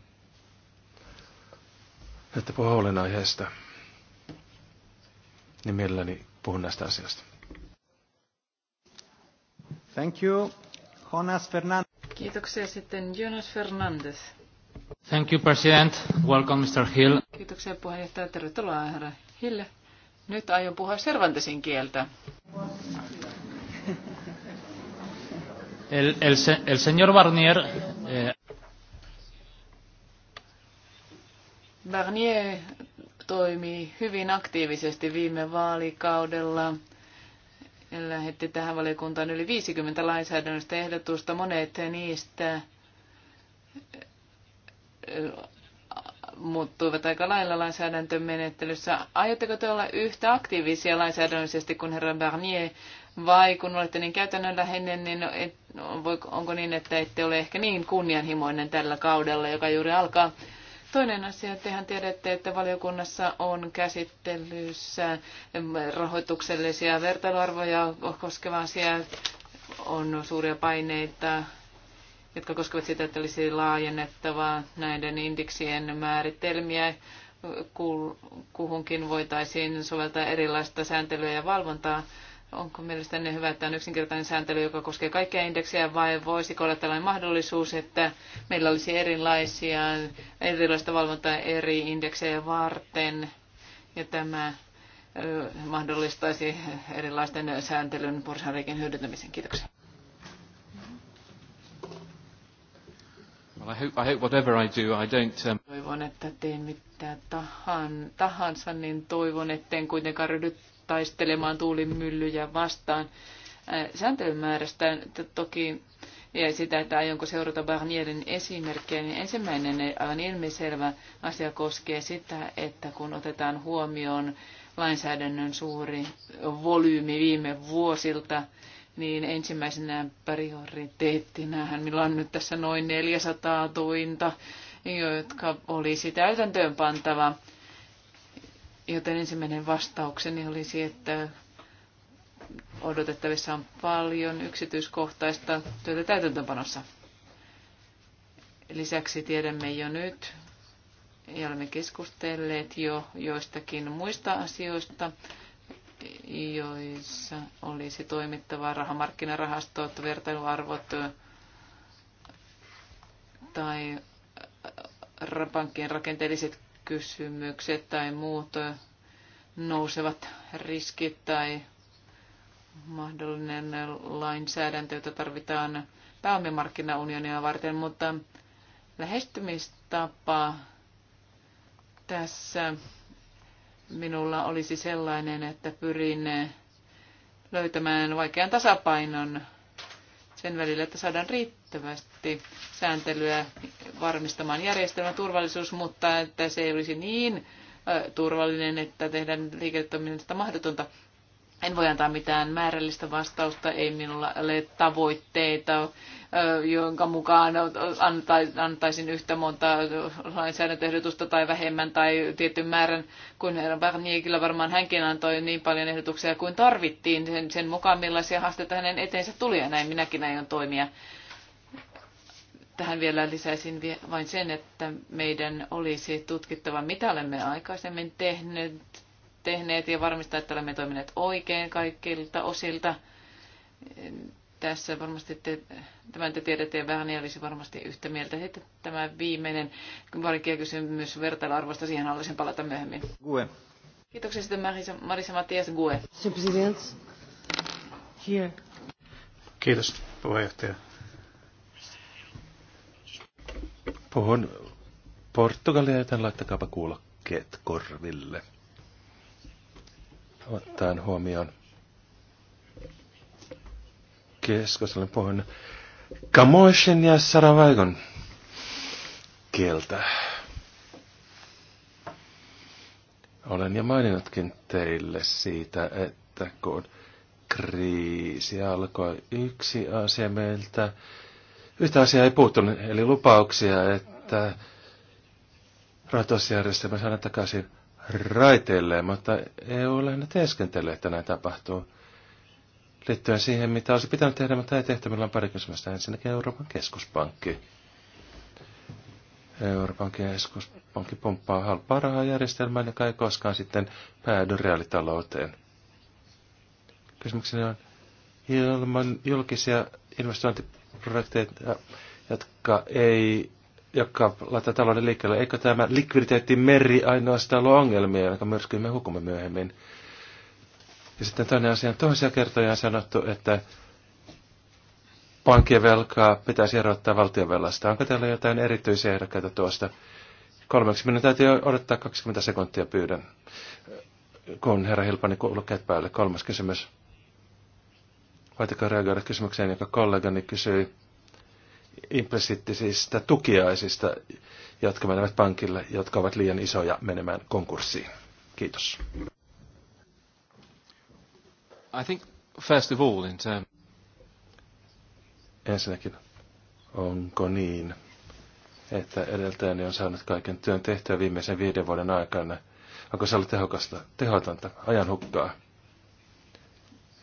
Että puhua olenaiheesta, niin mielelläni puhun näistä asioista. Thank you. Jonas Fernandez. Kiitoksia sitten Jonas Fernandez. Thank you, President. Welcome, Mr. Hill. Kiitoksia puheenjohtaja. Tervetuloa, herra Hille. Nyt aion puhua Cervantesin kieltä. El, el, el señor Barnier. Eh... Barnier toimi hyvin aktiivisesti viime vaalikaudella. Lähetti tähän valiokuntaan yli 50 lainsäädännöstä ehdotusta. Monet niistä eh, muuttuivat aika lailla lainsäädäntömenettelyssä. Aiotteko te olla yhtä aktiivisia lainsäädännöllisesti kuin herra Barnier vai kun olette niin käytännönläheinen, niin et, onko niin, että ette ole ehkä niin kunnianhimoinen tällä kaudella, joka juuri alkaa? Toinen asia, tehän tiedätte, että valiokunnassa on käsittelyssä rahoituksellisia vertailuarvoja koskeva asia. On suuria paineita, jotka koskevat sitä, että olisi laajennettava näiden indeksien määritelmiä. Kuhunkin voitaisiin soveltaa erilaista sääntelyä ja valvontaa Onko mielestäni hyvä, että on yksinkertainen sääntely, joka koskee kaikkia indeksejä, vai voisiko olla tällainen mahdollisuus, että meillä olisi erilaisia, erilaista valvontaa eri indeksejä varten, ja tämä mahdollistaisi erilaisten sääntelyn porsanreikin hyödyntämisen. Kiitoksia. Well, I hope, I hope whatever I do, I don't... Um... Toivon, että teen mitä tahansa, niin toivon, etten kuitenkaan ryhdy taistelemaan tuulimyllyjä vastaan äh, sääntelymäärästä toki ja sitä, että aionko seurata Barnierin esimerkkejä, niin ensimmäinen aivan ilmiselvä asia koskee sitä, että kun otetaan huomioon lainsäädännön suuri volyymi viime vuosilta, niin ensimmäisenä prioriteettinähän meillä on nyt tässä noin 400 tuinta, jotka olisi täytäntöön pantava Joten ensimmäinen vastaukseni olisi, että odotettavissa on paljon yksityiskohtaista työtä täytäntöpanossa. Lisäksi tiedämme jo nyt, ja olemme keskustelleet jo joistakin muista asioista, joissa olisi toimittava rahamarkkinarahastot, vertailuarvot tai pankkien rakenteelliset kysymykset tai muut nousevat riskit tai mahdollinen lainsäädäntö, jota tarvitaan pääomimarkkinaunionia varten, mutta lähestymistapa tässä minulla olisi sellainen, että pyrin löytämään vaikean tasapainon sen välillä, että saadaan riittävästi sääntelyä varmistamaan järjestelmän turvallisuus, mutta että se ei olisi niin turvallinen, että tehdään liiketoiminnasta mahdotonta. En voi antaa mitään määrällistä vastausta, ei minulla ole tavoitteita jonka mukaan antaisin yhtä monta lainsäädäntöehdotusta tai vähemmän tai tietyn määrän kuin herra Barnier. Kyllä varmaan hänkin antoi niin paljon ehdotuksia kuin tarvittiin sen, sen mukaan, millaisia haasteita hänen eteensä tuli ja näin minäkin aion toimia. Tähän vielä lisäisin vain sen, että meidän olisi tutkittava, mitä olemme aikaisemmin tehneet, tehneet ja varmistaa, että olemme toimineet oikein kaikilta osilta tässä varmasti te, tämän te tiedätte ja vähän olisi varmasti yhtä mieltä. Sitten tämä viimeinen vaikea kysymys vertailuarvosta, siihen haluaisin palata myöhemmin. Gue. Kiitoksia sitten Marisa, Marisa Matias Gue. Here. Kiitos puheenjohtaja. Puhun Portugalia, joten laittakaapa kuulokkeet korville. Ottaen huomioon keskustelun pohjana Kamoisen ja Saravaikon kieltä. Olen jo maininnutkin teille siitä, että kun kriisi alkoi yksi asia meiltä, yhtä asiaa ei puuttunut, eli lupauksia, että ratosjärjestelmä saadaan takaisin raiteilleen, mutta EU lähinnä teeskentelee, että näin tapahtuu liittyen siihen, mitä olisi pitänyt tehdä, mutta ei tehty. Meillä on pari kysymystä. Ensinnäkin Euroopan keskuspankki. Euroopan keskuspankki pomppaa halpaa rahaa järjestelmään, joka ei koskaan sitten päädy reaalitalouteen. Kysymykseni on, ilman julkisia investointiprojekteja, jotka ei joka laittaa talouden liikkeelle. Eikö tämä likviditeetti meri ainoastaan ole ongelmia, jonka myrskyyn me hukumme myöhemmin? Ja sitten toinen asia, toisia kertoja on sanottu, että pankkien velkaa pitäisi erottaa valtionvelasta. Onko täällä jotain erityisiä ehdokkaita tuosta? Kolmeksi minun täytyy odottaa 20 sekuntia pyydän, kun herra Hilpani kulkeet päälle. Kolmas kysymys. Voitteko reagoida kysymykseen, joka kollegani kysyi implisiittisistä tukiaisista, jotka menevät pankille, jotka ovat liian isoja menemään konkurssiin? Kiitos. I think first of all in term... Ensinnäkin, onko niin, että edeltäjäni on saanut kaiken työn tehtyä viimeisen viiden vuoden aikana? Onko se ollut tehokasta, tehotonta, ajan hukkaa?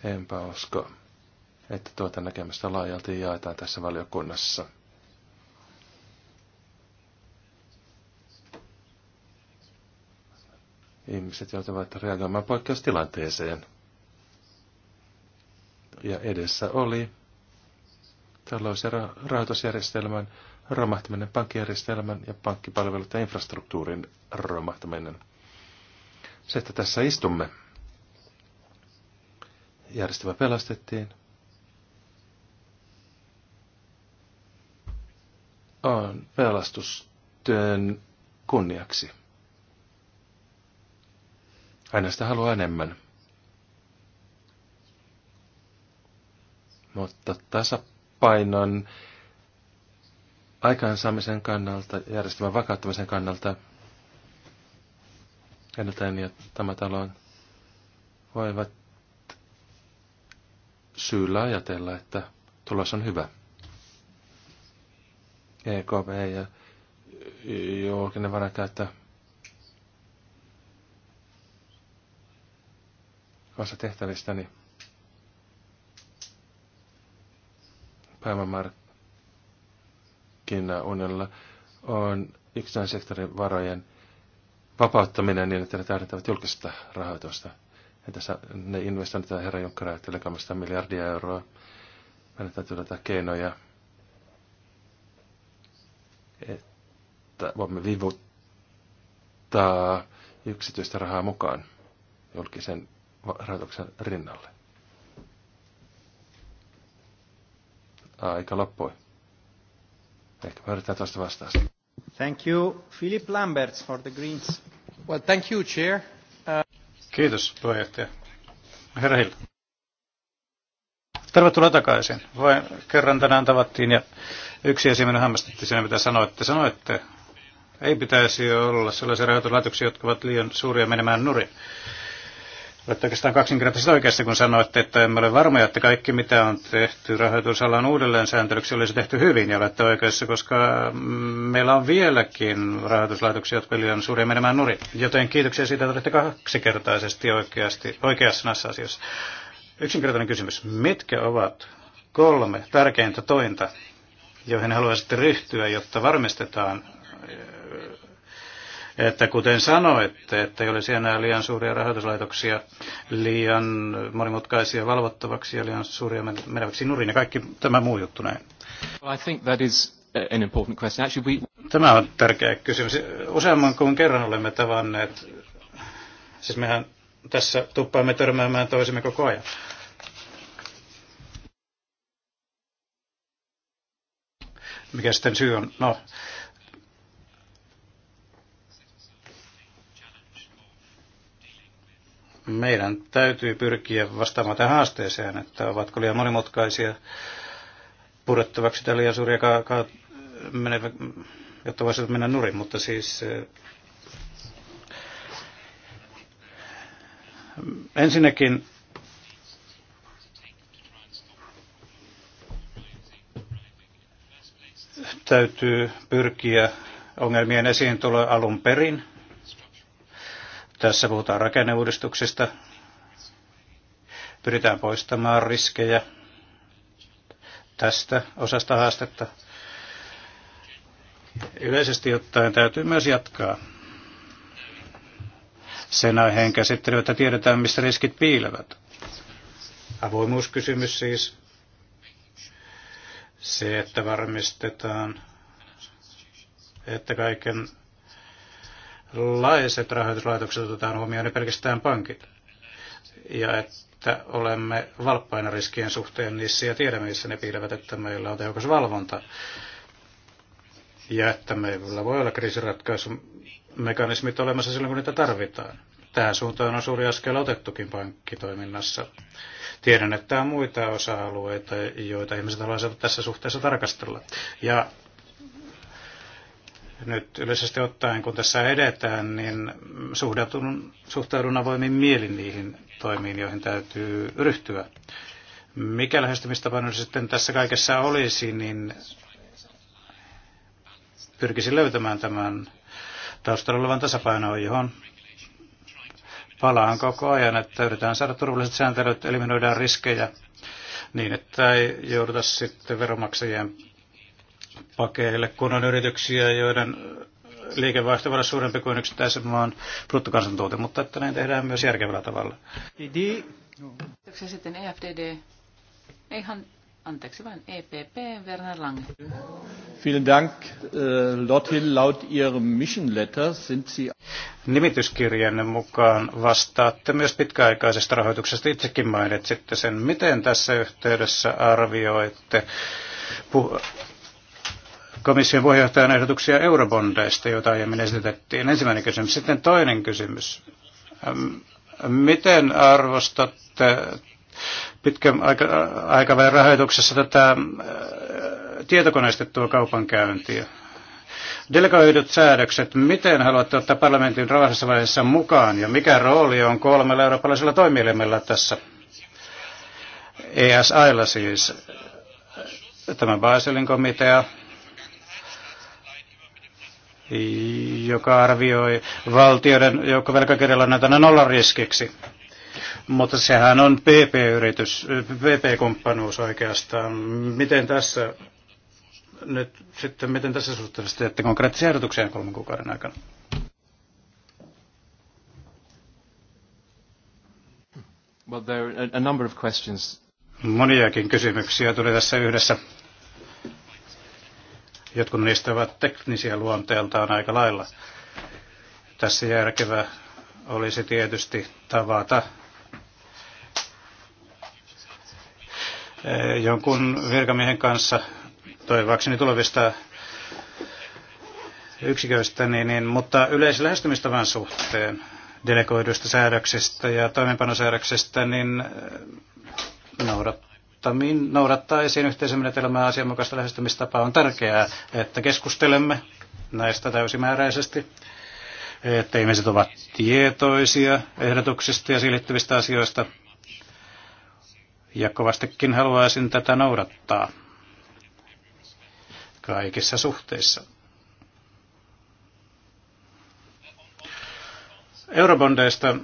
Enpä usko, että tuota näkemystä laajalti jaetaan tässä valiokunnassa. Ihmiset joutuvat reagoimaan poikkeustilanteeseen ja edessä oli talous- ja rahoitusjärjestelmän romahtaminen, pankkijärjestelmän ja ja infrastruktuurin romahtaminen. Se, että tässä istumme, järjestelmä pelastettiin, on pelastustyön kunniaksi. Aina sitä haluaa enemmän. mutta tasapainon aikaansaamisen kannalta, järjestelmän vakauttamisen kannalta edeltäjäni ja tämä talo voivat syyllä ajatella, että tulos on hyvä. EKP ja julkinen varakäyttö osa tehtävistäni niin pääomamarkkinaunionilla on yksityisen sektorin varojen vapauttaminen niin, että ne tähdentävät julkista rahoitusta. tässä ne investoinnit herra Juncker ajatteli miljardia euroa. Meidän täytyy löytää keinoja, että voimme vivuttaa yksityistä rahaa mukaan julkisen rahoituksen rinnalle. Aika loppui. Ehkä yritetään tuosta vastausta. Thank you, Philip Lamberts for the Greens. Well, thank you, Chair. Uh... Kiitos, puheenjohtaja. Herra Hill. Tervetuloa takaisin. Vain kerran tänään tavattiin ja yksi asia hämmästytti siinä, mitä sanoitte. Sanoitte, ei pitäisi olla sellaisia rajoituslaitoksia, jotka ovat liian suuria menemään nurin. Olette oikeastaan kaksinkertaisesti oikeassa, kun sanoitte, että emme ole varmoja, että kaikki mitä on tehty rahoitusalan uudelleen sääntelyksi olisi tehty hyvin, ja olette oikeassa, koska mm, meillä on vieläkin rahoituslaitoksia, jotka liian suuria menemään nurin. Joten kiitoksia siitä, että olette kaksikertaisesti oikeasti, oikeassa näissä asioissa. Yksinkertainen kysymys. Mitkä ovat kolme tärkeintä tointa, joihin haluaisitte ryhtyä, jotta varmistetaan että kuten sanoitte, että ei olisi enää liian suuria rahoituslaitoksia, liian monimutkaisia valvottavaksi ja liian suuria meneväksi nurin ja kaikki tämä muu juttu näin. Well, I think that is uh, an important question. Actually, we... Tämä on tärkeä kysymys. Useamman kuin kerran olemme tavanneet, siis mehän tässä tuppaamme törmäämään toisemme koko ajan. Mikä sitten syy on? No, meidän täytyy pyrkiä vastaamaan tähän haasteeseen, että ovatko liian monimutkaisia purettavaksi tai liian suuria, ka- ka- menevä, jotta voisivat mennä nurin, mutta siis eh, ensinnäkin täytyy pyrkiä ongelmien esiin alun perin – tässä puhutaan rakenneuudistuksista, pyritään poistamaan riskejä tästä osasta haastetta. Yleisesti ottaen täytyy myös jatkaa sen aiheen käsittelyä, että tiedetään, missä riskit piilevät. Avoimuuskysymys siis. Se, että varmistetaan, että kaiken erilaiset rahoituslaitokset otetaan huomioon, ne pelkästään pankit. Ja että olemme valppaina riskien suhteen niissä ja tiedämme, missä ne piilevät, että meillä on tehokas valvonta. Ja että meillä voi olla kriisiratkaisumekanismit olemassa silloin, kun niitä tarvitaan. Tähän suuntaan on suuri askel otettukin pankkitoiminnassa. Tiedän, että on muita osa-alueita, joita ihmiset haluaisivat tässä suhteessa tarkastella. Ja nyt yleisesti ottaen, kun tässä edetään, niin suhtaudun, suhtaudun avoimin mielin niihin toimiin, joihin täytyy ryhtyä. Mikä lähestymistapa nyt sitten tässä kaikessa olisi, niin pyrkisi löytämään tämän taustalla olevan tasapainon, johon palaan koko ajan, että yritetään saada turvalliset sääntelyt, eliminoidaan riskejä niin, että ei jouduta sitten veronmaksajien pakeille, kun on yrityksiä, joiden liikevaihto voi olla suurempi kuin yksittäisen maan bruttokansantuote, mutta että näin tehdään myös järkevällä tavalla. Idi. Kiitoksia sitten EFDD. Eihän, anteeksi vain, EPP, Werner Lange. Vielen Dank, äh, Lothil, Laut Ihrem Mission Letter sind Sie... Nimityskirjanne mukaan vastaatte myös pitkäaikaisesta rahoituksesta. Itsekin mainitsitte sen. Miten tässä yhteydessä arvioitte komission puheenjohtajan ehdotuksia eurobondeista, joita aiemmin esitettiin. Ensimmäinen kysymys. Sitten toinen kysymys. Ähm, miten arvostatte pitkän aikavälin rahoituksessa tätä äh, tietokoneistettua kaupankäyntiä? Delegoidut säädökset, miten haluatte ottaa parlamentin rauhallisessa vaiheessa mukaan ja mikä rooli on kolmella eurooppalaisella toimielimellä tässä? ESIllä siis äh, tämä Baselin komitea, joka arvioi valtioiden joukkovelkakirjalla näitä nollariskiksi. Mutta sehän on PP-yritys, PP-kumppanuus oikeastaan. Miten tässä nyt sitten, miten tässä suhteessa teette konkreettisia ehdotuksia kolmen kuukauden aikana? Well, there are a number of questions. Moniakin kysymyksiä tuli tässä yhdessä. Jotkut niistä ovat teknisiä luonteeltaan aika lailla. Tässä järkevä olisi tietysti tavata eh, jonkun virkamiehen kanssa toivakseni tulevista yksiköistä, niin, niin, mutta yleislähestymistavan suhteen delegoiduista säädöksistä ja toimeenpanosäädöksistä, niin eh, noudattaa noudattamin, noudattaisiin yhteisömenetelmää asianmukaista lähestymistapaa. On tärkeää, että keskustelemme näistä täysimääräisesti, että ihmiset ovat tietoisia ehdotuksista ja siihen liittyvistä asioista. Ja kovastikin haluaisin tätä noudattaa kaikissa suhteissa. Eurobondeista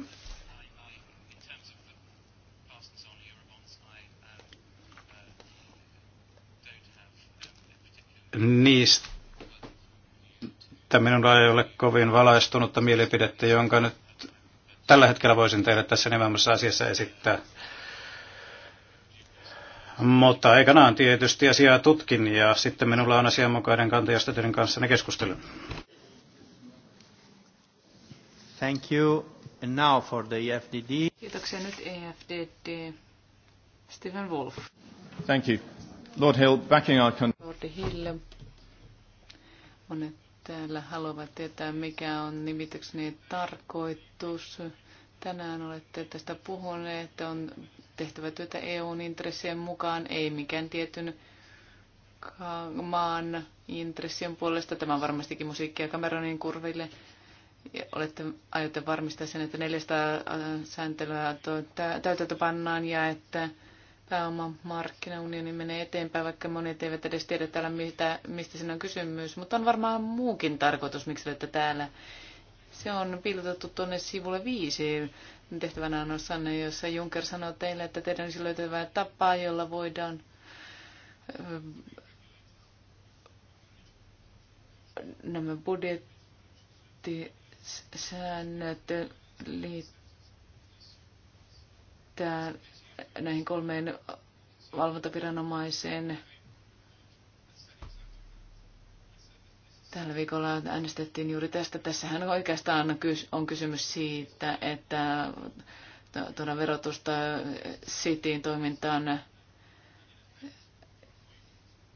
niistä minulla ei ole kovin valaistunutta mielipidettä, jonka nyt tällä hetkellä voisin teille tässä nimenomaisessa asiassa esittää. Mutta aikanaan tietysti asiaa tutkin ja sitten minulla on asianmukainen kanta, josta teidän ne keskustelen. Thank you. And now for the EFDD. Kiitoksia nyt EFDD. Stephen Wolf. Thank you. Lord Hill, backing our country. Lordi Hill. Monet täällä haluavat tietää, mikä on nimitykseni tarkoitus. Tänään olette tästä puhuneet, että on tehtävä työtä EUn intressien mukaan, ei mikään tietyn maan intressien puolesta. Tämä on varmastikin musiikkia Cameronin kurville. Olette, aiotte varmistaa sen, että 400 äh, sääntelyä täytäntöpannaan ja että pääomamarkkinaunioni menee eteenpäin, vaikka monet eivät edes tiedä täällä, mistä siinä on kysymys. Mutta on varmaan muukin tarkoitus, miksi olette täällä. Se on piilotettu tuonne sivulle viisi tehtävänä annossanne, jossa Juncker sanoo teille, että teidän olisi löytävä tapaa, jolla voidaan öö, nämä budjettisäännöt liittää näihin kolmeen valvontaviranomaiseen. Tällä viikolla äänestettiin juuri tästä. Tässähän oikeastaan on kysymys siitä, että tuoda verotusta Cityin toimintaan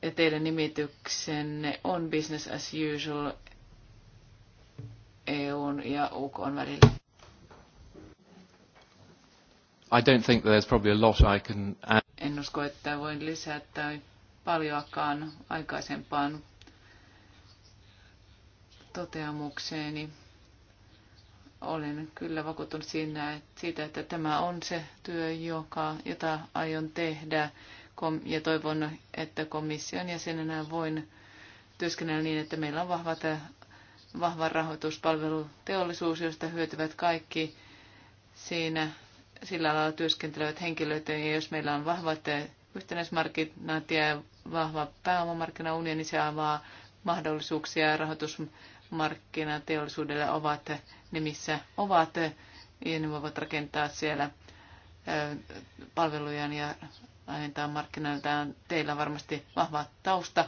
ja teidän nimityksenne on business as usual EUn ja UKn välillä. I don't think there's probably a lot I can add. En usko, että voin lisätä paljoakaan aikaisempaan toteamukseeni. Olen kyllä vakuuttunut siinä, että siitä, että tämä on se työ, joka, jota aion tehdä. Ja toivon, että komission jäsenenä voin työskennellä niin, että meillä on vahvat, vahva rahoituspalveluteollisuus, josta hyötyvät kaikki siinä sillä alalla työskentelevät henkilöt, ja jos meillä on vahvat yhtenäismarkkinat ja vahva pääomamarkkinaunioni, niin se avaa mahdollisuuksia rahoitusmarkkinateollisuudelle ovat ne, missä ovat, ja ne voivat rakentaa siellä palvelujaan ja laajentaa markkinoiltaan. Teillä on varmasti vahva tausta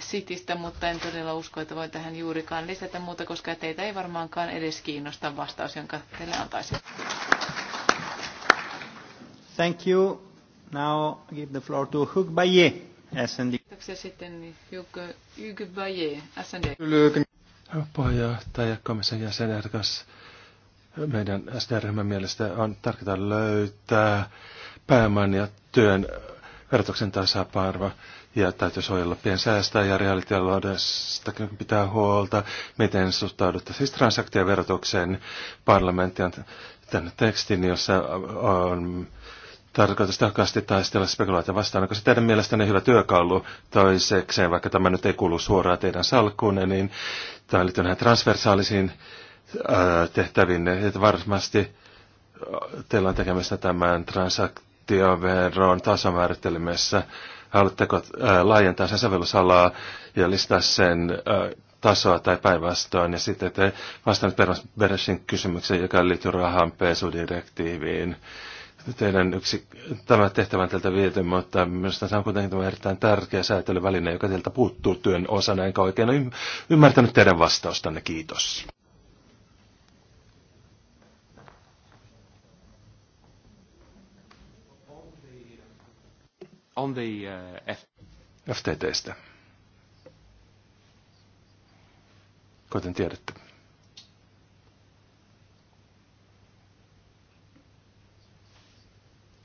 Citystä, mutta en todella usko, että voi tähän juurikaan lisätä muuta, koska teitä ei varmaankaan edes kiinnosta vastaus, jonka teille antaisin. Thank you. Now give the floor to Hugh Baye, SND. Kiitoksia sitten niin Hugh Baye, SND. Puheenjohtaja, komission jäsenehdokas. Meidän SD-ryhmän mielestä on tärkeää löytää pääoman ja työn verotuksen tasapaino ja täytyy suojella piensäästää ja reaalitaloudestakin pitää huolta, miten suhtaudutte siis transaktioverotukseen parlamentti on tänne tekstin, jossa on tarkoitus tehokkaasti taistella spekulaatio vastaan. Onko se teidän mielestänne hyvä työkalu toisekseen, vaikka tämä nyt ei kuulu suoraan teidän salkkuunne, niin tämä liittyy näihin transversaalisiin tehtäviin, että varmasti teillä on tekemistä tämän transaktioveron tasomäärittelemässä Haluatteko äh, laajentaa sen sovellusalaa ja listää sen äh, tasoa tai päinvastoin? Ja sitten te vastannut Bereshin kysymykseen, joka liittyy direktiiviin. Teidän yksi, tämä tehtävä on teiltä viety, mutta minusta se on kuitenkin tämä erittäin tärkeä säätelyväline, joka teiltä puuttuu työn osana, enkä oikein ymmärtänyt teidän vastaustanne. Kiitos. on the uh, F- FTTstä. Kuten tiedätte.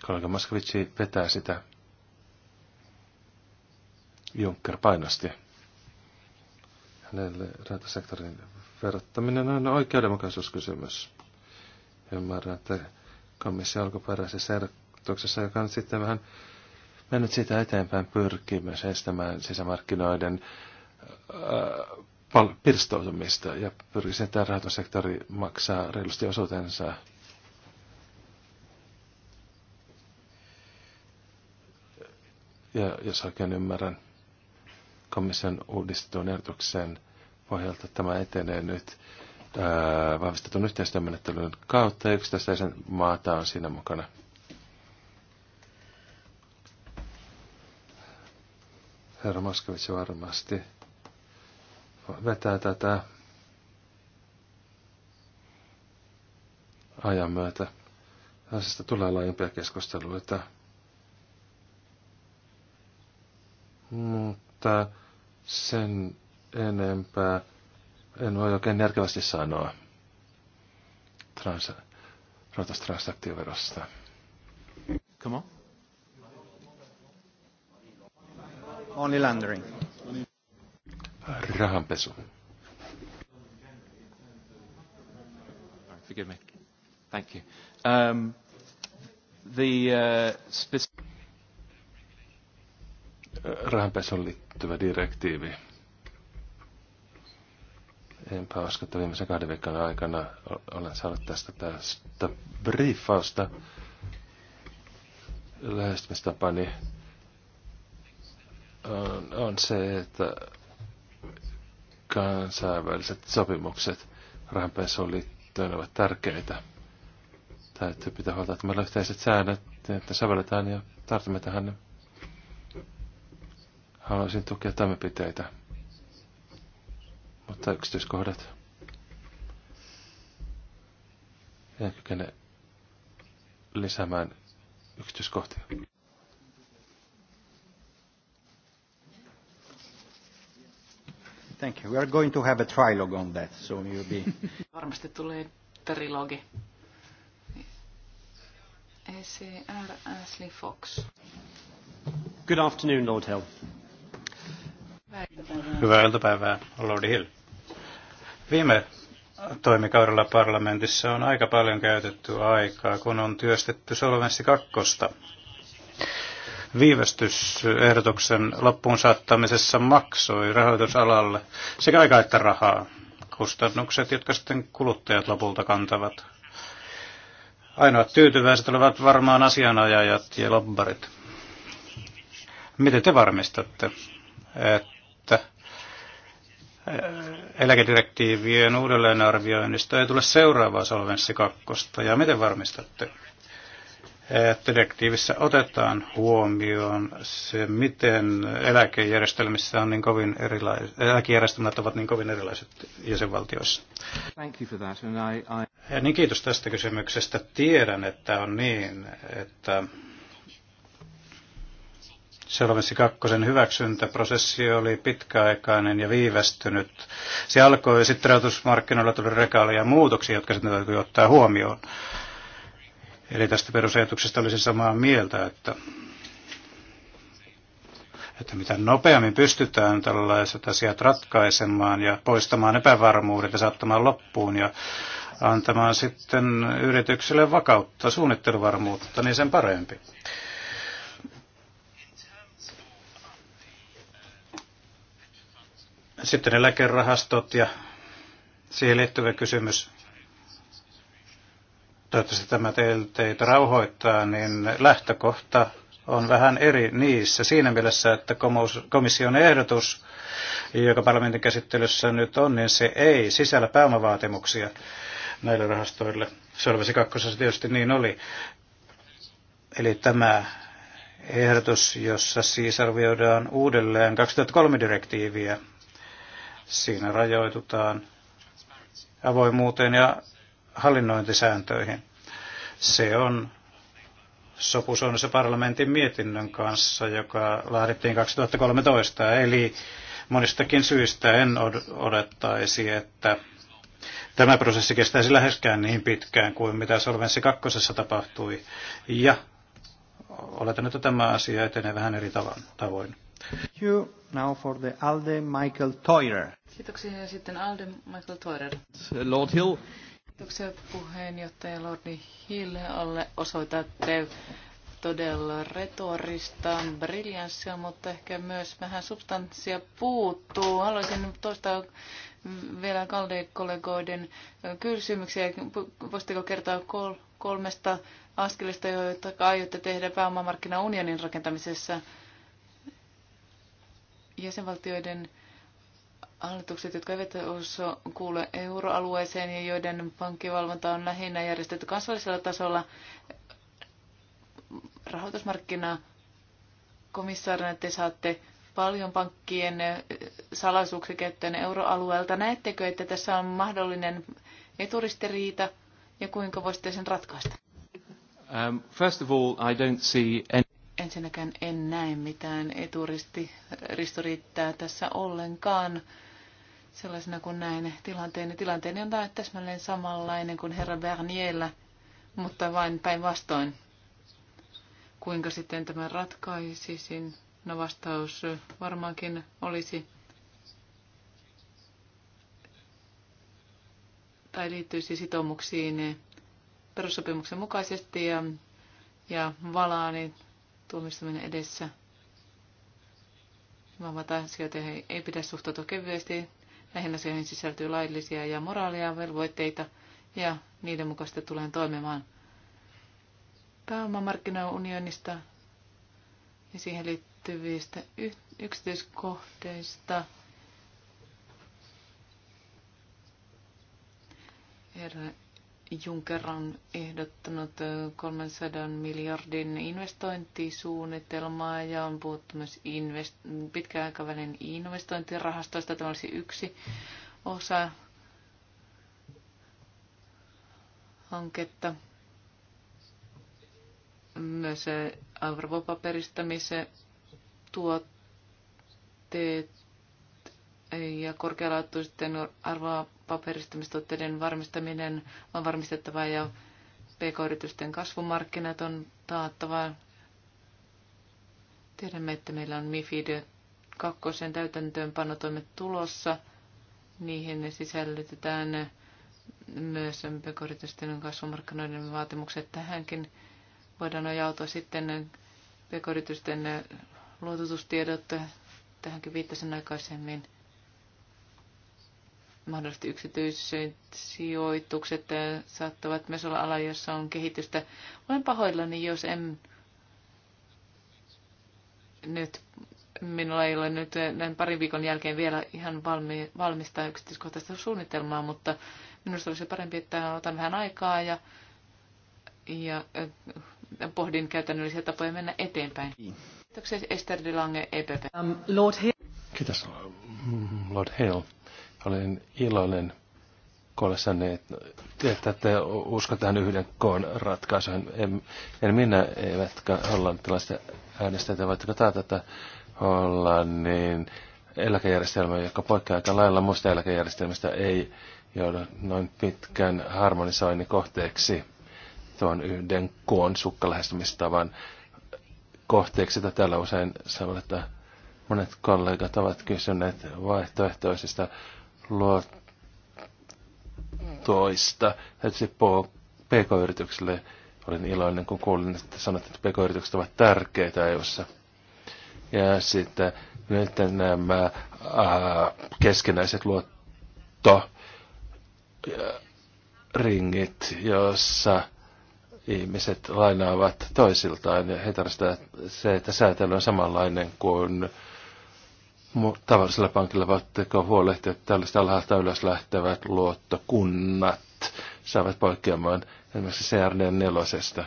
Kollega Moskvitsi vetää sitä Juncker painosti. Hänelle ratasektorin verottaminen on oikeudenmukaisuuskysymys. Ymmärrän, että komissio alkuperäisessä ehdotuksessa, joka on sitten vähän mennyt siitä eteenpäin pyrkimys estämään sisämarkkinoiden äh, pirstoutumista ja pyrkisi, että rahoitussektori maksaa reilusti osuutensa. Ja jos oikein ymmärrän komission uudistetun ehdotuksen pohjalta, tämä etenee nyt äh, vahvistetun yhteistyömenettelyn kautta ja yksittäisen maata on siinä mukana. Herra Moskovitsi varmasti vetää tätä ajan myötä. Asiasta tulee laajempia keskusteluita. Mutta sen enempää en voi oikein järkevästi sanoa trans, Come on. Only laundering. Rahanpesu. Forgive me. Thank you. Um, the uh, specific... Rahanpesuun liittyvä direktiivi. Enpä usko, että viimeisen kahden viikon aikana olen saanut tästä tästä briefausta lähestymistapani. Niin on, on se, että kansainväliset sopimukset rahanpesuun liittyen ovat tärkeitä. Täytyy pitää huolta, että meillä on yhteiset säännöt, että sovelletaan ja tartumme tähän. Haluaisin tukea toimenpiteitä, mutta yksityiskohdat. En kykene lisäämään yksityiskohtia. Thank you. We are going to have a trilogue on that, so you'll be... Varmasti tulee trilogi. ACR e Ashley Fox. Good afternoon, Lord Hill. Hyvää Hyvää iltapäivää, Lord Hill. Viime toimikaudella parlamentissa on aika paljon käytetty aikaa, kun on työstetty Solvenssi kakkosta viivästysehdotuksen loppuun saattamisessa maksoi rahoitusalalle sekä aika että rahaa. Kustannukset, jotka sitten kuluttajat lopulta kantavat. Ainoat tyytyväiset olivat varmaan asianajajat ja lobbarit. Miten te varmistatte, että eh, eläkedirektiivien uudelleenarvioinnista ei tule seuraavaa solvenssi kakkosta ja miten varmistatte, että direktiivissä otetaan huomioon se, miten eläkejärjestelmissä on niin kovin erilaiset, eläkejärjestelmät ovat niin kovin erilaiset jäsenvaltioissa. Thank you for that. And I, I... Ja niin kiitos tästä kysymyksestä. Tiedän, että on niin, että Solvenssi kakkosen hyväksyntäprosessi oli pitkäaikainen ja viivästynyt. Se alkoi sitten rahoitusmarkkinoilla tuli rekaaleja muutoksia, jotka sitten täytyy ottaa huomioon. Eli tästä perusajatuksesta olisi samaa mieltä, että, että mitä nopeammin pystytään tällaiset asiat ratkaisemaan ja poistamaan epävarmuudet ja saattamaan loppuun ja antamaan sitten yrityksille vakautta, suunnitteluvarmuutta, niin sen parempi. Sitten eläkerahastot ja siihen liittyvä kysymys toivottavasti tämä teitä rauhoittaa, niin lähtökohta on vähän eri niissä siinä mielessä, että komission ehdotus, joka parlamentin käsittelyssä nyt on, niin se ei sisällä pääomavaatimuksia näille rahastoille. Solvesi kakkosessa tietysti niin oli. Eli tämä ehdotus, jossa siis arvioidaan uudelleen 2003 direktiiviä, siinä rajoitutaan avoimuuteen ja hallinnointisääntöihin. Se on sopusuunnassa parlamentin mietinnön kanssa, joka laadittiin 2013. Eli monistakin syistä en odottaisi, että tämä prosessi kestäisi läheskään niin pitkään kuin mitä Solvenssi kakkosessa tapahtui. Ja oletan, että tämä asia etenee vähän eri tavoin. Thank you. Now for the ALDE Michael Teurer. Kiitoksia sitten ALDE Michael Teurer. Lord Hill, Kiitoksia puheenjohtaja Lordi Hillealle. Osoitatte todella retorista briljanssia, mutta ehkä myös vähän substanssia puuttuu. Haluaisin toistaa vielä kollegoiden kysymyksiä. Voisitteko kertoa kolmesta askelista, joita aiotte tehdä pääomamarkkinaunionin rakentamisessa jäsenvaltioiden Hallitukset, jotka eivät kuule euroalueeseen ja joiden pankkivalvonta on lähinnä järjestetty kansallisella tasolla, rahoitusmarkkina komissaarina te saatte paljon pankkien salaisuuksia käyttöön euroalueelta. Näettekö, että tässä on mahdollinen eturistiriita ja kuinka voisitte sen ratkaista? Um, first of all, I don't see any... Ensinnäkään en näe mitään eturistiriittää tässä ollenkaan sellaisena kuin näin tilanteen. Tilanteeni on täsmälleen samanlainen kuin herra Bernierllä, mutta vain päinvastoin. Kuinka sitten tämän ratkaisisin? No vastaus varmaankin olisi tai liittyisi sitoumuksiin perussopimuksen mukaisesti ja, ja valaani tuomistaminen edessä. Vaan asioita ei, ei pidä suhtautua kevyesti. Lähinnä siihen sisältyy laillisia ja moraalia velvoitteita ja niiden mukaista tulen toimimaan pääomamarkkinaunionista ja siihen liittyvistä yksityiskohteista. Herra Juncker on ehdottanut 300 miljardin investointisuunnitelmaa ja on puhuttu myös invest- pitkäaikavälin investointirahastoista. Tämä olisi yksi osa hanketta. Myös arvopaperistamisen tuotteet ja korkealaatuisten paperistamistuotteiden varmistaminen on varmistettava ja pk-yritysten kasvumarkkinat on taattava. Tiedämme, että meillä on MIFID kakkosen täytäntöönpanotoimet tulossa. Niihin ne sisällytetään myös pk-yritysten kasvumarkkinoiden vaatimukset tähänkin. Voidaan ajautua sitten pk-yritysten luototustiedot, tähänkin viittasin aikaisemmin – mahdollisesti yksityissijoitukset eh, saattavat myös olla ala, jossa on kehitystä. Olen pahoillani, jos en nyt, minulla ei ole nyt eh, näin parin viikon jälkeen vielä ihan valmi, valmista yksityiskohtaista suunnitelmaa, mutta minusta olisi parempi, että otan vähän aikaa ja, ja eh, pohdin käytännöllisiä tapoja mennä eteenpäin. Niin. Kiitoksia Esther de Lange, EPP. Um, Lord Hill. Kiitos, Lord Hill. Olen iloinen kuollessanne, että te usko tähän yhden koon ratkaisuun. En, en minä, eivätkä hollantilaiset äänestäjät, vaikka taata, että Hollannin eläkejärjestelmä, joka poikkeaa aika lailla muista eläkejärjestelmistä, ei joudu noin pitkän harmonisoinnin kohteeksi tuon yhden koon sukkalähestymistavan kohteeksi. Tällä usein sanotaan, että monet kollegat ovat kysyneet vaihtoehtoisista luottoista. Tietysti pk yritykselle olin iloinen, kun kuulin, että sanoit, että PK-yritykset ovat tärkeitä EU-ssa. Ja sitten nyt nämä ää, keskenäiset luottoringit, jossa ihmiset lainaavat toisiltaan ja he se, että säätely on samanlainen kuin tavallisella pankilla voitteko huolehtia, että tällaiset alhaalta ylös lähtevät luottokunnat saavat poikkeamaan esimerkiksi CRD4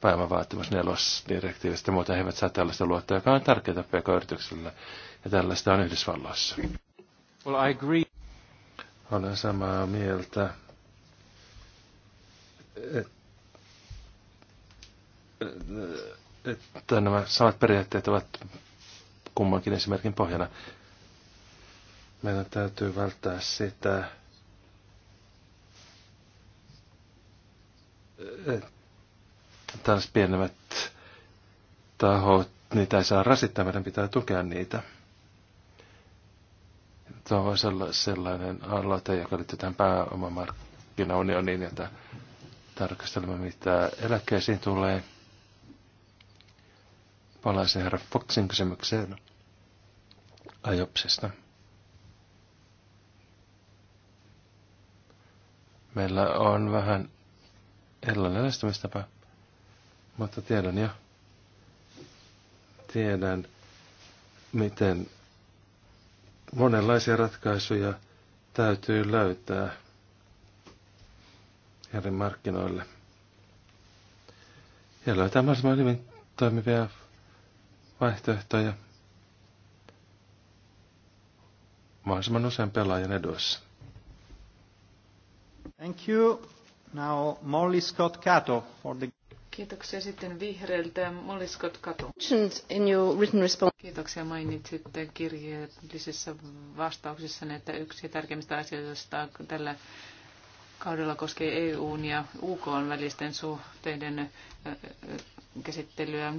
pääomavaatimus nelosdirektiivistä, muuten he eivät saa tällaista luottoa, joka on tärkeää pk-yritykselle, ja tällaista on Yhdysvalloissa. Well, I agree. Olen samaa mieltä. että nämä samat periaatteet ovat kummankin esimerkin pohjana. Meidän täytyy välttää sitä, taas pienemmät tahot, niitä ei saa rasittaa, meidän pitää tukea niitä. Tuo on sellainen aloite, joka liittyy tähän pääomamarkkinaunioniin, jota tarkastelemme, mitä eläkkeisiin tulee – palaisin herra Foxin kysymykseen ajopsista. Meillä on vähän erilainen lähestymistapa, mutta tiedän jo. Tiedän, miten monenlaisia ratkaisuja täytyy löytää eri markkinoille. Ja löytää mahdollisimman hyvin toimivia vaihtoehtoja mahdollisimman usean pelaajan eduissa. Thank you. Now Molly Scott Cato for the Kiitoksia sitten vihreiltä. Molly Scott Cato. In your written response. Kiitoksia mainitsitte kirjeellisessä vastauksessa, että yksi tärkeimmistä asioista tällä kaudella koskee EUn ja UKn välisten suhteiden käsittelyä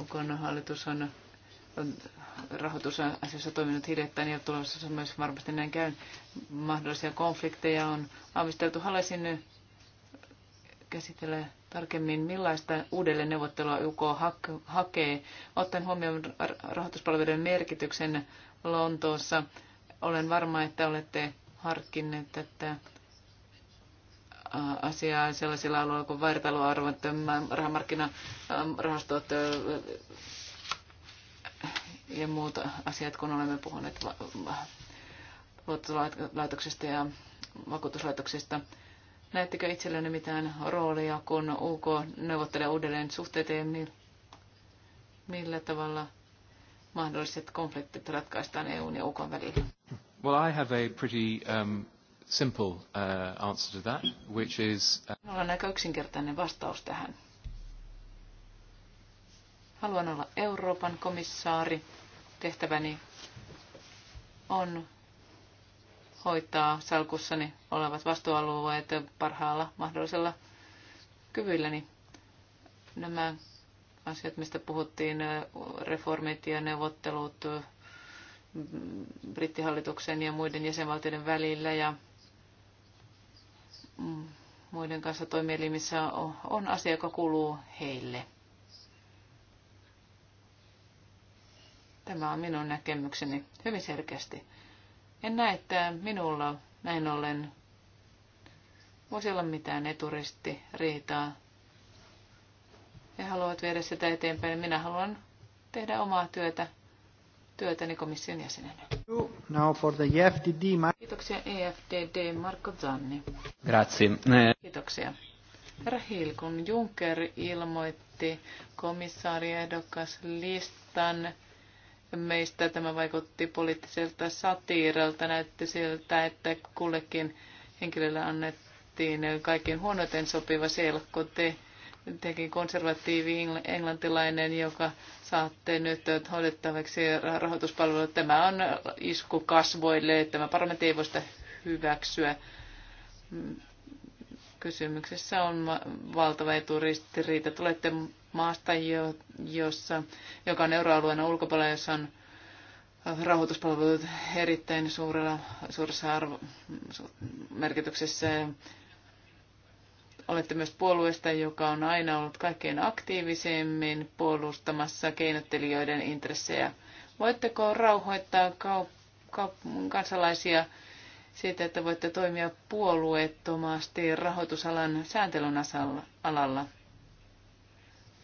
Ukon hallitus on, on rahoitusasiassa toiminut hiljattain ja tulossa myös varmasti näin käy. Mahdollisia konflikteja on aavisteltu. Haluaisin käsitellä tarkemmin, millaista uudelleen neuvottelua UK hakee, ottaen huomioon rahoituspalveluiden merkityksen Lontoossa. Olen varma, että olette harkinneet että asiaa sellaisilla alueilla kuin vertailuarvot, rahamarkkinarahastot ja muut asiat, kun olemme puhuneet luottolaitoksesta ja vakuutuslaitoksesta. Näettekö itsellenne mitään roolia, kun UK neuvottelee uudelleen suhteet ja millä tavalla mahdolliset konfliktit ratkaistaan EUn ja UKn välillä? Well, I have a pretty um, simple uh, answer to that, which is... Uh... Minulla on aika yksinkertainen vastaus tähän. Haluan olla Euroopan komissaari. Tehtäväni on hoitaa salkussani olevat vastuualueet parhaalla mahdollisella kyvylläni. Nämä asiat, mistä puhuttiin, reformit ja neuvottelut mm, brittihallituksen ja muiden jäsenvaltioiden välillä ja muiden kanssa toimielimissä on asia, joka kuuluu heille. Tämä on minun näkemykseni hyvin selkeästi. En näe, että minulla näin ollen voisi olla mitään riitaa. He haluavat viedä sitä eteenpäin. Minä haluan tehdä omaa työtä, työtäni komission jäsenenä. Now for the EFTD. Kiitoksia EFTD Marko Zanni. Grazie. Kiitoksia. Herra Hill, kun Juncker ilmoitti komissaariehdokas listan, meistä tämä vaikutti poliittiselta satiiralta. Näytti siltä, että kullekin henkilölle annettiin kaikkein huonoiten sopiva selkko. Te jotenkin konservatiivi englantilainen, joka saatte nyt hoidettavaksi rahoituspalvelut. Tämä on isku kasvoille. että Tämä parlamentti ei voi sitä hyväksyä. Kysymyksessä on valtava eturistiriita. Tulette maasta, jossa, joka on euroalueen ulkopuolella, jossa on rahoituspalvelut erittäin suurella, suuressa arvo, merkityksessä olette myös puolueesta, joka on aina ollut kaikkein aktiivisemmin puolustamassa keinottelijoiden intressejä. Voitteko rauhoittaa kansalaisia siitä, että voitte toimia puolueettomasti rahoitusalan sääntelyn alalla?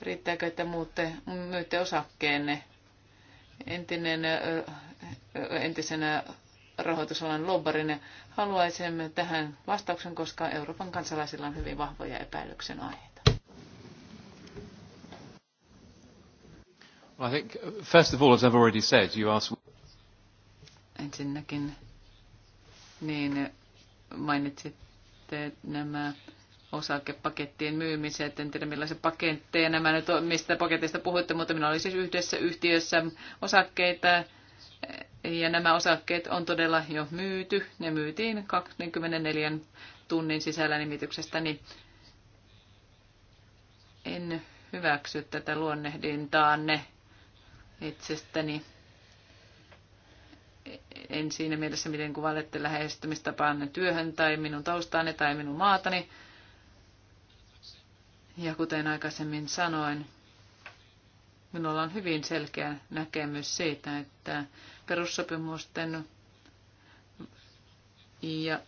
Riittääkö, että muutte, myytte osakkeenne? Entinen, entisenä rahoitusalan lobbarin. Haluaisimme tähän vastauksen, koska Euroopan kansalaisilla on hyvin vahvoja epäilyksen aiheita. I think, uh, first of all, as I've already said, you asked... Ensinnäkin niin uh, mainitsitte nämä osakepakettien myymiset. En tiedä millaisia paketteja nämä nyt on, mistä paketista puhuitte, mutta minä olin siis yhdessä yhtiössä osakkeita ja nämä osakkeet on todella jo myyty. Ne myytiin 24 tunnin sisällä niin En hyväksy tätä luonnehdintaanne itsestäni. En siinä mielessä, miten kuvailette lähestymistapaanne työhön tai minun taustaani tai minun maatani. Ja kuten aikaisemmin sanoin, Minulla on hyvin selkeä näkemys siitä, että perussopimusten ja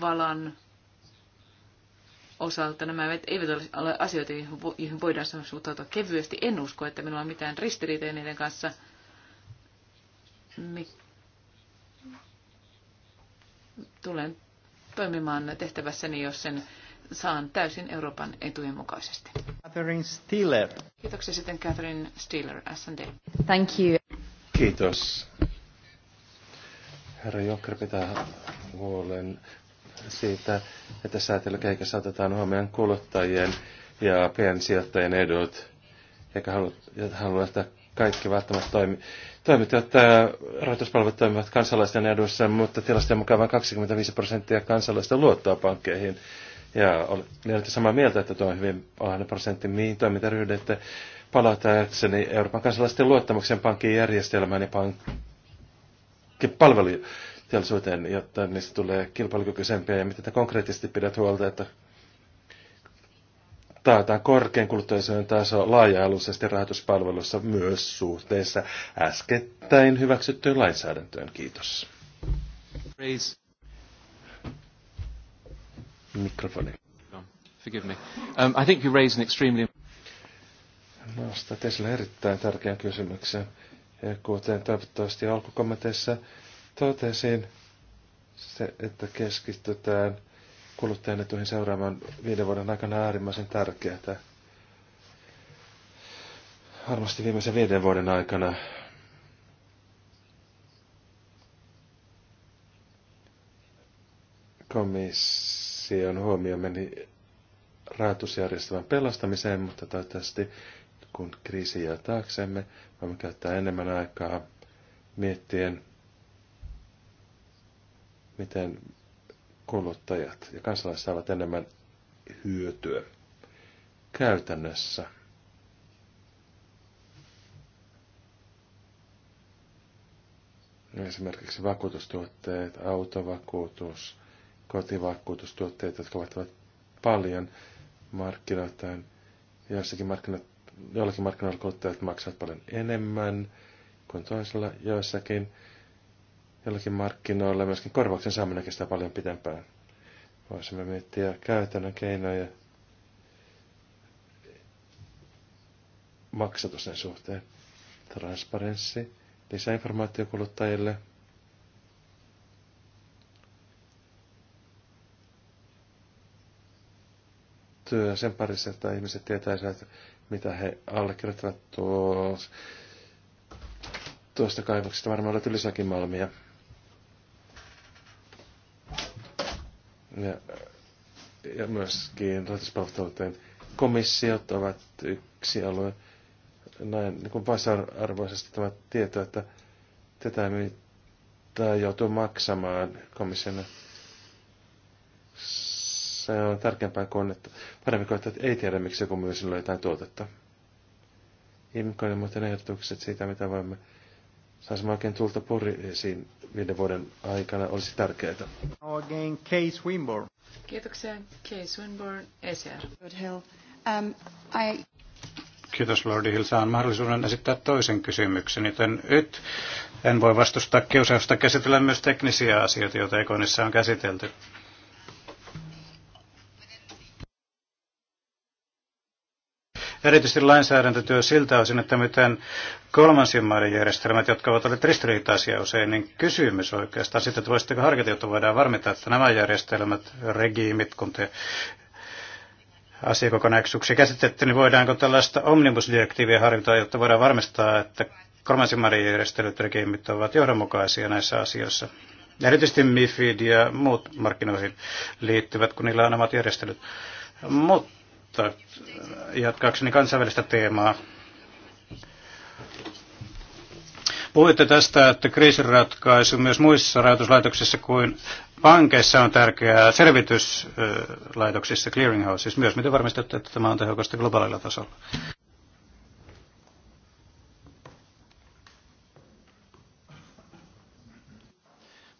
valan osalta nämä eivät ole asioita, joihin voidaan suhtautua kevyesti. En usko, että minulla on mitään ristiriitoja niiden kanssa. Tulen toimimaan tehtävässäni, jos sen saan täysin Euroopan etujen mukaisesti. Catherine Stiller. Kiitoksia sitten Catherine Stiller, S&D. Thank you. Kiitos. Herra Jokker pitää huolen siitä, että säätelykeikässä otetaan huomioon kuluttajien ja piensijoittajien edut, eikä halua, halua että kaikki välttämättä toimi, Toimit, että rahoituspalvelut toimivat kansalaisten edussa, mutta tilastojen mukaan vain 25 prosenttia kansalaisten luottaa pankkeihin. Ja olette samaa mieltä, että tuo on hyvin alhainen prosentti, mihin toiminta ryhdytte palataakseni Euroopan kansalaisten luottamuksen pankin järjestelmään ja pankin palveluteollisuuteen, jotta niistä tulee kilpailukykyisempiä ja miten te konkreettisesti pidät huolta, että taataan korkean kuluttajaisuuden taso laaja-alueisesti rahoituspalvelussa myös suhteessa äskettäin hyväksyttyyn lainsäädäntöön. Kiitos. Praise. Mikrofoni. No, forgive me. Um, I think you raise an extremely... Nostat esille erittäin tärkeän kysymyksen. Ja kuten toivottavasti alkukommenteissa totesin, se, että keskitytään kuluttajan etuihin seuraavan viiden vuoden aikana äärimmäisen tärkeää. Varmasti viimeisen viiden vuoden aikana komis on huomio meni rahoitusjärjestelmän pelastamiseen, mutta toivottavasti kun kriisi jää taaksemme, voimme käyttää enemmän aikaa miettien, miten kuluttajat ja kansalaiset saavat enemmän hyötyä käytännössä. Esimerkiksi vakuutustuotteet, autovakuutus, kotivakuutustuotteita, jotka vaihtavat paljon markkinoitaan. Joissakin markkinoilla, joillakin markkinoilla kuluttajat maksavat paljon enemmän kuin toisella joissakin. Joillakin markkinoilla myöskin korvauksen saaminen kestää paljon pitempään. Voisimme miettiä käytännön keinoja maksatusten suhteen. Transparenssi, lisäinformaatio kuluttajille – työ sen parissa, että ihmiset tietäisivät, mitä he allekirjoittavat tuossa tuosta kaivoksesta. Varmaan löytyy lisäkin malmia. Ja, ja myöskin rahoituspalveluiden komissiot ovat yksi alue. Näin niin kuin vasa-arvoisesti tämä tieto, että tätä mitä joutuu maksamaan komissiolle se on tärkeämpää kuin, että paremmin kuin, että ei tiedä miksi joku myy sinulle jotain tuotetta. Imkoinen muuten ehdotukset siitä, mitä voimme saisimme oikein tulta purisiin viiden vuoden aikana, olisi tärkeää. Again, Case Swinburne. Kiitoksia, Case Winborn, ECR. Hill. Um, I... Kiitos Lordi Hill. Saan mahdollisuuden esittää toisen kysymyksen, joten nyt en voi vastustaa kiusausta käsitellä myös teknisiä asioita, joita Ekonissa on käsitelty. erityisesti lainsäädäntötyö siltä osin, että miten kolmansien maiden järjestelmät, jotka ovat olleet ristiriitaisia usein, niin kysymys oikeastaan sitten, että voisitteko harkita, jotta voidaan varmistaa, että nämä järjestelmät, regiimit, kun te asiakokonaisuuksia käsitetty, niin voidaanko tällaista omnibusdirektiiviä harjoittaa, jotta voidaan varmistaa, että kolmansien maiden järjestelyt regiimit ovat johdonmukaisia näissä asioissa. Erityisesti MIFID ja muut markkinoihin liittyvät, kun niillä on omat järjestelyt. Mutta mutta jatkaakseni kansainvälistä teemaa. Puhuitte tästä, että kriisiratkaisu myös muissa rahoituslaitoksissa kuin pankeissa on tärkeää selvityslaitoksissa, clearinghouses myös. Miten varmistatte, että tämä on tehokasta globaalilla tasolla?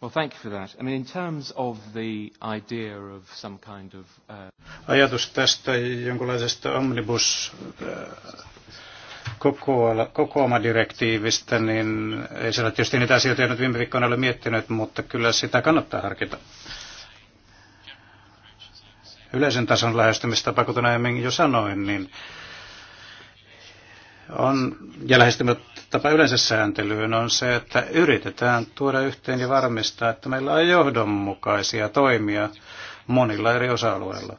Well, thank you for that. I mean, in terms of the idea of some kind of... Uh... Ajatus tästä jonkinlaisesta omnibus uh, kokoamadirektiivistä, niin ei siellä tietysti niitä asioita nyt viime viikkoina ole miettinyt, mutta kyllä sitä kannattaa harkita. Yleisen tason lähestymistapa, kuten aiemmin jo sanoin, niin on, ja tapa yleensä sääntelyyn on se, että yritetään tuoda yhteen ja varmistaa, että meillä on johdonmukaisia toimia monilla eri osa-alueilla.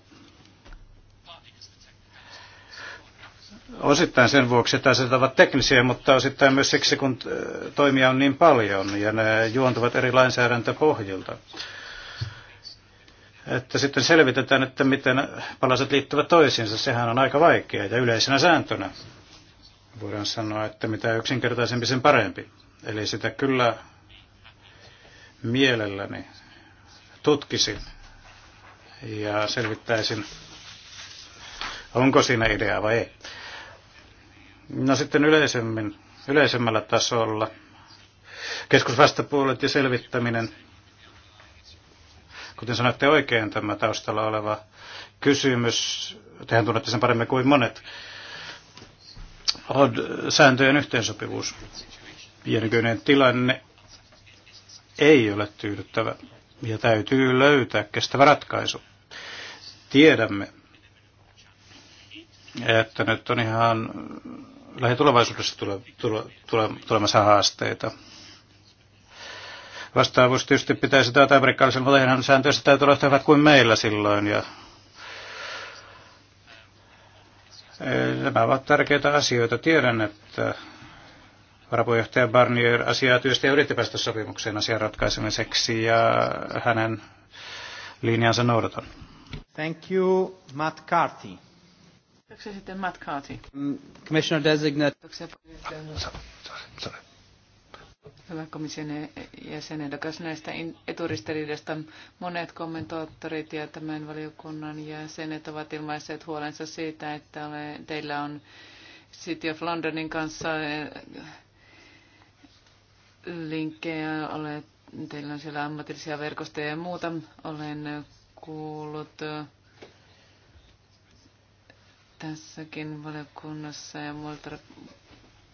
Osittain sen vuoksi, että asiat ovat teknisiä, mutta osittain myös siksi, kun äh, toimia on niin paljon ja ne juontuvat eri lainsäädäntöpohjilta. Että sitten selvitetään, että miten palaset liittyvät toisiinsa, sehän on aika vaikeaa ja yleisenä sääntönä Voidaan sanoa, että mitä yksinkertaisempi, sen parempi. Eli sitä kyllä mielelläni tutkisin ja selvittäisin, onko siinä ideaa vai ei. No sitten yleisemmin, yleisemmällä tasolla keskusvastapuolet ja selvittäminen. Kuten sanoitte oikein, tämä taustalla oleva kysymys, tehän tunnette sen paremmin kuin monet, sääntöjen yhteensopivuus. Ja tilanne ei ole tyydyttävä ja täytyy löytää kestävä ratkaisu. Tiedämme, että nyt on ihan lähitulevaisuudessa tule, tule, tule, tulemassa haasteita. Vastaavuus tietysti pitäisi taata amerikkalaisen valtahan sääntöissä täytyy olla hyvät kuin meillä silloin ja Eh, nämä ovat tärkeitä asioita. Tiedän, että varapuheenjohtaja Barnier asiaa työstä ja yritti päästä sopimukseen asian ratkaisemiseksi ja hänen linjansa noudatan. Thank you, Matt Carthy. Kiitoksia sitten Matt Carthy. Mm, Commissioner Designate. Kiitoksia. Sorry, sorry. Hyvä komission jäsenehdokas näistä eturistiriidasta. Monet kommentaattorit ja tämän valiokunnan jäsenet ovat ilmaisseet huolensa siitä, että teillä on City of Londonin kanssa eh, linkkejä, olet, teillä on siellä ammatillisia verkostoja ja muuta. Olen kuullut eh, tässäkin valiokunnassa ja muilta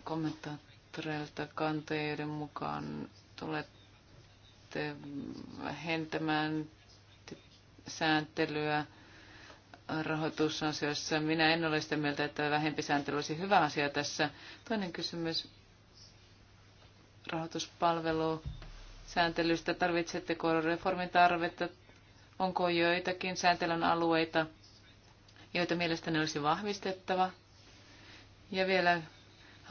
kommentaattoreilta Treltä kanteiden mukaan tulette vähentämään sääntelyä rahoitusasioissa. Minä en ole sitä mieltä, että vähempi sääntely olisi hyvä asia tässä. Toinen kysymys rahoituspalvelu sääntelystä. Tarvitsetteko reformin tarvetta? Onko joitakin sääntelyn alueita, joita mielestäni olisi vahvistettava? Ja vielä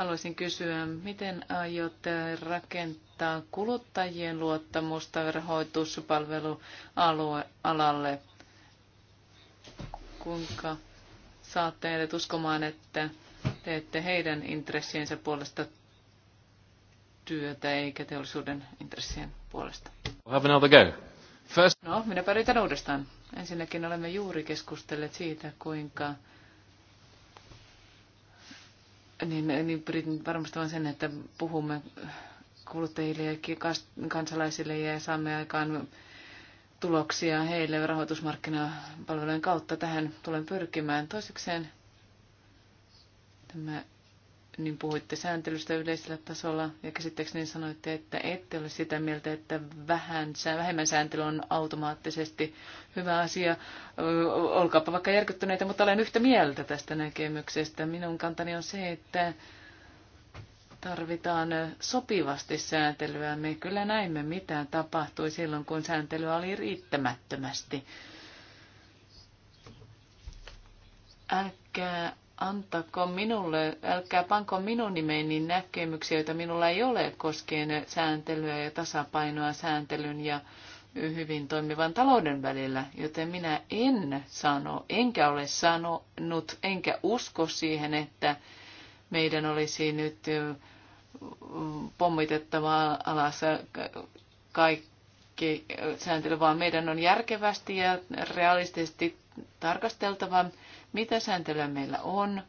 Haluaisin kysyä, miten aiot rakentaa kuluttajien luottamusta rahoituspalvelualalle? Kuinka saatte heidät uskomaan, että teette heidän intressiensä puolesta työtä eikä teollisuuden intressien puolesta? We'll have another go. First... No, minä pärjätän uudestaan. Ensinnäkin olemme juuri keskustelleet siitä, kuinka niin, niin pyrin varmistamaan sen, että puhumme kuluttajille ja kansalaisille ja saamme aikaan tuloksia heille rahoitusmarkkinapalvelujen kautta. Tähän tulen pyrkimään. Toisekseen tämä niin puhuitte sääntelystä yleisellä tasolla ja käsittääkseni niin sanoitte, että ette ole sitä mieltä, että vähän, vähemmän sääntely on automaattisesti hyvä asia. Olkaapa vaikka järkyttyneitä, mutta olen yhtä mieltä tästä näkemyksestä. Minun kantani on se, että tarvitaan sopivasti sääntelyä. Me kyllä näimme, mitä tapahtui silloin, kun sääntely oli riittämättömästi. Älkää antako minulle, älkää panko minun nimeeni näkemyksiä, joita minulla ei ole koskien sääntelyä ja tasapainoa sääntelyn ja hyvin toimivan talouden välillä, joten minä en sano, enkä ole sanonut, enkä usko siihen, että meidän olisi nyt pommitettava alas kaikki sääntely, vaan meidän on järkevästi ja realistisesti tarkasteltava mitä sääntelyä meillä on?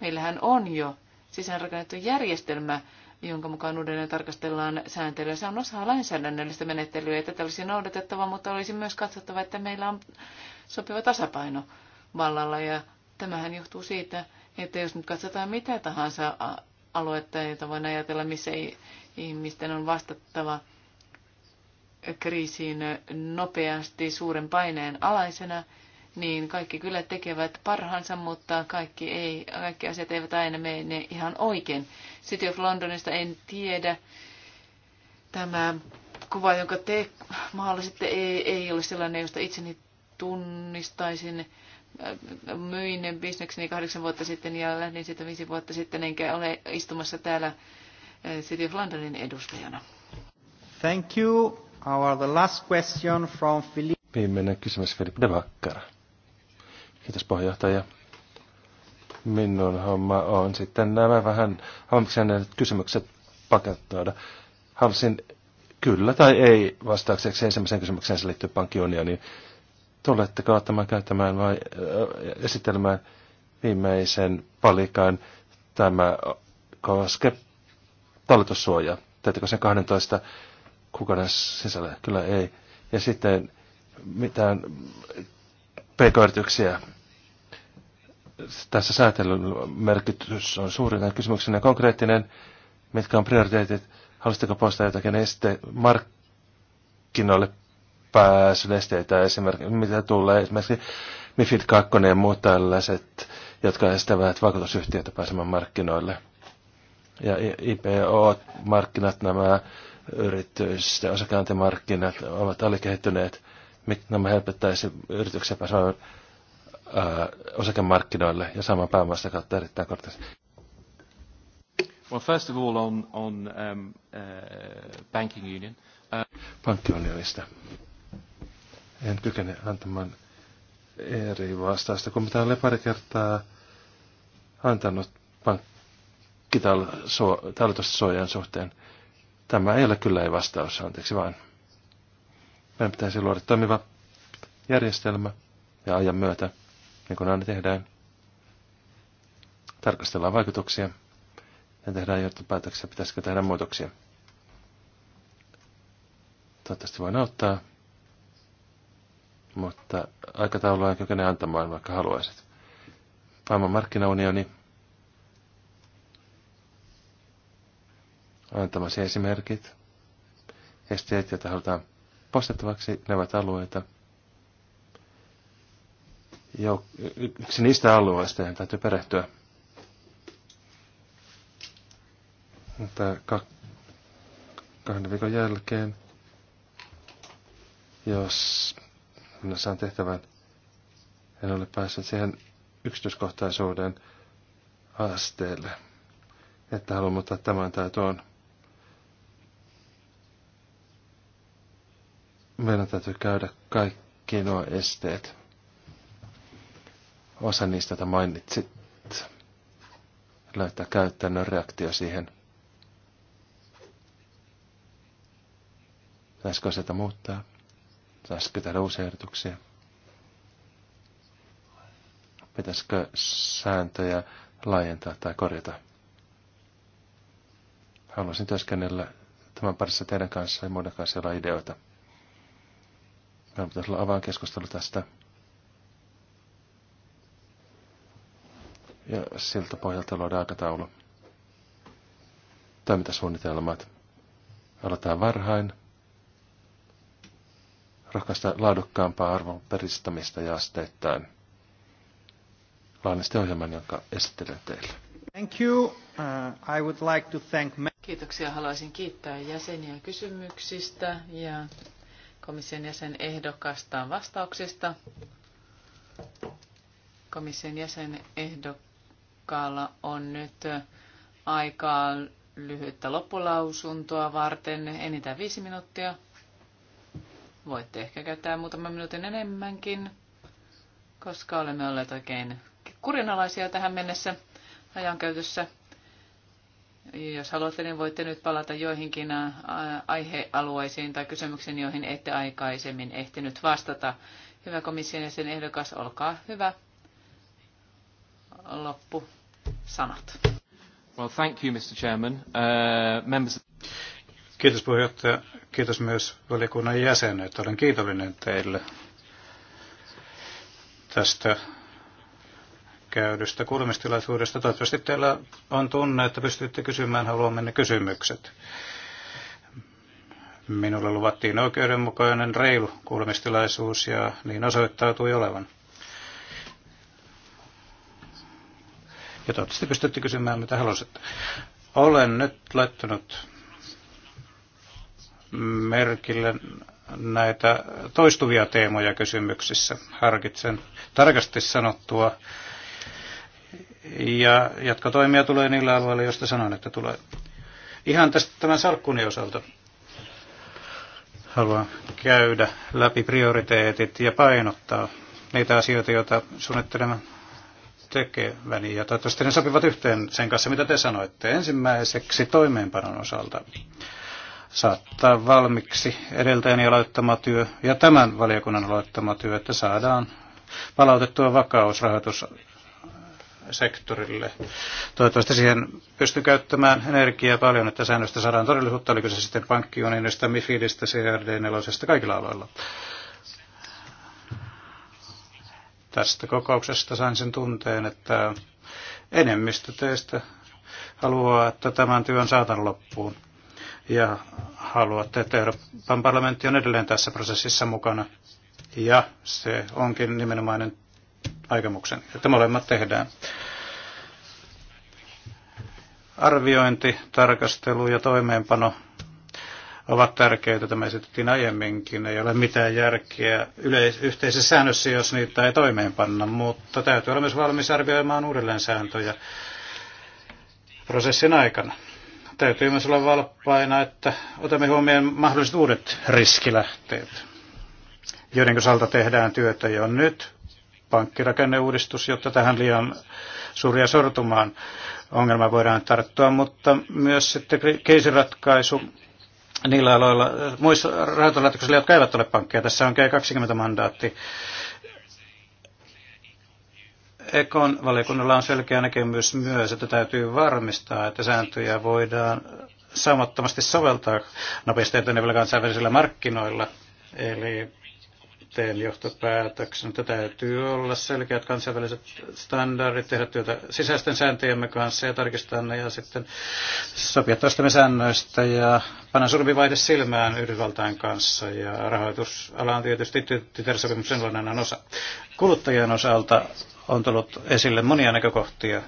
Meillähän on jo sisäänrakennettu järjestelmä, jonka mukaan uudelleen tarkastellaan sääntelyä. Se on osa lainsäädännöllistä menettelyä, että tätä olisi noudatettava, mutta olisi myös katsottava, että meillä on sopiva tasapaino vallalla. Ja tämähän johtuu siitä, että jos nyt katsotaan mitä tahansa aluetta, jota voin ajatella, missä ihmisten on vastattava kriisiin nopeasti suuren paineen alaisena, niin kaikki kyllä tekevät parhaansa, mutta kaikki, ei, kaikki asiat eivät aina mene ihan oikein. City of Londonista en tiedä. Tämä kuva, jonka te maalasitte, ei, ei ole sellainen, josta itseni tunnistaisin. Myin bisnekseni kahdeksan vuotta sitten ja lähdin siitä viisi vuotta sitten, enkä ole istumassa täällä eh, City of Londonin edustajana. Thank you. Our the last question from Philippe. Viimeinen kysymys Filip de Vakkara. Kiitos puheenjohtaja. Minun homma on sitten nämä vähän haluamisen kysymykset pakettoida. Halusin kyllä tai ei vastaukseksi ensimmäiseen kysymykseen, se liittyy pankkiunioniin. Tuletteko ottamaan käyttämään vai äh, esittelemään viimeisen palikan tämä koske talletussuoja? Teettekö sen 12 kuukauden sisällä? Kyllä ei. Ja sitten mitään pk-yrityksiä tässä säätelyn merkitys on kysymyksen ja konkreettinen, mitkä on prioriteetit, haluaisitteko poistaa jotakin este, markkinoille pääsylle esteitä, esimerkiksi, mitä tulee esimerkiksi MIFID 2 ja muut tällaiset, jotka estävät vakuutusyhtiöitä pääsemään markkinoille. Ja IPO-markkinat, nämä yritysten osakäyntimarkkinat ovat alikehittyneet, nämä helpottaisi yrityksiä pääsemään osakemarkkinoille ja saamaan pääomasta kautta erittäin korkeasti? Well, first of all on, on um, uh, banking union. Uh... Pankkiunionista. En kykene antamaan eri vastausta, kun mitä olen pari kertaa antanut pankkitalletussuojan suhteen. Tämä ei ole kyllä ei vastaus, anteeksi vaan. Meidän pitäisi luoda toimiva järjestelmä ja ajan myötä niin kun aina tehdään. Tarkastellaan vaikutuksia ja tehdään johtopäätöksiä, pitäisikö tehdä muutoksia. Toivottavasti voin auttaa, mutta aikataulua en kykene antamaan, vaikka haluaisit. Maailman markkinaunioni antamasi esimerkit, esteet, joita halutaan postettavaksi, ne ovat alueita – yksi niistä alueista, joihin täytyy perehtyä. Mutta kahden viikon jälkeen, jos minä saan tehtävän, en ole päässyt siihen yksityiskohtaisuuden asteelle, että haluan muuttaa tämän tai tuon. Meidän täytyy käydä kaikki nuo esteet osa niistä, joita mainitsit, löytää käyttäjän reaktio siihen. Saisiko sitä muuttaa? Saisiko tehdä uusia ehdotuksia? Pitäisikö sääntöjä laajentaa tai korjata? Haluaisin työskennellä tämän parissa teidän kanssa ja muiden kanssa olla ideoita. Meillä pitäisi olla avaan keskustelu tästä. ja siltä pohjalta luodaan aikataulu. Toimintasuunnitelmat. Aloitetaan varhain. Rohkaista laadukkaampaa arvon peristämistä ja asteittain. Laaniste ohjelman, jonka esittelen teille. Thank you. Uh, I would like to thank... Kiitoksia. Haluaisin kiittää jäseniä kysymyksistä ja komission jäsen ehdokastaan vastauksista. Komission jäsen ehdokkaan asiakkaalla on nyt aikaa lyhyttä loppulausuntoa varten, enintään viisi minuuttia. Voitte ehkä käyttää muutaman minuutin enemmänkin, koska olemme olleet oikein kurinalaisia tähän mennessä ajankäytössä. Jos haluatte, niin voitte nyt palata joihinkin aihealueisiin tai kysymyksiin, joihin ette aikaisemmin ehtinyt vastata. Hyvä komission jäsen ehdokas, olkaa hyvä. Loppu sanat. Well, thank you, Mr. Chairman. Uh, members... Kiitos puheenjohtaja. Kiitos myös valiokunnan jäsenet. Olen kiitollinen teille tästä käydystä kuulemistilaisuudesta. Toivottavasti teillä on tunne, että pystytte kysymään ne kysymykset. Minulle luvattiin oikeudenmukainen reilu kuulemistilaisuus ja niin osoittautui olevan. Ja toivottavasti pystytte kysymään, mitä haluaisitte. Olen nyt laittanut merkille näitä toistuvia teemoja kysymyksissä. Harkitsen tarkasti sanottua. Ja jatkotoimia tulee niillä alueilla, joista sanoin, että tulee. Ihan tästä tämän salkkuni osalta haluan käydä läpi prioriteetit ja painottaa niitä asioita, joita suunnittelemme tekeväni, ja toivottavasti ne sopivat yhteen sen kanssa, mitä te sanoitte. Ensimmäiseksi toimeenpanon osalta saattaa valmiiksi edeltäjäni aloittama työ ja tämän valiokunnan aloittama työ, että saadaan palautettua vakaus rahoitussektorille. Toivottavasti siihen pystyy käyttämään energiaa paljon, että säännöstä saadaan todellisuutta, oliko se sitten pankkiunionista, MIFIDistä, crd nelosesta kaikilla aloilla. Tästä kokouksesta sain sen tunteen, että enemmistö teistä haluaa, että tämän työn saatan loppuun. Ja haluatte, että Euroopan parlamentti on edelleen tässä prosessissa mukana. Ja se onkin nimenomainen aikamuksen, että molemmat tehdään. Arviointi, tarkastelu ja toimeenpano ovat tärkeitä. Tämä esitettiin aiemminkin. Ei ole mitään järkeä yleis- yhteisessä säännössä, jos niitä ei toimeenpanna, mutta täytyy olla myös valmis arvioimaan uudelleen sääntöjä prosessin aikana. Täytyy myös olla valppaina, että otamme huomioon mahdolliset uudet riskilähteet, joiden osalta tehdään työtä jo nyt. Pankkirakenneuudistus, jotta tähän liian suuria sortumaan ongelma voidaan tarttua, mutta myös sitten kriisiratkaisu niillä aloilla, muissa rahoituslaitoksissa, jotka eivät ole pankkeja. Tässä on G20-mandaatti. Ekon valiokunnalla on selkeä näkemys myös, että täytyy varmistaa, että sääntöjä voidaan saamattomasti soveltaa nopeasti etenevillä kansainvälisillä markkinoilla. Eli sitten johtopäätöksen, että täytyy olla selkeät kansainväliset standardit, tehdä työtä sisäisten sääntöjemme kanssa ja tarkistaa ne ja sitten sopia toistamme säännöistä ja panna surmivaihde silmään Yhdysvaltain kanssa ja rahoitusala on tietysti tytärsopimuksen luonnollinen osa. Kuluttajien osalta on tullut esille monia näkökohtia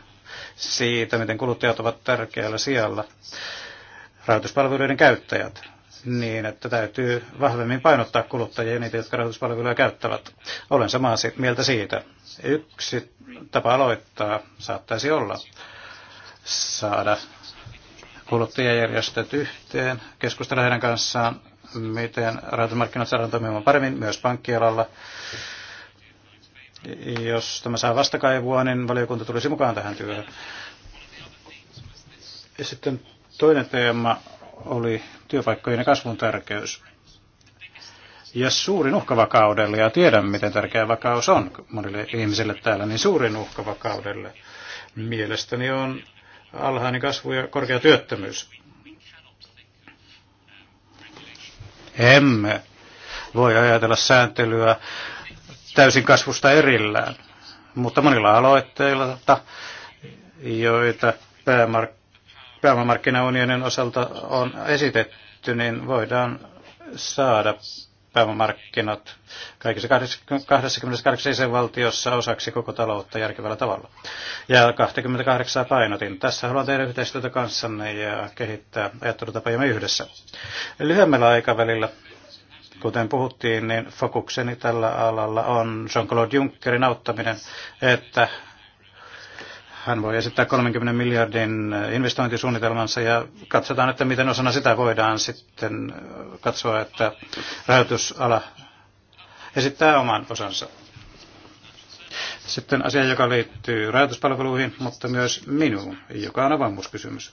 siitä, miten kuluttajat ovat tärkeällä sijalla rahoituspalveluiden käyttäjät niin, että täytyy vahvemmin painottaa kuluttajia niitä, jotka rahoituspalveluja käyttävät. Olen samaa mieltä siitä. Yksi tapa aloittaa saattaisi olla saada kuluttajajärjestöt yhteen, keskustella heidän kanssaan, miten rahoitusmarkkinat saadaan toimimaan paremmin myös pankkialalla. Jos tämä saa vastakaivua, niin valiokunta tulisi mukaan tähän työhön. Ja sitten toinen teema oli työpaikkojen ja kasvun tärkeys. Ja suurin uhka vakaudelle, ja tiedän miten tärkeä vakaus on monille ihmisille täällä, niin suurin uhka vakaudelle mielestäni on alhainen kasvu ja korkea työttömyys. Emme voi ajatella sääntelyä täysin kasvusta erillään, mutta monilla aloitteilla, joita päämark- pääomamarkkinaunionin osalta on esitetty, niin voidaan saada pääomamarkkinat kaikissa 28 jäsenvaltiossa osaksi koko taloutta järkevällä tavalla. Ja 28 painotin. Tässä haluan tehdä yhteistyötä kanssanne ja kehittää ajattelutapajamme yhdessä. Lyhyemmällä aikavälillä, kuten puhuttiin, niin fokukseni tällä alalla on Jean-Claude Junckerin auttaminen, että hän voi esittää 30 miljardin investointisuunnitelmansa ja katsotaan, että miten osana sitä voidaan sitten katsoa, että rahoitusala esittää oman osansa. Sitten asia, joka liittyy rajoituspalveluihin, mutta myös minuun, joka on avoimuuskysymys.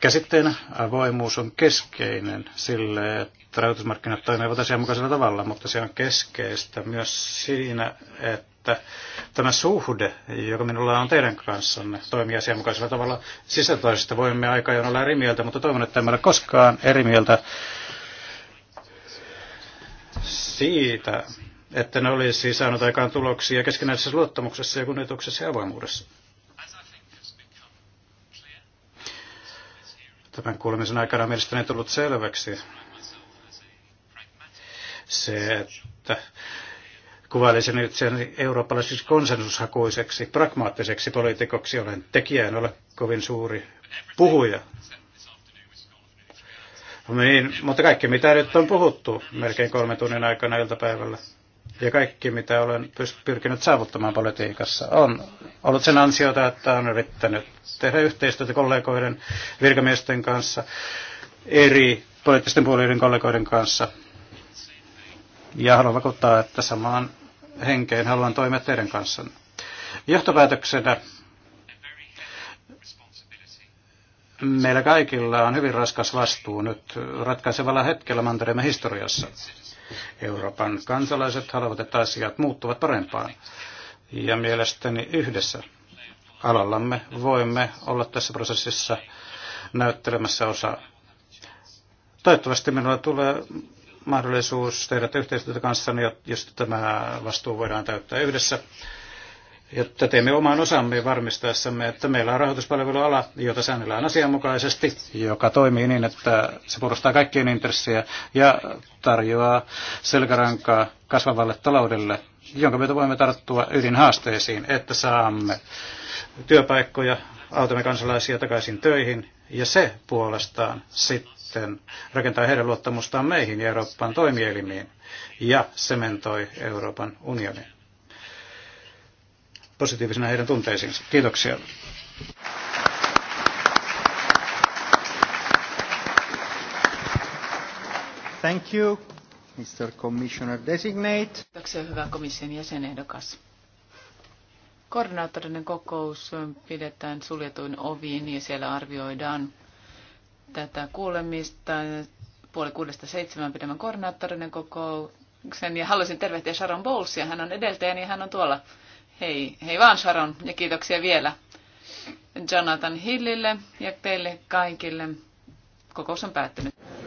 Käsitteen avoimuus on keskeinen sille, että rahoitusmarkkinat toimivat asianmukaisella tavalla, mutta se on keskeistä myös siinä, että tämä suhde, joka minulla on teidän kanssanne, toimii asianmukaisella tavalla sisältöisistä. Voimme aika ajoin olla eri mieltä, mutta toivon, että emme ole koskaan eri mieltä siitä, että ne olisi saanut aikaan tuloksia keskinäisessä luottamuksessa ja kunnioituksessa ja avoimuudessa. Tämän kuulemisen aikana mielestäni tullut selväksi se, että kuvailisin itseäni eurooppalaisiksi konsensushakuiseksi, pragmaattiseksi poliitikoksi. Olen tekijä, en ole kovin suuri puhuja. Niin, mutta kaikki mitä nyt on puhuttu melkein kolmen tunnin aikana iltapäivällä ja kaikki, mitä olen pyrkinyt saavuttamaan politiikassa, on ollut sen ansiota, että on yrittänyt tehdä yhteistyötä kollegoiden, virkamiesten kanssa, eri poliittisten puolueiden kollegoiden kanssa. Ja haluan vakuuttaa, että samaan henkeen haluan toimia teidän kanssa. Johtopäätöksenä meillä kaikilla on hyvin raskas vastuu nyt ratkaisevalla hetkellä mantereemme historiassa Euroopan kansalaiset haluavat, että asiat muuttuvat parempaan. Ja mielestäni yhdessä alallamme voimme olla tässä prosessissa näyttelemässä osaa. Toivottavasti minulla tulee mahdollisuus tehdä yhteistyötä kanssani, jos tämä vastuu voidaan täyttää yhdessä jotta teemme oman osamme varmistaessamme, että meillä on rahoituspalveluala, jota säännellään asianmukaisesti, joka toimii niin, että se puolustaa kaikkien intressejä ja tarjoaa selkärankaa kasvavalle taloudelle, jonka myötä voimme tarttua ydinhaasteisiin, että saamme työpaikkoja, autamme kansalaisia takaisin töihin ja se puolestaan sitten rakentaa heidän luottamustaan meihin ja Euroopan toimielimiin ja sementoi Euroopan unionin positiivisena heidän tunteisiinsa. Kiitoksia. Thank you, Mr. Commissioner Designate. Kiitoksia, hyvä komission jäsenehdokas. Koordinaattorinen kokous pidetään suljetuin oviin ja siellä arvioidaan tätä kuulemista. Puoli kuudesta seitsemän pidemmän koordinaattorinen kokouksen ja haluaisin tervehtiä Sharon Bowlesia. Hän on edeltäjäni ja hän on tuolla Hei, hei vaan Sharon ja kiitoksia vielä Jonathan Hillille ja teille kaikille. Kokous on päättynyt.